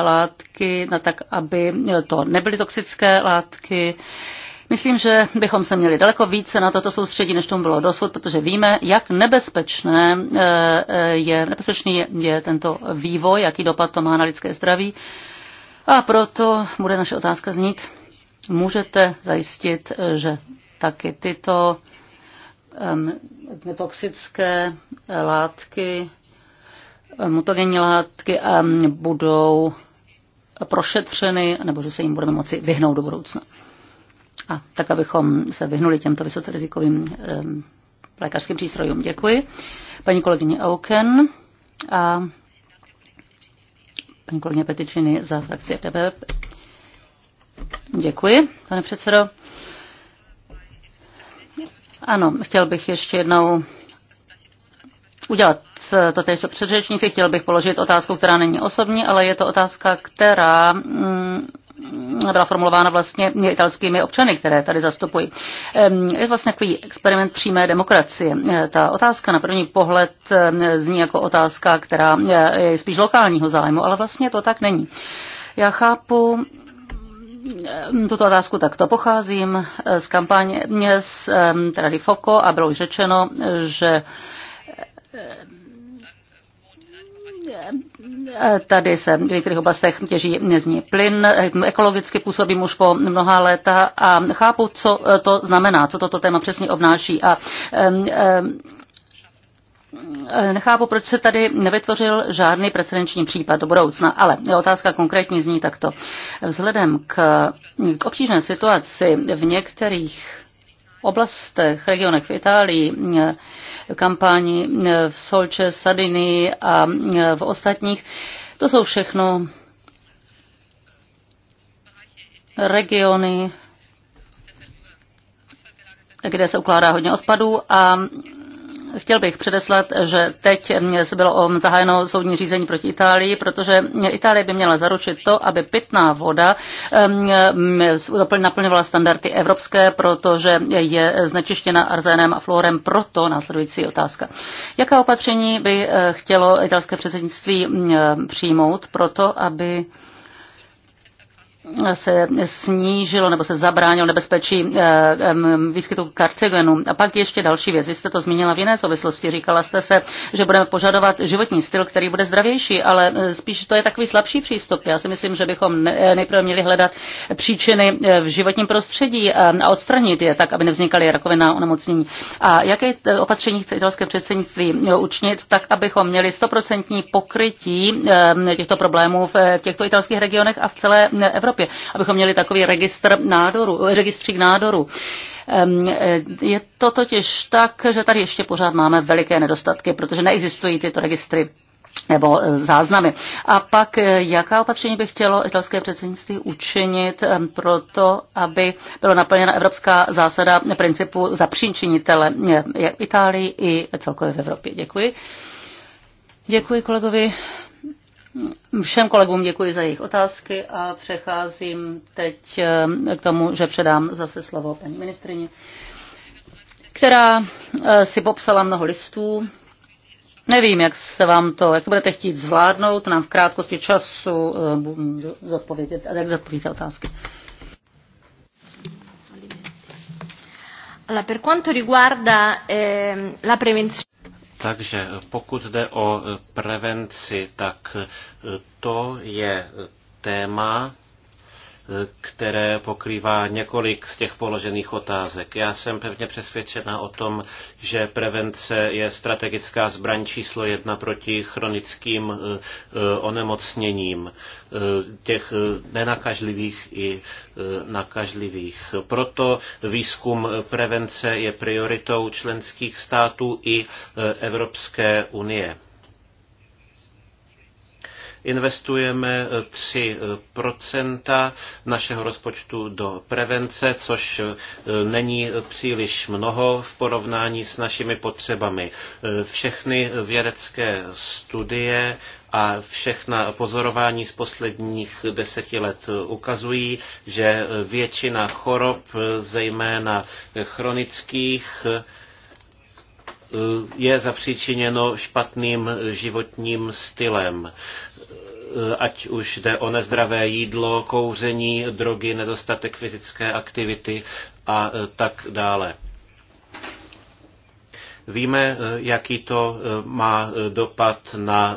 látky, na tak aby to nebyly toxické látky, Myslím, že bychom se měli daleko více na toto soustředit, než tomu bylo dosud, protože víme, jak nebezpečné eh, eh, je, nebezpečný je tento vývoj, jaký dopad to má na lidské zdraví. A proto bude naše otázka znít, můžete zajistit, že taky tyto um, toxické látky, mutagenní látky um, budou prošetřeny, nebo že se jim budeme moci vyhnout do budoucna a tak, abychom se vyhnuli těmto vysoce rizikovým eh, lékařským přístrojům. Děkuji. Paní kolegyně Auken a paní kolegyně Petičiny za frakci FDP. Děkuji, pane předsedo. Ano, chtěl bych ještě jednou udělat eh, to tež, co předřečníci. Chtěl bych položit otázku, která není osobní, ale je to otázka, která mm, Mm, byla formulována vlastně italskými občany, které tady zastupují. Je vlastně takový experiment přímé demokracie. E, ta otázka na první pohled zní jako otázka, která je spíš lokálního zájmu, ale vlastně to tak není. Já chápu, tuto otázku takto. Pocházím e, z kampaně z e, Trady a bylo už řečeno, že Tady se v některých oblastech těží mězní plyn, ekologicky působím už po mnoha léta a chápu, co e, to znamená, co toto téma přesně obnáší. A Nechápu, proč se tady nevytvořil žádný precedenční případ do budoucna, ale otázka konkrétní zní takto. Vzhledem k, k obtížné situaci v některých oblastech, regionech v Itálii, eh, kampáni eh, v Solče, Sadiny a eh, v ostatních. To jsou všechno regiony, kde se ukládá hodně odpadů a Chtěl bych předeslat, že teď mm, se bylo zahájeno soudní řízení proti Itálii, protože Itálie by měla zaručit to, aby pitná voda mm, mm, naplňovala standardy evropské, protože je znečištěna arzenem a fluorem. Proto následující otázka. Jaká opatření by eh, chtělo italské předsednictví přijmout proto, aby se snížilo nebo se zabránilo nebezpečí eh, výskytu karcinogenů. A pak ještě další věc. Vy jste to zmínila v jiné souvislosti. Říkala jste se, že budeme požadovat životní styl, který bude zdravější, ale eh, spíš to je takový slabší přístup. Já si myslím, že bychom eh, nejprve měli hledat příčiny v životním prostředí a odstranit je tak, aby nevznikaly rakovinná onemocnění. A jaké opatření chce italské předsednictví učinit tak, abychom měli stoprocentní pokrytí těchto problémů v těchto italských regionech a v celé Evropě? Evropě, abychom měli takový registr nádoru, registřík nádoru. Eh, je to totiž tak, že tady ještě pořád máme veliké nedostatky, protože neexistují tyto registry nebo eh, záznamy. A pak, eh, jaká opatření by chtělo italské předsednictví učinit pro to, aby byla naplněna evropská zásada principu zapříčinitele jak v Itálii i celkově v Evropě? Děkuji. Děkuji kolegovi Všem kolegům děkuji za jejich otázky a přecházím teď eh, k tomu, že předám zase slovo paní ministrině, která eh, si popsala mnoho listů. Nevím, jak se vám to, jak to budete chtít zvládnout, nám v krátkosti času eh, zodpovědět, jak zodpovíte otázky. Allora, per quanto riguarda eh, la prevenzione. Takže pokud jde o prevenci, tak to je téma, které pokrývá několik z těch položených otázek. Já jsem pevně přesvědčena o tom, že prevence je strategická zbraň číslo jedna proti chronickým eh, eh, onemocněním eh, těch nenakažlivých i nakažlivých. Proto výzkum prevence je prioritou členských států i Evropské unie investujeme 3% eh, eh, našeho rozpočtu do prevence, což eh, není příliš mnoho v porovnání s našimi potřebami. Všechny vědecké studie a všechna pozorování z posledních deseti let ukazují, že většina chorob, zejména chronických, Eh, je zapříčiněno špatným životním stylem eh, ať už jde o nezdravé jídlo, kouření, drogy, nedostatek fyzické aktivity a eh, tak dále. Víme, eh, jaký to eh, má eh, dopad na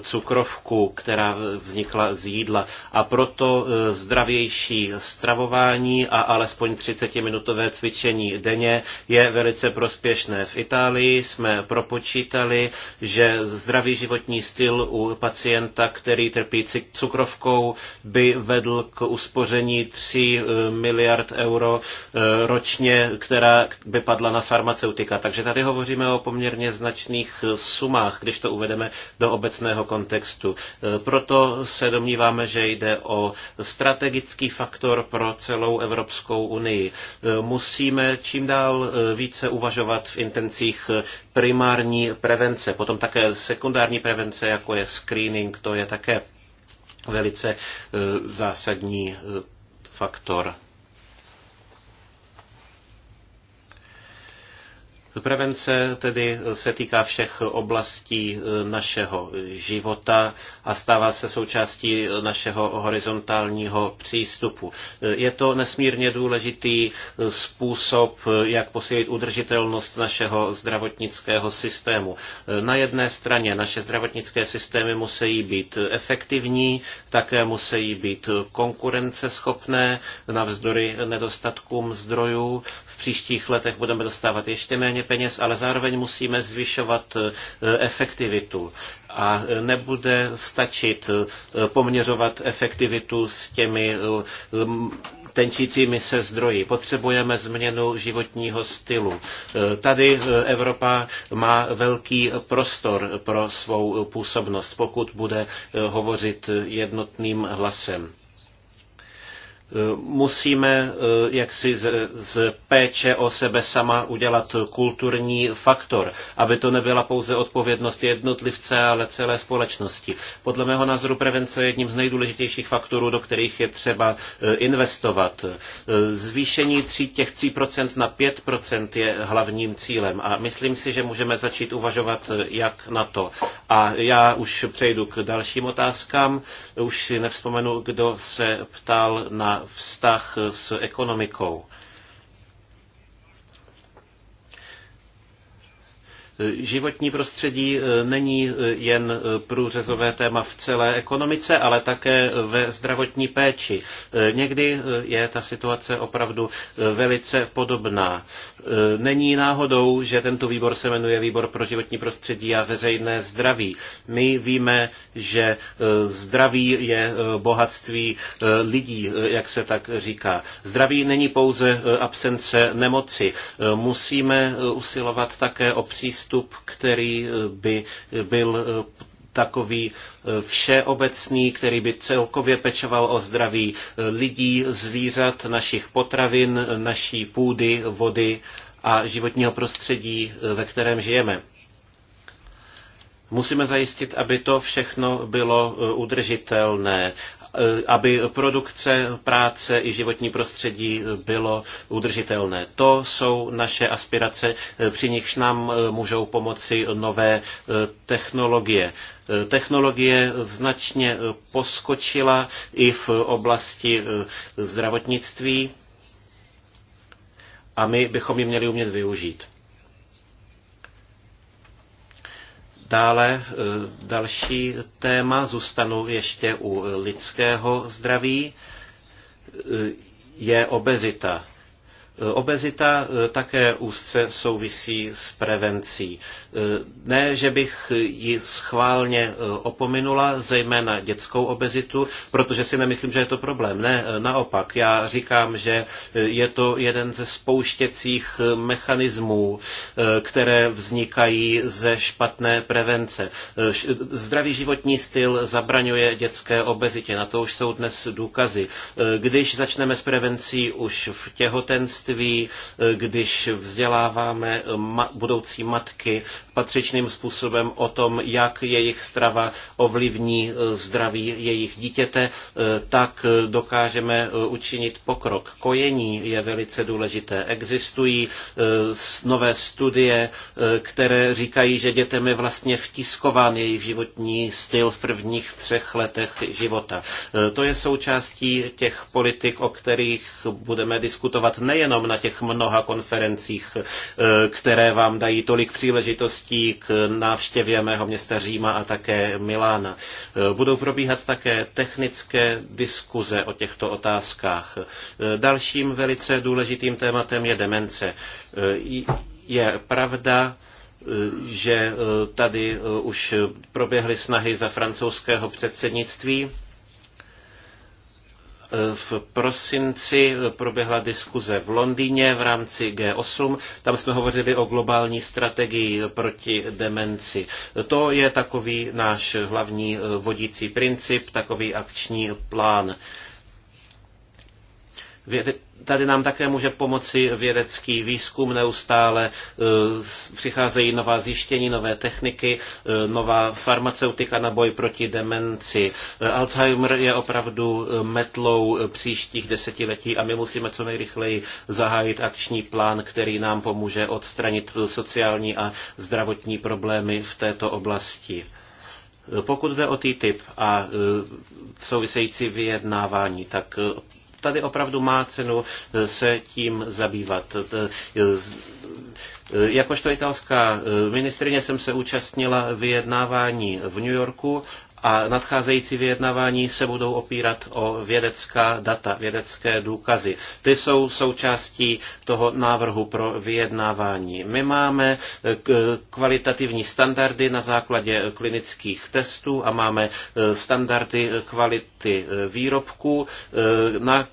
cukrovku, která vznikla z jídla. A proto zdravější stravování a alespoň 30-minutové cvičení denně je velice prospěšné. V Itálii jsme propočítali, že zdravý životní styl u pacienta, který trpí cukrovkou, by vedl k uspoření 3 miliard euro ročně, která by padla na farmaceutika. Takže tady hovoříme o poměrně značných sumách, když to uvedeme do obecného kontextu. E, proto se domníváme, že jde o strategický faktor pro celou Evropskou unii. E, musíme čím dál e, více uvažovat v intencích primární prevence, potom také sekundární prevence, jako je screening, to je také velice zásadní faktor. Prevence tedy se týká všech oblastí e, našeho života a stává se součástí našeho horizontálního přístupu. E, je to nesmírně důležitý e, způsob, jak posílit udržitelnost našeho zdravotnického systému. Na jedné straně naše zdravotnické systémy musí být efektivní, také musí být konkurenceschopné navzdory nedostatkům zdrojů. V příštích letech budeme dostávat ještě méně peněz, ale zároveň musíme zvyšovat e, efektivitu. A e, nebude stačit e, poměřovat efektivitu s těmi tenčícími se zdroji. Potřebujeme změnu životního stylu. Tady Evropa má velký prostor pro svou působnost, pokud bude hovořit jednotným hlasem musíme eh, jaksi z, z péče o sebe sama udělat kulturní faktor, aby to nebyla pouze odpovědnost jednotlivce, ale celé společnosti. Podle mého názoru prevence je jedním z nejdůležitějších faktorů, do kterých je třeba eh, investovat. Eh, zvýšení tří, těch 3% na 5% je hlavním cílem a myslím si, že můžeme začít uvažovat, jak na to. A já už přejdu k dalším otázkám. Už si nevzpomenu, kdo se ptal na vztah s ekonomikou. Životní prostředí e, není e, jen e, průřezové téma v celé ekonomice, ale také ve zdravotní péči. Někdy je ta situace opravdu velice podobná. Není náhodou, že tento výbor se jmenuje Výbor pro životní prostředí a veřejné zdraví. My víme, že zdraví je bohatství lidí, jak se tak říká. Zdraví není pouze absence nemoci. Musíme usilovat také o přístup přístup, který eh, by eh, byl eh, takový všeobecný, který by celkově pečoval o zdraví lidí, zvířat, našich potravin, naší půdy, vody a životního prostředí, ve kterém žijeme. Musíme zajistit, aby to všechno bylo e, udržitelné, e, aby produkce, práce i životní prostředí e, bylo udržitelné. To jsou naše aspirace, při nichž nám můžou pomoci nové technologie. Technologie značně poskočila i v oblasti zdravotnictví a my bychom ji měli umět využít. Dále eh, další téma, zůstanu ještě u lidského zdraví, eh, je obezita. Obezita eh, také úzce souvisí s prevencí. Eh, ne, že bych ji schválně eh, opominula, zejména dětskou obezitu, protože si nemyslím, že je to problém. Ne, naopak, já říkám, že je to jeden ze spouštěcích mechanismů, které vznikají ze špatné prevence. Zdravý životní styl zabraňuje dětské obezitě, na to už jsou dnes důkazy. Když začneme s prevencí už v těhotenství, mateřství, eh, když vzděláváme eh, budoucí matky patřičným způsobem o tom, jak jejich strava ovlivní eh, zdraví jejich dítěte, tak dokážeme učinit pokrok. Kojení je velice důležité. Existují nové studie, které říkají, že dětem je vlastně vtiskován jejich životní styl v prvních třech letech života. To je součástí těch politik, o kterých budeme diskutovat nejenom tom na těch mnoha konferencích, eh, které vám dají tolik příležitostí k návštěvě mého města Říma a také Milána. Eh, budou probíhat také technické diskuze o těchto otázkách. Eh, dalším velice důležitým tématem je demence. Je pravda, že tady už proběhly snahy za francouzského předsednictví v prosinci proběhla diskuze v Londýně v rámci G8. Tam jsme hovořili o globální strategii proti demenci. To je takový náš hlavní eh, vodící princip, takový akční plán. Věde tady nám také může pomoci vědecký výzkum neustále. Eh, přicházejí nová zjištění, nové techniky, eh, nová farmaceutika na boj proti demenci. Eh, Alzheimer je opravdu metlou příštích desetiletí a my musíme co nejrychleji zahájit akční plán, který nám pomůže odstranit sociální a zdravotní problémy v této oblasti. Pokud jde o TTIP a související vyjednávání, tak tady opravdu má cenu eh, se tím zabývat. Eh, eh, jakožto italská ministrině jsem se účastnila vyjednávání v New Yorku a nadcházející vyjednávání se budou opírat o vědecká data, vědecké důkazy. Ty jsou součástí toho návrhu pro vyjednávání. My máme eh, kvalitativní standardy na základě klinických testů a máme eh, standardy kvality eh, výrobků, na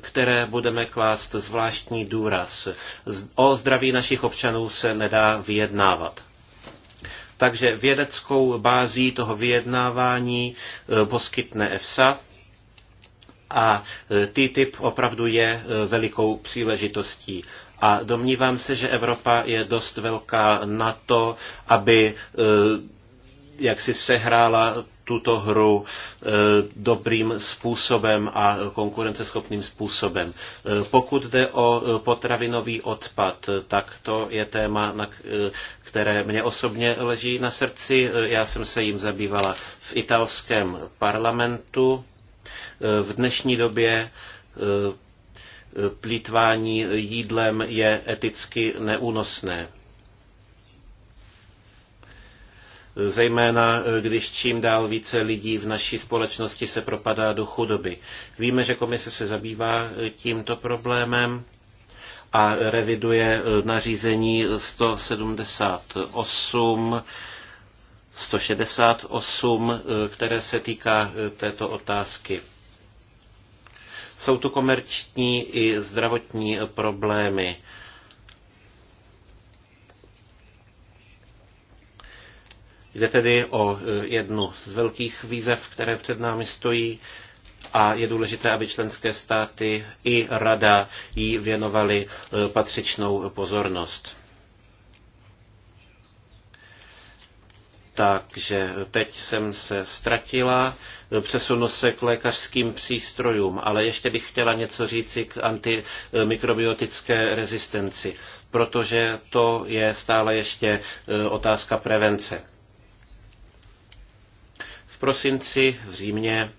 které budeme klást zvláštní důraz. O zdraví našich občanů se nedá vyjednávat. Takže vědeckou bází toho vyjednávání e, poskytne EFSA a e, TTIP opravdu je e, velikou příležitostí. A domnívám se, že Evropa je dost velká na to, aby jak si sehrála tuto hru eh, dobrým způsobem a konkurenceschopným způsobem. Eh, pokud jde o eh, potravinový odpad, tak to je téma, na které mě osobně leží na srdci. Já jsem se jim zabývala v italském parlamentu. V dnešní době plítvání jídlem je eticky neúnosné. zejména eh, když čím dál více lidí v naší společnosti se propadá do chudoby. Víme, že komise se zabývá eh, tímto problémem a reviduje eh, nařízení 178 168, které se týká této otázky. Jsou tu komerční i zdravotní problémy Jde tedy o eh, jednu z velkých výzev, které před námi stojí a je důležité, aby členské státy i rada jí věnovaly eh, patřičnou pozornost. Takže teď jsem se ztratila, eh, přesunu se k lékařským přístrojům, ale ještě bych chtěla něco říci k antimikrobiotické rezistenci, protože to je stále ještě otázka prevence prosinci v Římě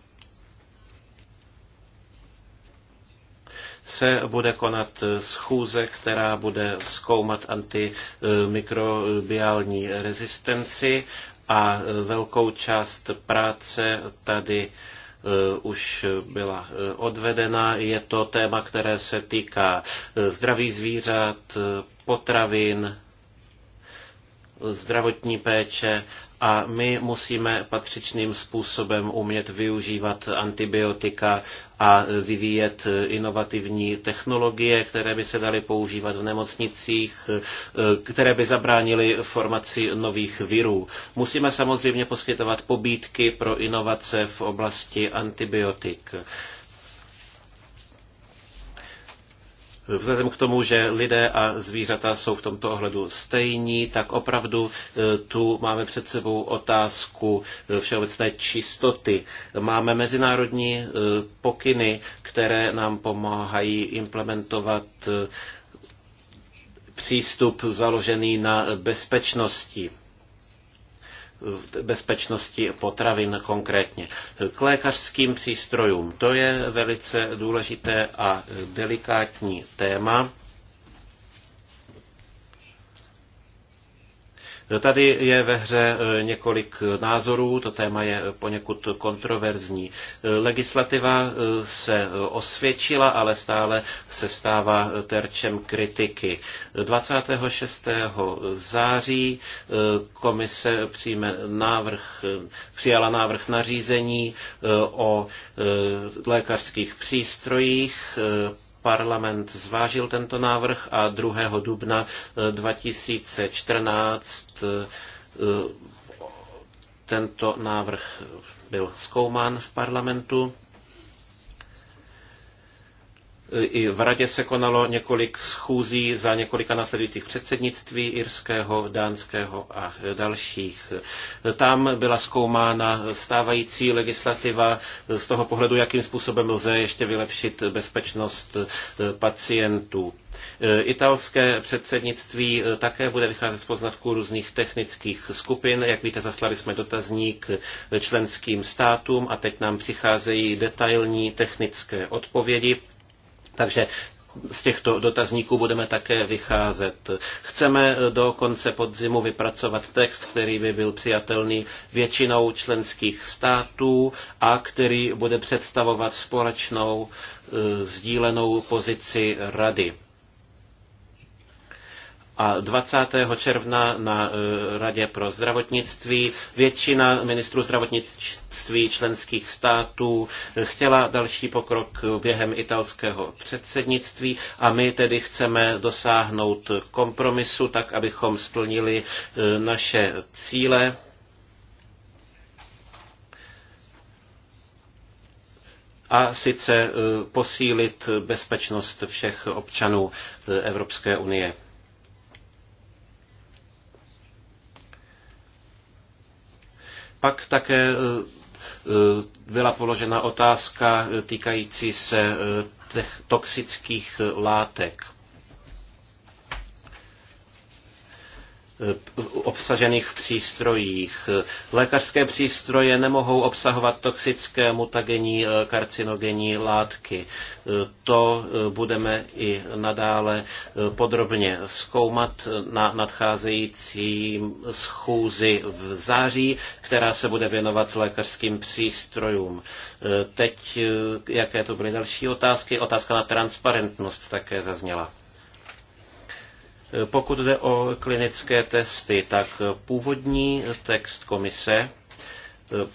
se bude konat schůze, která bude zkoumat antimikrobiální rezistenci a velkou část práce tady eh, už byla eh, odvedena. Je to téma, které se týká eh, zdraví zvířat, potravin, zdravotní péče a my musíme patřičným způsobem umět využívat antibiotika a vyvíjet inovativní technologie, které by se daly používat v nemocnicích, které by zabránily formaci nových virů. Musíme samozřejmě poskytovat pobídky pro inovace v oblasti antibiotik. Vzhledem k tomu, že lidé a zvířata jsou v tomto ohledu stejní, tak opravdu e, tu máme před sebou otázku e, všeobecné čistoty. Máme mezinárodní e, pokyny, které nám pomáhají implementovat přístup založený na bezpečnosti Eh, bezpečnosti potravin konkrétně. K lékařským přístrojům. To je velice důležité a delikátní téma Tady je ve hře e, několik názorů, to téma je poněkud kontroverzní. E, legislativa e, se osvědčila, ale stále se stává terčem kritiky. 26. září komise přijme návrh, přijala návrh nařízení o lékařských přístrojích, parlament zvážil tento návrh a 2. dubna 2014 eh, eh, eh, tento návrh byl zkoumán v parlamentu. I v radě se konalo několik schůzí za několika následujících předsednictví irského, dánského a dalších. Tam byla zkoumána stávající legislativa z toho pohledu, jakým způsobem lze ještě vylepšit bezpečnost pacientů. Italské předsednictví také bude vycházet z poznatků různých technických skupin. Jak víte, zaslali jsme dotazník členským státům a teď nám přicházejí detailní technické odpovědi. Takže z těchto dotazníků budeme také vycházet. Chceme do konce podzimu vypracovat text, který by byl přijatelný většinou členských států a který bude představovat společnou e, sdílenou pozici Rady a 20. června na e, Radě pro zdravotnictví většina ministrů zdravotnictví členských států e, chtěla další pokrok během italského předsednictví a my tedy chceme dosáhnout kompromisu tak, abychom splnili e, naše cíle. a sice posílit bezpečnost všech občanů Evropské unie. Pak také eh, eh, byla položena otázka eh, týkající se těch toxických látek. Eh, obsažených v přístrojích. Lékařské přístroje nemohou obsahovat toxické, mutagenní, eh, karcinogenní látky. Eh, to budeme i nadále podrobně zkoumat na nadcházející schůzi v září, která se bude věnovat lékařským přístrojům. Teď, jaké to byly další otázky? Otázka na transparentnost také zazněla. Pokud jde o klinické testy, tak původní text komise eh,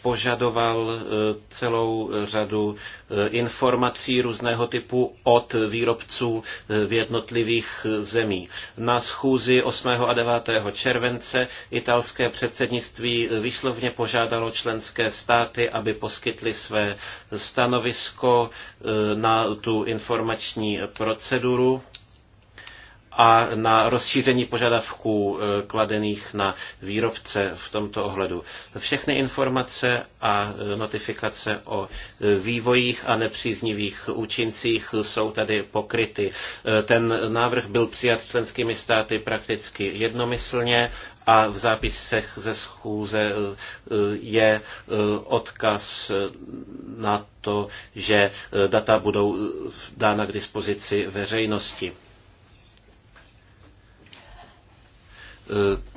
požadoval eh, celou řadu eh, informací různého typu od výrobců v jednotlivých zemí. Na schůzi 8. a 9. července italské předsednictví výslovně požádalo členské státy, aby poskytly své stanovisko na tu informační proceduru a na rozšíření požadavků eh, kladených na výrobce v tomto ohledu. Všechny informace a eh, notifikace o eh, vývojích a nepříznivých účincích jsou tady pokryty. Ten návrh byl přijat členskými státy prakticky jednomyslně a v zápisech ze schůze je odkaz na to, že data budou dána k dispozici veřejnosti. Eh,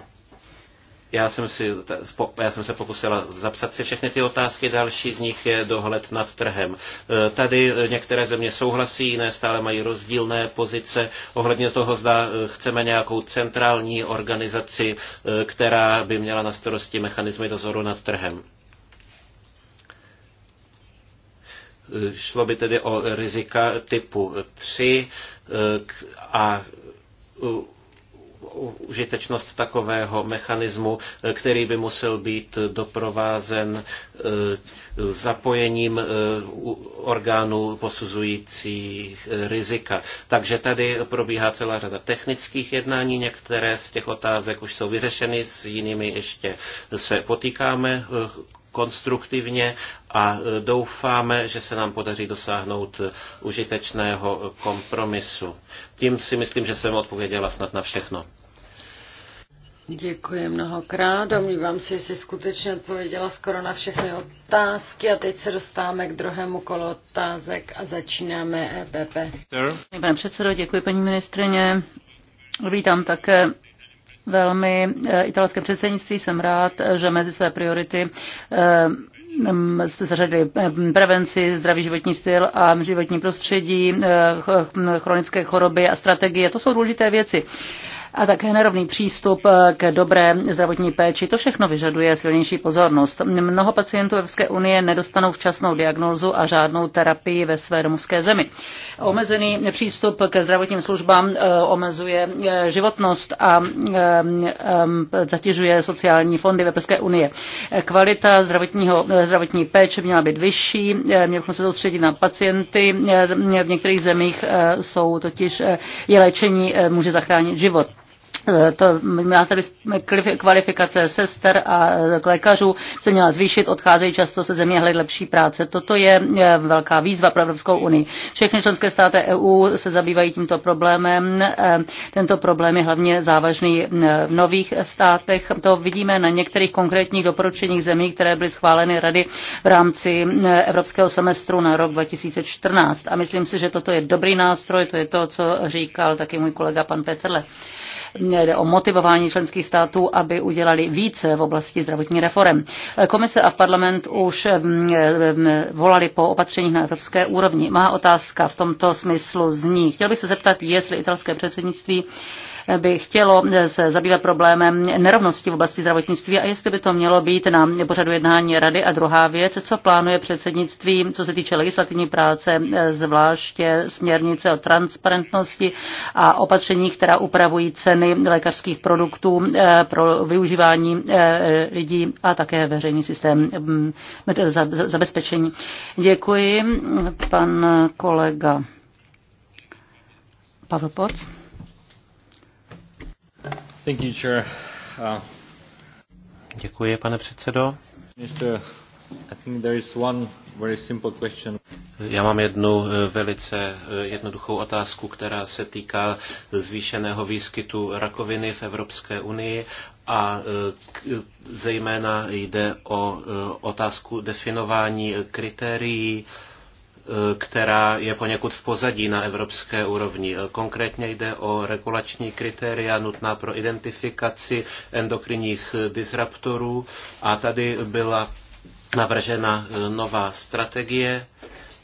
já jsem, si, já jsem se pokusila zapsat si všechny ty otázky, další z nich je dohled nad trhem. Eh, tady eh, některé země souhlasí, jiné stále mají rozdílné pozice ohledně toho, zda chceme nějakou centrální organizaci, která by měla na starosti mechanizmy dozoru nad trhem. Šlo by tedy o rizika typu 3 a užitečnost takového mechanismu, eh, který by musel být doprovázen eh, zapojením eh, orgánů posuzujících rizika. Takže tady probíhá celá řada technických jednání, některé z těch otázek už jsou vyřešeny, s jinými ještě se potýkáme konstruktivně a e, doufáme, že se nám podaří dosáhnout e, užitečného kompromisu. Tím si myslím, že jsem odpověděla snad na všechno. Děkuji mnohokrát. Domnívám se, že jsi skutečně odpověděla skoro na všechny otázky a teď se dostáváme k druhému kolu otázek a začínáme EPP. Pane předsedo, děkuji paní ministrině. Vítám také velmi eh, italské předsednictví. Jsem rád, že mezi své priority eh, jste zařadili eh, prevenci, zdravý životní styl a životní prostředí, chronické choroby a strategie. To jsou důležité věci a také nerovný přístup eh, k dobré zdravotní péči. To všechno vyžaduje silnější pozornost. Mnoho pacientů Evropské unie nedostanou včasnou diagnózu a žádnou terapii ve své domovské zemi. Omezený přístup ke zdravotním službám eh, omezuje eh, životnost a zatěžuje sociální fondy Evropské unie. Kvalita zdravotního, zdravotní péče měla být vyšší, měli bychom se soustředit na pacienty. V některých zemích jsou totiž je léčení může zachránit život to měla tady kvalifikace sester a lékařů se měla zvýšit, odcházejí často se země hledat lepší práce. Toto je e, velká výzva pro Evropskou unii. Všechny členské státy EU se zabývají tímto problémem. E, tento problém je hlavně závažný e, v nových státech. To vidíme na některých konkrétních doporučeních zemí, které byly schváleny rady v rámci Evropského semestru na rok 2014. A myslím si, že toto je dobrý nástroj, to je to, co říkal taky můj kolega pan Petrle jde o motivování členských států, aby udělali více v oblasti zdravotní reform. Komise a parlament už mm, mm, volali po opatřeních na evropské úrovni. Má otázka v tomto smyslu zní. Chtěl bych se zeptat, jestli italské předsednictví by chtělo se zabývat problémem nerovnosti v oblasti zdravotnictví a jestli by to mělo být na pořadu jednání rady. A druhá věc, co plánuje předsednictví, co se týče legislativní práce, zvláště směrnice o transparentnosti a opatření, která upravují ceny lékařských produktů eh, pro využívání eh, lidí a také veřejný systém mm, zabezpečení. Děkuji, pan kolega Pavel Poc. Thank you, Chair. Uh, Děkuji, pane předsedo. Minister, I think there is one very simple question. Já mám jednu eh, velice eh, jednoduchou otázku, která se týká zvýšeného výskytu rakoviny v Evropské unii a eh, zejména jde o otázku definování kritérií Eh, která je poněkud v pozadí na evropské úrovni. Eh, konkrétně jde o regulační kritéria nutná pro identifikaci endokrinních eh, disruptorů a tady byla navržena nová strategie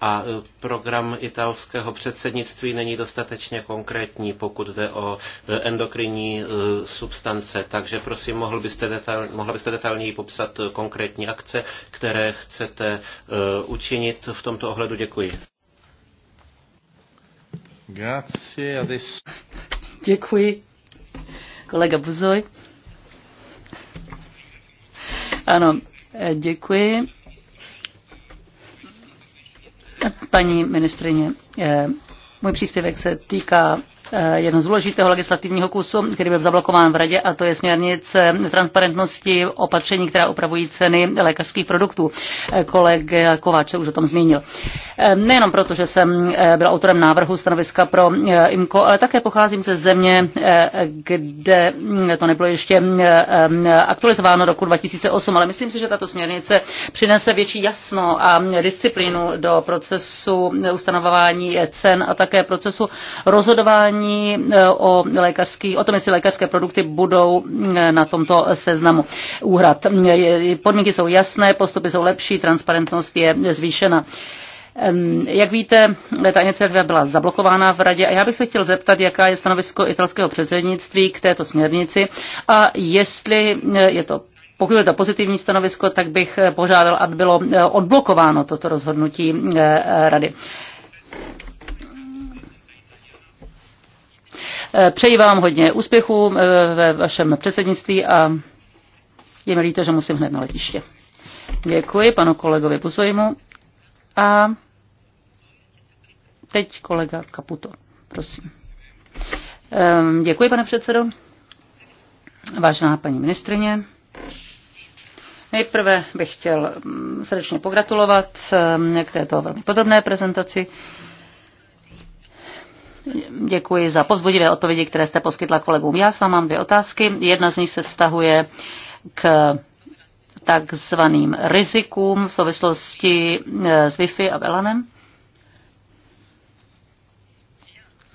a e, program italského předsednictví není dostatečně konkrétní, pokud jde o e, endokrinní e, substance. Takže prosím, mohl byste detail, mohla byste detailněji popsat konkrétní akce, které chcete učinit v tomto ohledu. Děkuji. Grazie, Děkuji. Kolega Buzoj. Ano, děkuji. Paní ministryně eh, můj příspěvek se týká Eh, jeden z důležitého legislativního kusu, který byl zablokován v radě, a to je směrnice transparentnosti opatření, která upravují ceny lékařských produktů. Eh, kolega Kováč se už o tom zmínil. Eh, nejenom proto, že jsem byl autorem návrhu stanoviska pro IMCO, ale také pocházím ze země, kde hm, to nebylo ještě hm, aktualizováno roku 2008, ale myslím si, že tato směrnice přinese větší jasno a disciplínu do procesu ustanovování cen a také procesu rozhodování jednání e, o, lékařský, o tom, jestli lékařské produkty budou e, na tomto seznamu úhrad. E, podmínky jsou jasné, postupy jsou lepší, transparentnost je zvýšena. Jak víte, ta iniciativa byla zablokována v radě a já bych se chtěl zeptat, jaká je stanovisko italského předsednictví k této směrnici a jestli je to pokud je to pozitivní stanovisko, tak bych požádal, aby bylo odblokováno toto rozhodnutí rady. Eh, přeji vám hodně úspěchů eh, ve vašem předsednictví a je mi líto, že musím hned na letiště. Děkuji panu kolegovi Buzojmu a teď kolega Kaputo, prosím. Ehm, děkuji, pane předsedo. Vážená paní ministrině, nejprve bych chtěl mm, srdečně pogratulovat ehm, k této velmi podobné prezentaci. Děkuji za pozbudivé odpovědi, které jste poskytla kolegům. Já sám mám dvě otázky. Jedna z nich se vztahuje k takzvaným rizikům v souvislosti eh, s Wi-Fi a Velanem.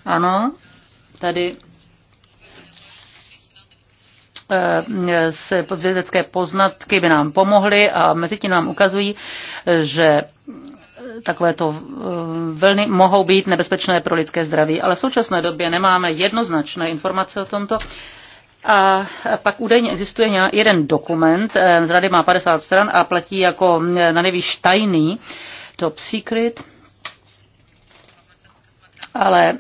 Ano, tady eh, se vědecké poznatky by nám pomohly a mezi tím nám ukazují, že takovéto eh, vlny mohou být nebezpečné pro lidské zdraví, ale v současné době nemáme jednoznačné informace o tomto. A pak údajně existuje jeden dokument, eh, z rady má 50 stran a platí jako eh, na nejvíc tajný, top secret, ale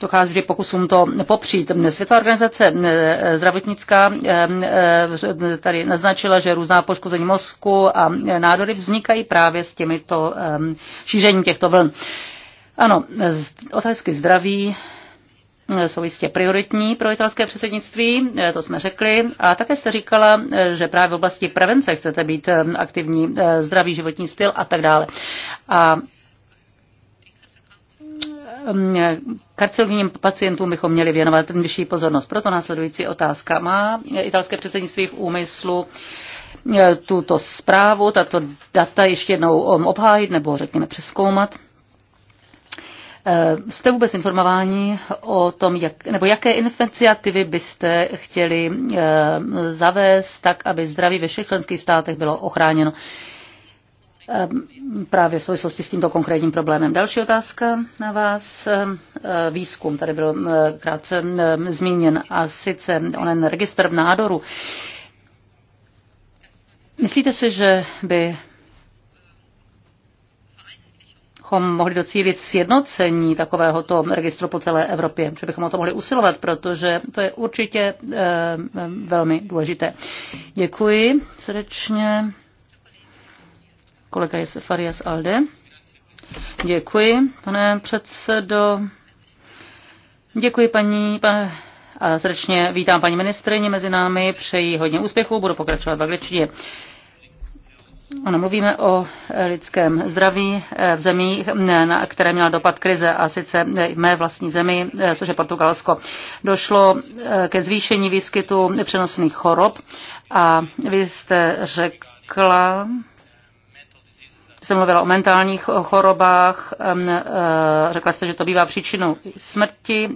dochází k pokusům to popřít. Světová organizace eh, zdravotnická eh, eh, tady naznačila, že různá poškození mozku a nádory vznikají právě s těmito šířením těchto vln. Ano, otázky zdraví jsou jistě prioritní pro italské předsednictví, to jsme řekli. A také jste říkala, že právě v oblasti prevence chcete být aktivní, zdravý životní styl a tak dále. A Um, karcinogenním pacientům bychom měli věnovat vyšší pozornost. Proto následující otázka. Má italské předsednictví v úmyslu eh, tuto zprávu, tato data ještě jednou um, obhájit nebo řekněme přeskoumat? Eh, jste vůbec informováni o tom, jak, nebo jaké iniciativy byste chtěli eh, zavést tak, aby zdraví ve všech členských státech bylo ochráněno? Ehm, právě v souvislosti s tímto konkrétním problémem. Další otázka na vás. Ehm, eh, výzkum tady byl ehm, krátce zmíněn a sice onen registr nádoru. Myslíte si, že by bychom mohli docílit sjednocení takovéhoto registru po celé Evropě, že bychom o to mohli usilovat, protože to je určitě e, velmi důležité. Děkuji srdečně. Kolega je Farias Alde. Děkuji, pane předsedo. Děkuji, paní, a srdečně vítám paní ministrině mezi námi, přeji hodně úspěchů, budu pokračovat v angličtině. Ano, mluvíme o lidském zdraví eh, v zemích, eh, na které měla dopad krize, a sice i mé vlastní zemi, eh, což je Portugalsko. Došlo ke zvýšení výskytu přenosných chorob a vy jste řekla, jsem mluvila o mentálních eh, chorobách, eh, řekla jste, že to bývá příčinou smrti,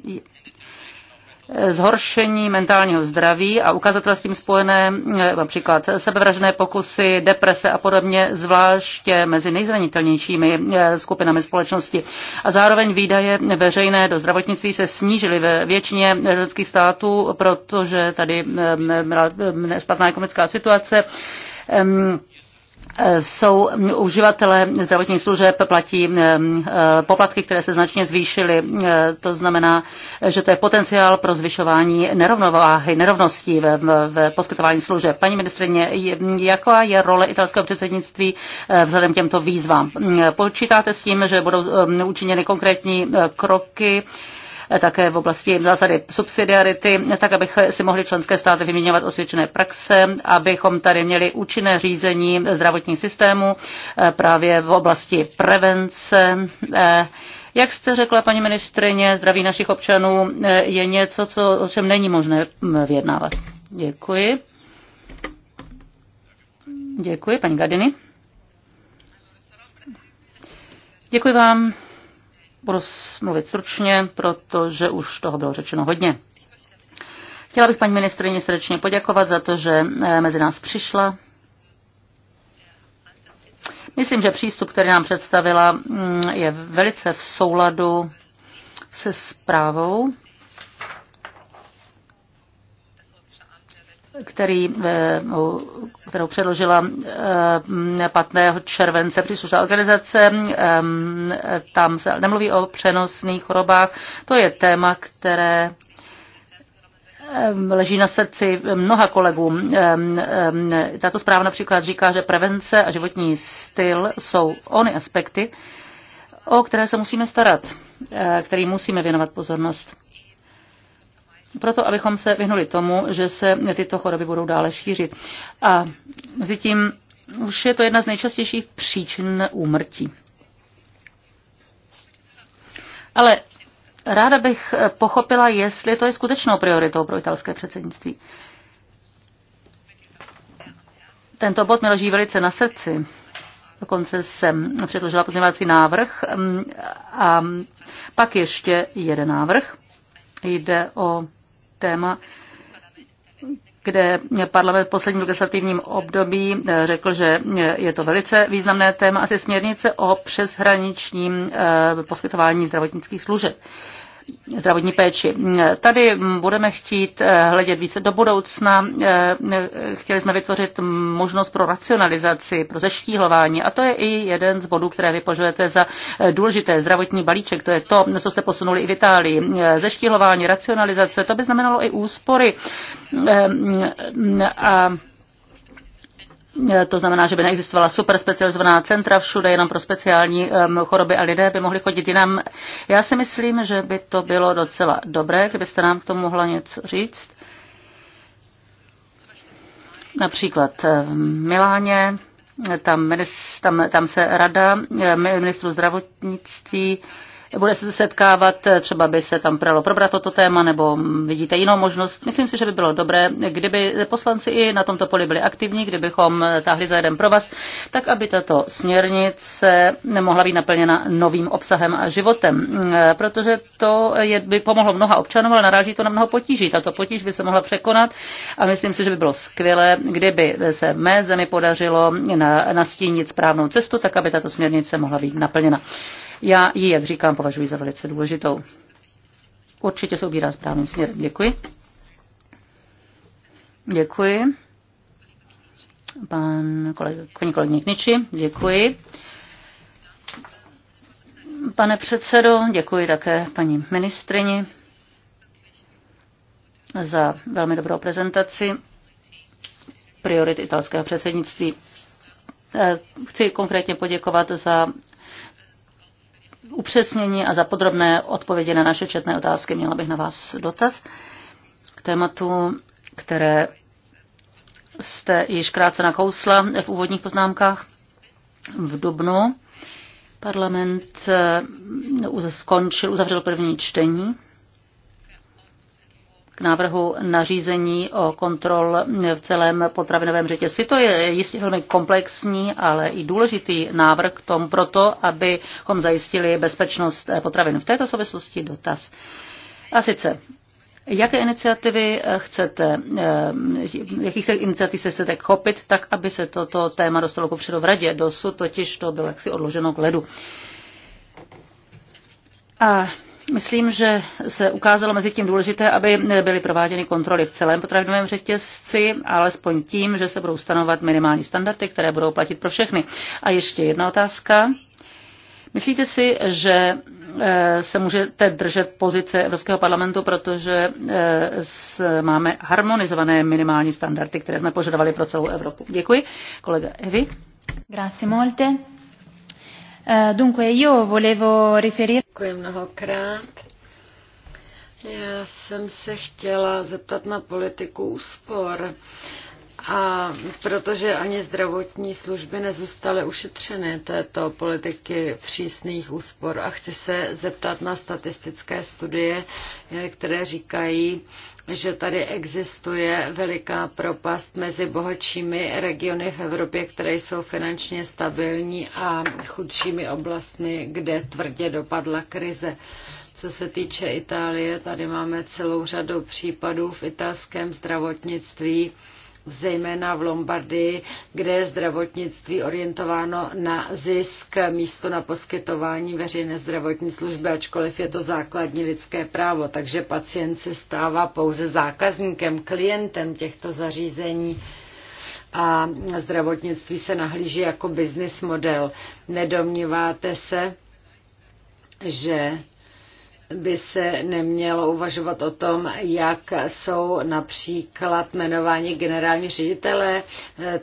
zhoršení mentálního zdraví a ukazatel s tím spojené, eh, například sebevražné pokusy, deprese a podobně, zvláště mezi nejzranitelnějšími skupinami společnosti. A zároveň výdaje veřejné do zdravotnictví se snížily ve většině členských států, protože tady byla špatná ekonomická situace jsou uživatelé zdravotních služeb platí eh, eh, poplatky, které se značně zvýšily. Eh, to znamená, že to je potenciál pro zvyšování nerovnováhy, nerovností ve, ve poskytování služeb. Paní ministrině, jaká je role italského předsednictví vzhledem k těmto výzvám? Počítáte s tím, že budou učiněny konkrétní kroky? Eh, také v oblasti zásady subsidiarity, tak abych si mohli členské státy vyměňovat osvědčené praxe, abychom tady měli účinné řízení zdravotních systémů eh, právě v oblasti prevence. Eh, jak jste řekla, paní ministrině, zdraví našich občanů je něco, co, o čem není možné mm, vyjednávat. Děkuji. Děkuji, paní Gadiny. Děkuji vám. Budu mluvit stručně, protože už toho bylo řečeno hodně. Chtěla bych paní ministrině srdečně poděkovat za to, že eh, mezi nás přišla. Myslím, že přístup, který nám představila, mm, je velice v souladu se zprávou, který, eh, no, kterou předložila eh, 15. července příslušná organizace. Tam se nemluví o přenosných chorobách. To je téma, které leží na srdci mnoha kolegům. Tato zpráva například říká, že prevence a životní styl jsou ony aspekty, o které se musíme starat, eh, kterým musíme věnovat pozornost proto abychom se vyhnuli tomu, že se tyto choroby budou dále šířit. A mezi tím už je to jedna z nejčastějších příčin úmrtí. Ale ráda bych pochopila, jestli to je skutečnou prioritou pro italské předsednictví. Tento bod mi leží velice na srdci. Dokonce jsem předložila pozměňovací návrh mm, a pak ještě jeden návrh. Jde o téma, kde parlament v posledním legislativním období eh, řekl, že je to velice významné téma, asi směrnice o přeshraničním eh, poskytování zdravotnických služeb zdravotní péči. Tady budeme chtít eh, hledět více do budoucna. Eh, chtěli jsme vytvořit možnost pro racionalizaci, pro zeštíhlování a to je i jeden z bodů, které vypožujete za eh, důležité zdravotní balíček. To je to, co jste posunuli i v Itálii. Zeštíhlování, racionalizace, to by znamenalo i úspory mm, a E, to znamená, že by neexistovala super specializovaná centra všude jenom pro speciální choroby a lidé by mohli chodit jinam. Já si myslím, že by to bylo docela dobré, kdybyste nám k tomu mohla něco říct. Například e, v Miláně, e, tam, tam, tam se rada ministru zdravotnictví bude se setkávat, třeba by se tam pralo probrat toto téma, nebo vidíte jinou možnost. Myslím si, že by bylo dobré, kdyby poslanci i na tomto poli byli aktivní, kdybychom táhli za jeden pro vás, tak aby tato směrnice nemohla být naplněna novým obsahem a životem, protože to je, by pomohlo mnoha občanům, ale naráží to na mnoho potíží. Tato potíž by se mohla překonat a myslím si, že by bylo skvělé, kdyby se mé zemi podařilo nastínit správnou cestu, tak aby tato směrnice mohla být naplněna. Já ji, jak říkám, považuji za velice důležitou. Určitě se ubírá správným směrem. Děkuji. Děkuji. Pan kolega, paní kolegyně Kniči, děkuji. Pane předsedo, děkuji také paní ministrini za velmi dobrou prezentaci Priority italského předsednictví. Eh, chci konkrétně poděkovat za upřesnění a za podrobné odpovědi na naše četné otázky. Měla bych na vás dotaz k tématu, které jste již krátce nakousla v úvodních poznámkách v Dubnu. Parlament eh, skončil, uzavřel první čtení k návrhu nařízení o kontrol v celém potravinovém řetězci. To je jistě velmi komplexní, ale i důležitý návrh k tomu proto, abychom zajistili bezpečnost potravin. V této souvislosti dotaz. A sice, Jaké iniciativy chcete, eh, jakých se iniciativ se chcete chopit, tak aby se toto téma dostalo kupředu v radě? Dosud totiž to bylo jaksi odloženo k ledu. A Myslím, že se ukázalo mezi tím důležité, aby byly prováděny kontroly v celém potravinovém řetězci, alespoň tím, že se budou stanovat minimální standardy, které budou platit pro všechny. A ještě jedna otázka. Myslíte si, že eh, se můžete držet pozice Evropského parlamentu, protože eh, máme harmonizované minimální standardy, které jsme požadovali pro celou Evropu? Děkuji. Kolega Evi. Grazie molte. Eh, dunque io volevo riferire... Děkuji mnohokrát. Já jsem se chtěla zeptat na politiku úspor. A protože ani zdravotní služby nezůstaly ušetřeny této politiky přísných úspor. A chci se zeptat na statistické studie, eh, které říkají, že tady existuje veliká propast mezi bohatšími regiony v Evropě, které jsou finančně stabilní a chudšími oblastmi, kde tvrdě dopadla krize. Co se týče Itálie, tady máme celou řadu případů v italském zdravotnictví, zejména v Lombardii, kde je zdravotnictví orientováno na zisk místo na poskytování veřejné zdravotní služby, ačkoliv je to základní lidské právo, takže pacient se stává pouze zákazníkem, klientem těchto zařízení a zdravotnictví se nahlíží jako business model. Nedomníváte se, že by se nemělo uvažovat o tom, jak jsou například jmenováni generální ředitele.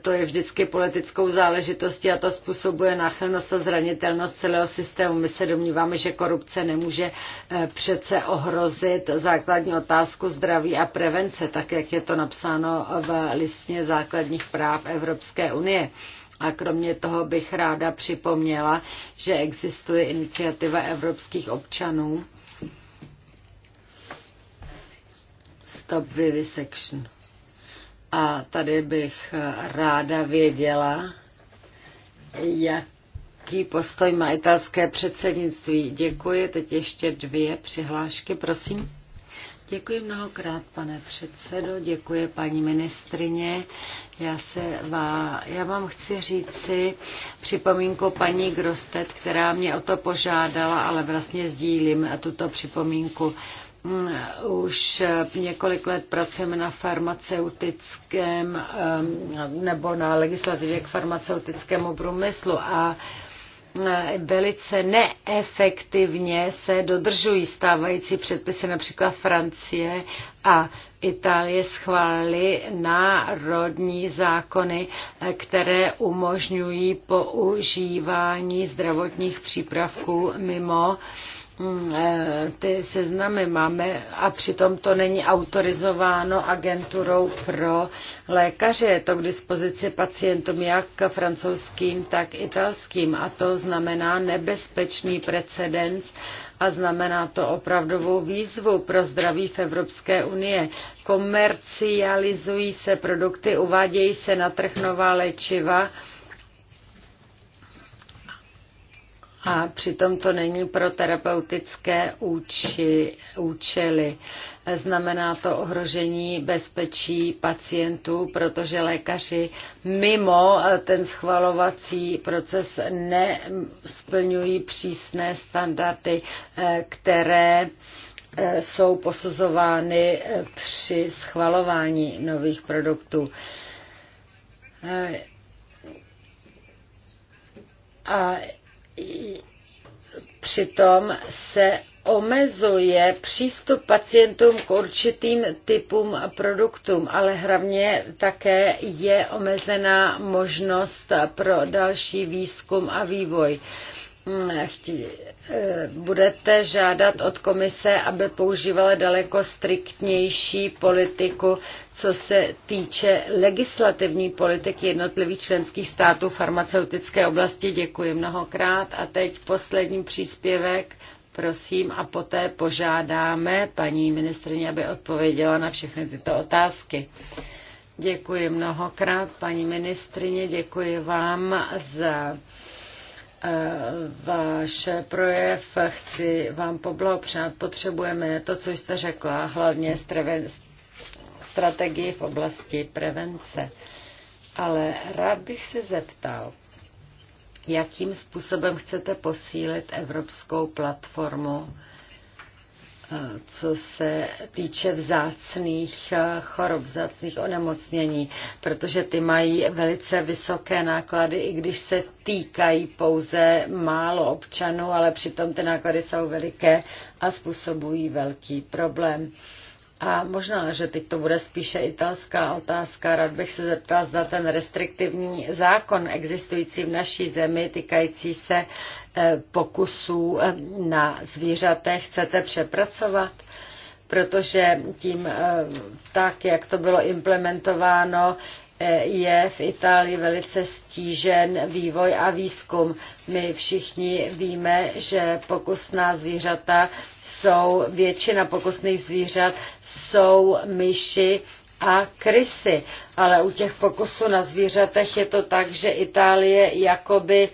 To je vždycky politickou záležitostí a to způsobuje náchylnost a zranitelnost celého systému. My se domníváme, že korupce nemůže e, přece ohrozit základní otázku zdraví a prevence, tak jak je to napsáno v listně základních práv Evropské unie. A kromě toho bych ráda připomněla, že existuje iniciativa evropských občanů, stop vivisection. A tady bych ráda věděla, jaký postoj má italské předsednictví. Děkuji. Teď ještě dvě přihlášky, prosím. Děkuji mnohokrát, pane předsedo, děkuji paní ministrině. Já, se vá, já vám chci říci připomínku paní Grostet, která mě o to požádala, ale vlastně sdílím tuto připomínku už několik let pracujeme na farmaceutickém nebo na legislativě k farmaceutickému průmyslu a eh, velice neefektivně se dodržují stávající předpisy. Například Francie a Itálie schválily národní zákony, eh, které umožňují používání zdravotních přípravků mimo uh, Mm, eh, ty seznamy máme a přitom to není autorizováno agenturou pro lékaře. Je to k dispozici pacientům jak francouzským, tak italským a to znamená nebezpečný precedens a znamená to opravdovou výzvu pro zdraví v Evropské unie. Komercializují se produkty, uvádějí se na trh nová léčiva, a přitom to není pro terapeutické úči, účely. Znamená to ohrožení bezpečí pacientů, protože lékaři mimo eh, ten schvalovací proces nesplňují přísné standardy, eh, které eh, jsou posuzovány při schvalování nových produktů. A Přitom se omezuje přístup pacientům k určitým typům produktům, ale hlavně také je omezená možnost pro další výzkum a vývoj. Hmm, chtí, eh, budete žádat od komise, aby používala daleko striktnější politiku, co se týče legislativní politiky jednotlivých členských států v farmaceutické oblasti. Děkuji mnohokrát. A teď poslední příspěvek, prosím, a poté požádáme paní ministrině, aby odpověděla na všechny tyto otázky. Děkuji mnohokrát, paní ministrině, děkuji vám za Eh, váš projev. Chci vám poblahopřát. Potřebujeme to, co jste řekla, hlavně strategii v oblasti prevence. Ale rád bych se zeptal, jakým způsobem chcete posílit Evropskou platformu co se týče vzácných eh, chorob, vzácných onemocnění, protože ty mají velice vysoké náklady, i když se týkají pouze málo občanů, ale přitom ty náklady jsou veliké a způsobují velký problém. A možná, že teď to bude spíše italská otázka. Rád bych se zeptal, zda ten restriktivní zákon existující v naší zemi týkající se Eh, pokusů eh, na zvířatech chcete přepracovat? Protože tím, eh, tak jak to bylo implementováno, je v Itálii velice stížen vývoj a výzkum. My všichni víme, že pokusná zvířata jsou, většina pokusných zvířat jsou myši a krysy. Ale u těch pokusů na zvířatech je to tak, že Itálie jakoby eh,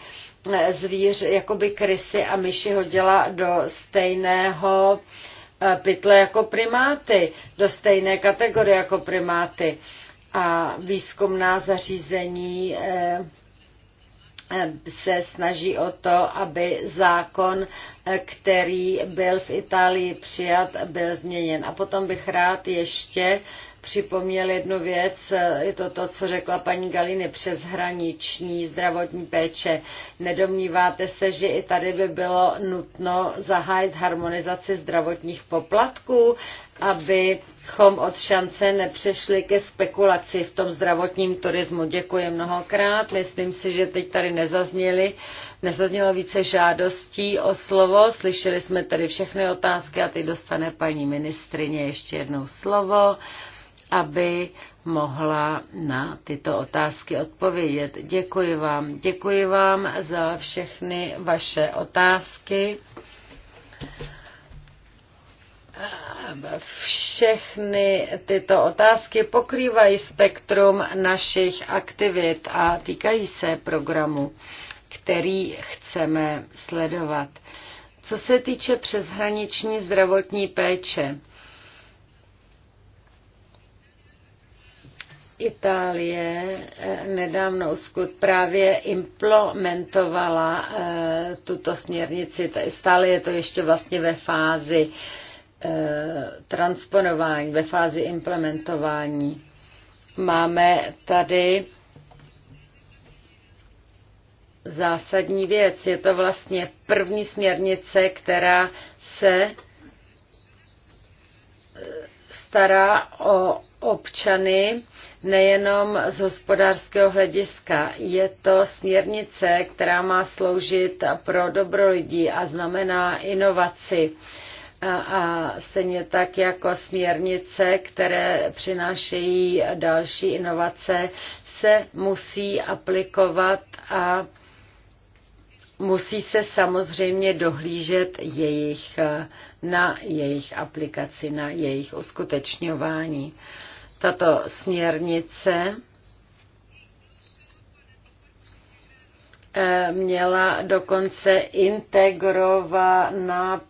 zvíř, jakoby krysy a myši hodila do stejného eh, pytle jako primáty, do stejné kategorie jako primáty. A výzkumná zařízení eh, eh, se snaží o to, aby zákon, který byl v Itálii přijat, byl změněn. A potom bych rád ještě připomněl jednu věc, je to to, co řekla paní Galiny, přeshraniční zdravotní péče. Nedomníváte se, že i tady by bylo nutno zahájit harmonizaci zdravotních poplatků, abychom od šance nepřešli ke spekulaci v tom zdravotním turismu. Děkuji mnohokrát. Myslím si, že teď tady nezazněly nezaznělo více žádostí o slovo. Slyšeli jsme tady všechny otázky a teď dostane paní ministrině ještě jednou slovo aby mohla na tyto otázky odpovědět. Děkuji vám. Děkuji vám za všechny vaše otázky. Všechny tyto otázky pokrývají spektrum našich aktivit a týkají se programu, který chceme sledovat. Co se týče přeshraniční zdravotní péče, Itálie eh, nedávno uskut právě implementovala eh, tuto směrnici. Stále je to ještě vlastně ve fázi eh, transponování, ve fázi implementování. Máme tady zásadní věc. Je to vlastně první směrnice, která se stará o občany nejenom z hospodářského hlediska. Je to směrnice, která má sloužit pro dobro lidí a znamená inovaci. A stejně tak jako směrnice, které přinášejí další inovace, se musí aplikovat a musí se samozřejmě dohlížet jejich, na jejich aplikaci, na jejich uskutečňování. Tato směrnice eh, měla dokonce integrovaná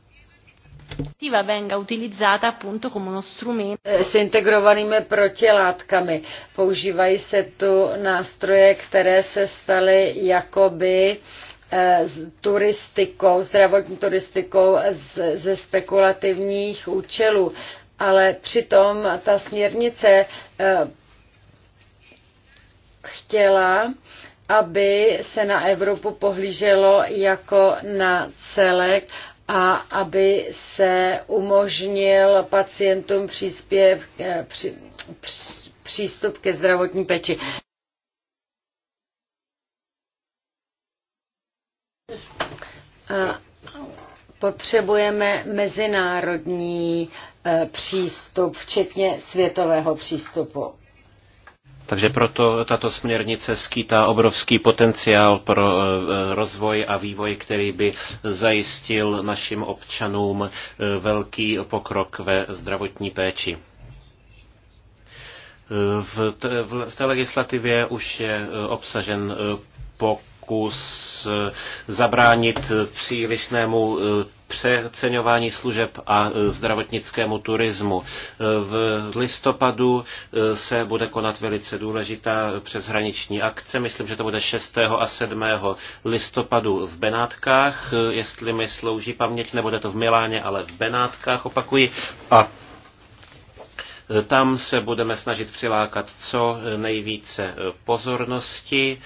venga utilizzata appunto come uno strumento. Eh, s integrovanými protilátkami. Používají se tu nástroje, které se staly jakoby eh, s turistikou, zdravotní turistikou ze spekulativních účelů ale přitom ta směrnice eh, chtěla, aby se na Evropu pohlíželo jako na celek a aby se umožnil pacientům příspěv, eh, při, při, přístup ke zdravotní péči. Potřebujeme mezinárodní Eh, přístup, včetně světového přístupu. Takže proto tato směrnice skýtá obrovský potenciál pro eh, rozvoj a vývoj, který by zajistil našim občanům eh, velký pokrok ve zdravotní péči. V té, legislativě už je obsažen pokrok pokus eh, zabránit přílišnému eh, přeceňování služeb a eh, zdravotnickému turismu. V listopadu se bude konat velice důležitá přeshraniční akce. Myslím, že to bude 6. a 7. listopadu v Benátkách. Jestli mi slouží paměť, nebude to v Miláně, ale v Benátkách, opakuji. A tam se budeme snažit přilákat co nejvíce pozornosti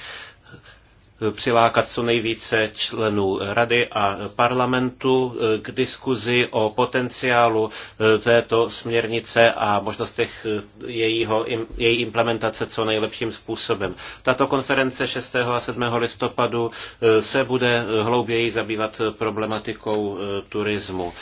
přilákat co nejvíce členů rady a parlamentu k diskuzi o potenciálu eh, této směrnice a možnostech eh, jejího, její implementace co nejlepším způsobem. Tato konference 6. a 7. listopadu eh, se bude hlouběji zabývat problematikou turismu.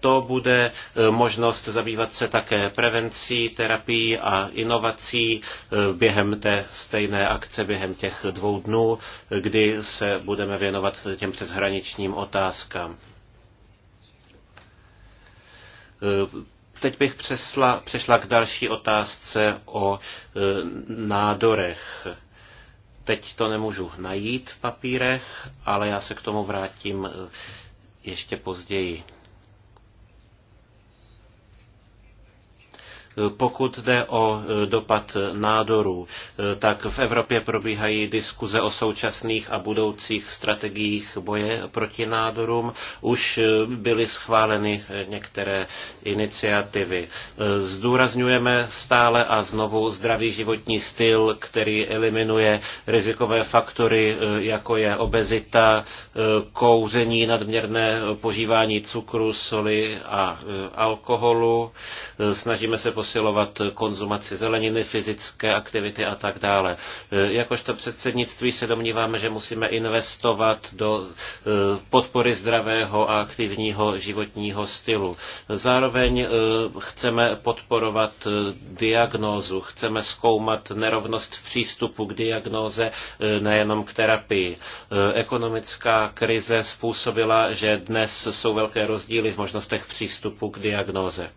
To bude eh, možnost zabývat se také prevencí, terapií a inovací eh, během té stejné akce, během těch dvou dnů, kdy se budeme věnovat těm přeshraničním otázkám. Eh, teď bych přesla, přešla k další otázce o nádorech. Teď to nemůžu najít v papírech, ale já se k tomu vrátím ještě později. Pokud jde o e, dopad nádorů, e, tak v Evropě probíhají diskuze o současných a budoucích strategiích boje proti nádorům. Už e, byly schváleny některé iniciativy. Zdůrazňujeme stále a znovu zdravý životní styl, který eliminuje rizikové faktory, jako je obezita, kouření, nadměrné požívání cukru, soli a e, alkoholu. E, snažíme se posilovat konzumaci zeleniny, fyzické aktivity a tak dále. E, jakožto předsednictví se domníváme, že musíme investovat do podpory zdravého a aktivního životního stylu. Zároveň chceme podporovat diagnózu, chceme zkoumat nerovnost v přístupu k diagnóze, nejenom k terapii. Ekonomická krize způsobila, že dnes jsou velké rozdíly v možnostech přístupu k diagnóze.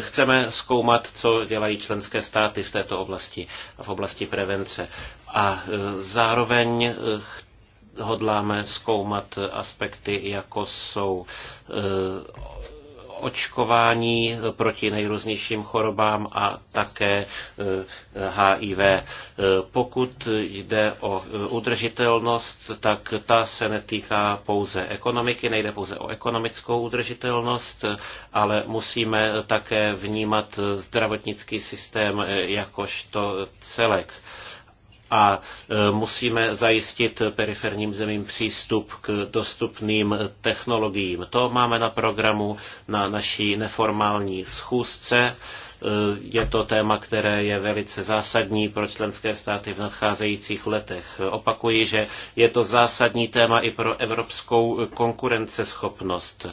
Chceme zkoumat, co dělají členské státy v této oblasti a v oblasti prevence. A e, zároveň e, hodláme zkoumat aspekty, jako jsou e, očkování proti nejrůznějším chorobám a také HIV. Eh, eh, pokud jde o eh, udržitelnost, tak ta se netýká pouze ekonomiky, nejde pouze o ekonomickou udržitelnost, ale musíme také vnímat zdravotnický systém jakožto celek a e, musíme zajistit periferním zemím přístup k dostupným technologiím. To máme na programu na naší neformální schůzce Eh, je to téma, které je velice zásadní pro členské státy v nadcházejících letech. Opakuji, že je to zásadní téma i pro evropskou konkurenceschopnost.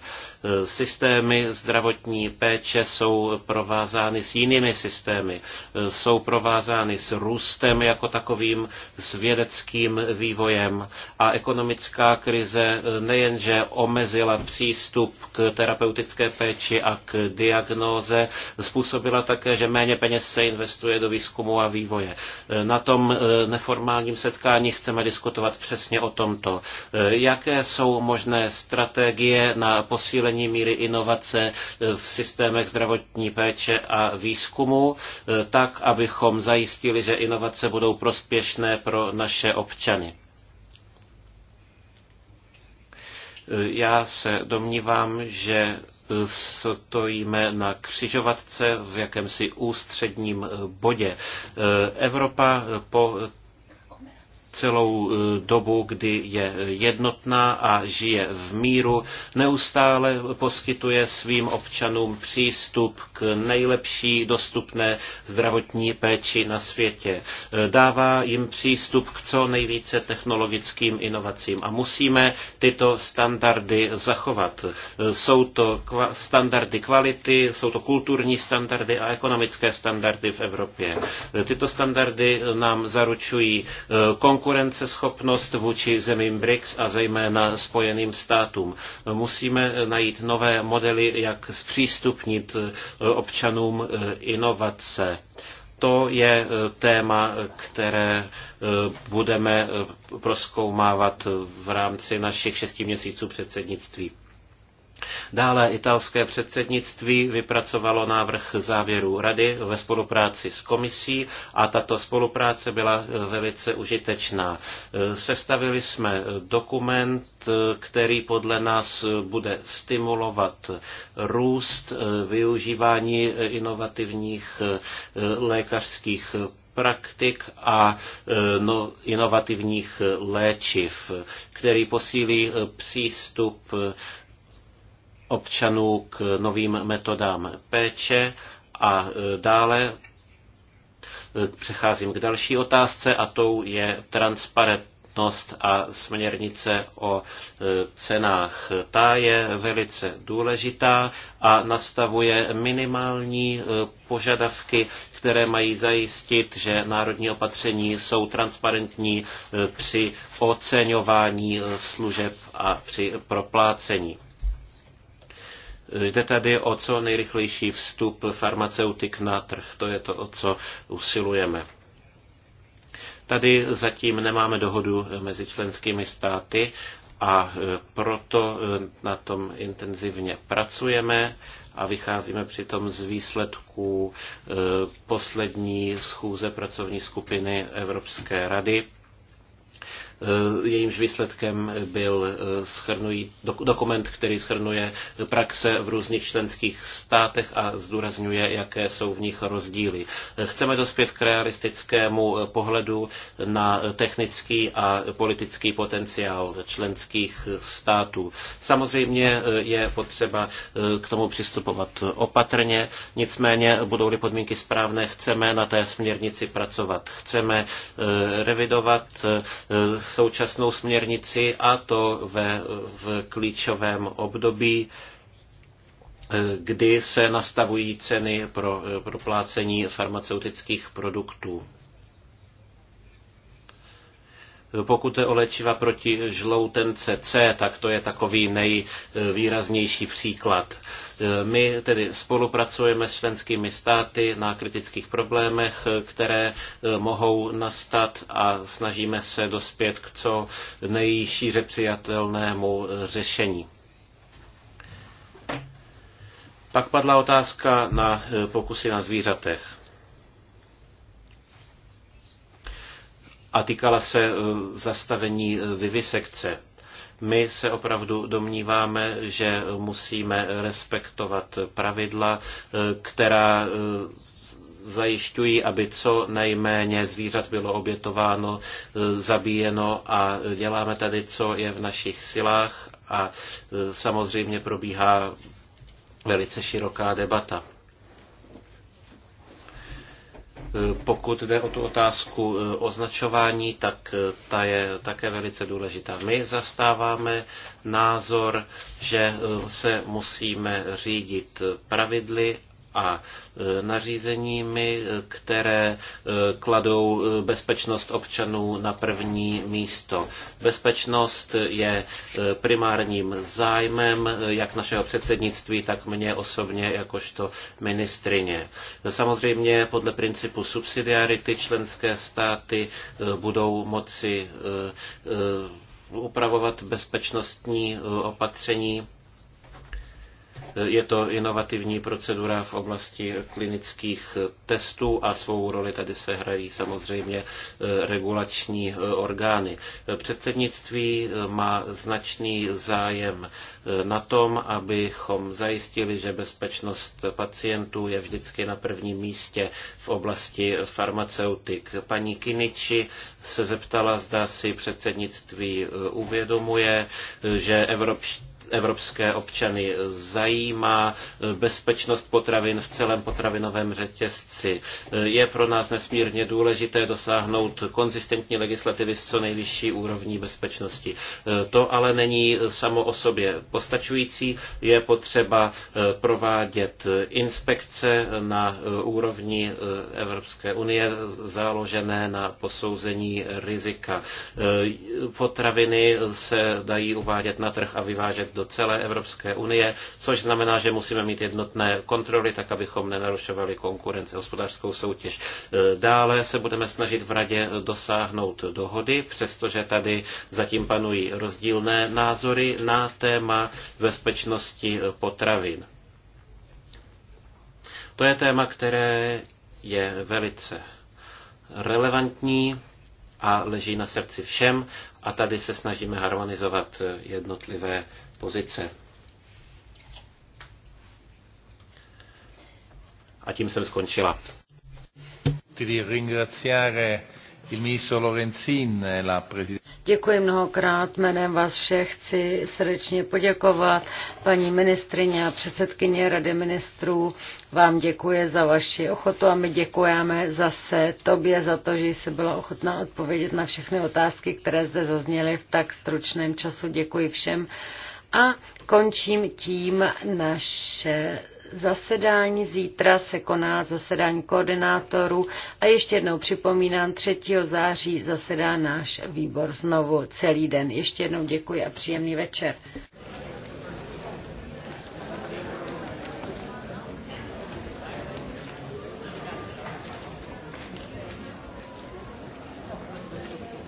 Eh, systémy zdravotní péče jsou provázány s jinými systémy. Eh, jsou provázány s růstem jako takovým, s vědeckým vývojem a ekonomická krize nejenže omezila přístup k terapeutické péči a k diagnóze, způsobila byla také, že méně peněz se investuje do výzkumu a vývoje. E, na tom e, neformálním setkání chceme diskutovat přesně o tomto. E, jaké jsou možné strategie na posílení míry inovace v systémech zdravotní péče a výzkumu, tak, abychom zajistili, že inovace budou prospěšné pro naše občany? Já se domnívám, že stojíme na křižovatce v jakémsi ústředním bodě. Evropa po celou eh, dobu, kdy je eh, jednotná a žije v míru, neustále poskytuje svým občanům přístup k nejlepší dostupné zdravotní péči na světě. Eh, dává jim přístup k co nejvíce technologickým inovacím a musíme tyto standardy zachovat. Jsou to standardy kvality, jsou to kulturní standardy a ekonomické standardy v Evropě. Tyto standardy nám zaručují konkurenci konkurenceschopnost vůči zemím BRICS a zejména Spojeným státům. Musíme najít nové modely, jak zpřístupnit eh, občanům eh, inovace to je eh, téma, které budeme proskoumávat v rámci našich šesti měsíců předsednictví. Dále italské předsednictví vypracovalo návrh závěrů rady ve spolupráci s komisí a tato spolupráce byla eh, velice užitečná. Eh, sestavili jsme dokument, eh, který podle nás bude stimulovat růst, využívání inovativních lékařských praktik a no, inovativních léčiv, který posílí přístup občanů k novým metodám péče a e, dále e, přecházím k další otázce a tou je transparentnost a směrnice o e, cenách. Ta je velice důležitá a nastavuje minimální požadavky, které mají zajistit, že národní opatření jsou transparentní při oceňování služeb a při proplácení. Jde tady o co nejrychlejší vstup farmaceutik na trh. To je to, o co usilujeme. Tady zatím nemáme dohodu mezi členskými státy a e, proto e, na tom intenzivně pracujeme a vycházíme přitom z výsledků e, poslední schůze pracovní skupiny Evropské rady Eh, jejímž výsledkem byl eh, schrnují, dokument, který schrnuje praxe v různých členských státech a zdůrazňuje, jaké jsou v nich rozdíly. Eh, chceme dospět k realistickému pohledu na technický a politický potenciál členských států. Samozřejmě je potřeba k tomu přistupovat opatrně, nicméně budou-li podmínky správné, chceme na té směrnici pracovat. Chceme revidovat současnou směrnici a to ve, v klíčovém období, eh, kdy se nastavují ceny pro eh, proplácení farmaceutických produktů. Pokud je o léčiva proti žloutence C, tak to je takový nejvýraznější příklad. My tedy spolupracujeme s členskými státy na kritických problémech, které eh, mohou nastat a snažíme se dospět k co nejšíře přijatelnému eh, řešení. Pak padla otázka na eh, pokusy na zvířatech. a týkala se e, zastavení e, vivisekce. My se opravdu domníváme, že musíme respektovat pravidla, e, která zajišťují, aby co nejméně zvířat bylo obětováno, zabíjeno a děláme tady, co je v našich silách a samozřejmě probíhá velice široká debata. Pokud jde o tu otázku eh, označování, tak eh, ta je také velice důležitá. My zastáváme názor, že eh, se musíme řídit pravidly a e, nařízeními, které e, kladou e, bezpečnost občanů na první místo. Bezpečnost je primárním zájmem jak našeho předsednictví, tak mě osobně jakožto ministrině. Samozřejmě podle principu subsidiarity členské státy budou moci upravovat bezpečnostní opatření je to inovativní procedura v oblasti klinických testů a svou roli tady se hrají samozřejmě eh, regulační eh, orgány. Předsednictví eh, má značný zájem na tom, abychom zajistili, že bezpečnost pacientů je vždycky na prvním místě v oblasti farmaceutik. Paní Kiniči se zeptala, zda si předsednictví uvědomuje, že evropští evropské občany zajímá eh, bezpečnost potravin v celém potravinovém řetězci. Eh, Je pro nás nesmírně důležité dosáhnout konzistentní legislativy s co nejvyšší úrovní bezpečnosti. Eh, to ale není samo o sobě postačující. Je potřeba provádět inspekce na úrovni Evropské unie založené na posouzení rizika. Potraviny se dají uvádět na trh a vyvážet do do celé Evropské unie, což znamená, že musíme mít jednotné kontroly, tak abychom nenarušovali konkurenci, hospodářskou soutěž. E, dále se budeme snažit v radě dosáhnout dohody, přestože tady zatím panují rozdílné názory na téma bezpečnosti potravin. To je téma, které je velice relevantní a leží na srdci všem a tady se snažíme harmonizovat jednotlivé pozice. A tím jsem skončila. E Děkuji mnohokrát, jménem vás všech chci srdečně poděkovat. Paní ministrině a předsedkyně Rady ministrů vám děkuje za vaši ochotu a my děkujeme zase tobě za to, že jsi byla ochotná odpovědět na všechny otázky, které zde zazněly v tak stručném času. Děkuji všem a končím tím naše zasedání. Zítra se koná zasedání koordinátorů a ještě jednou připomínám, 3. září zasedá náš výbor znovu celý den. Ještě jednou děkuji a příjemný večer.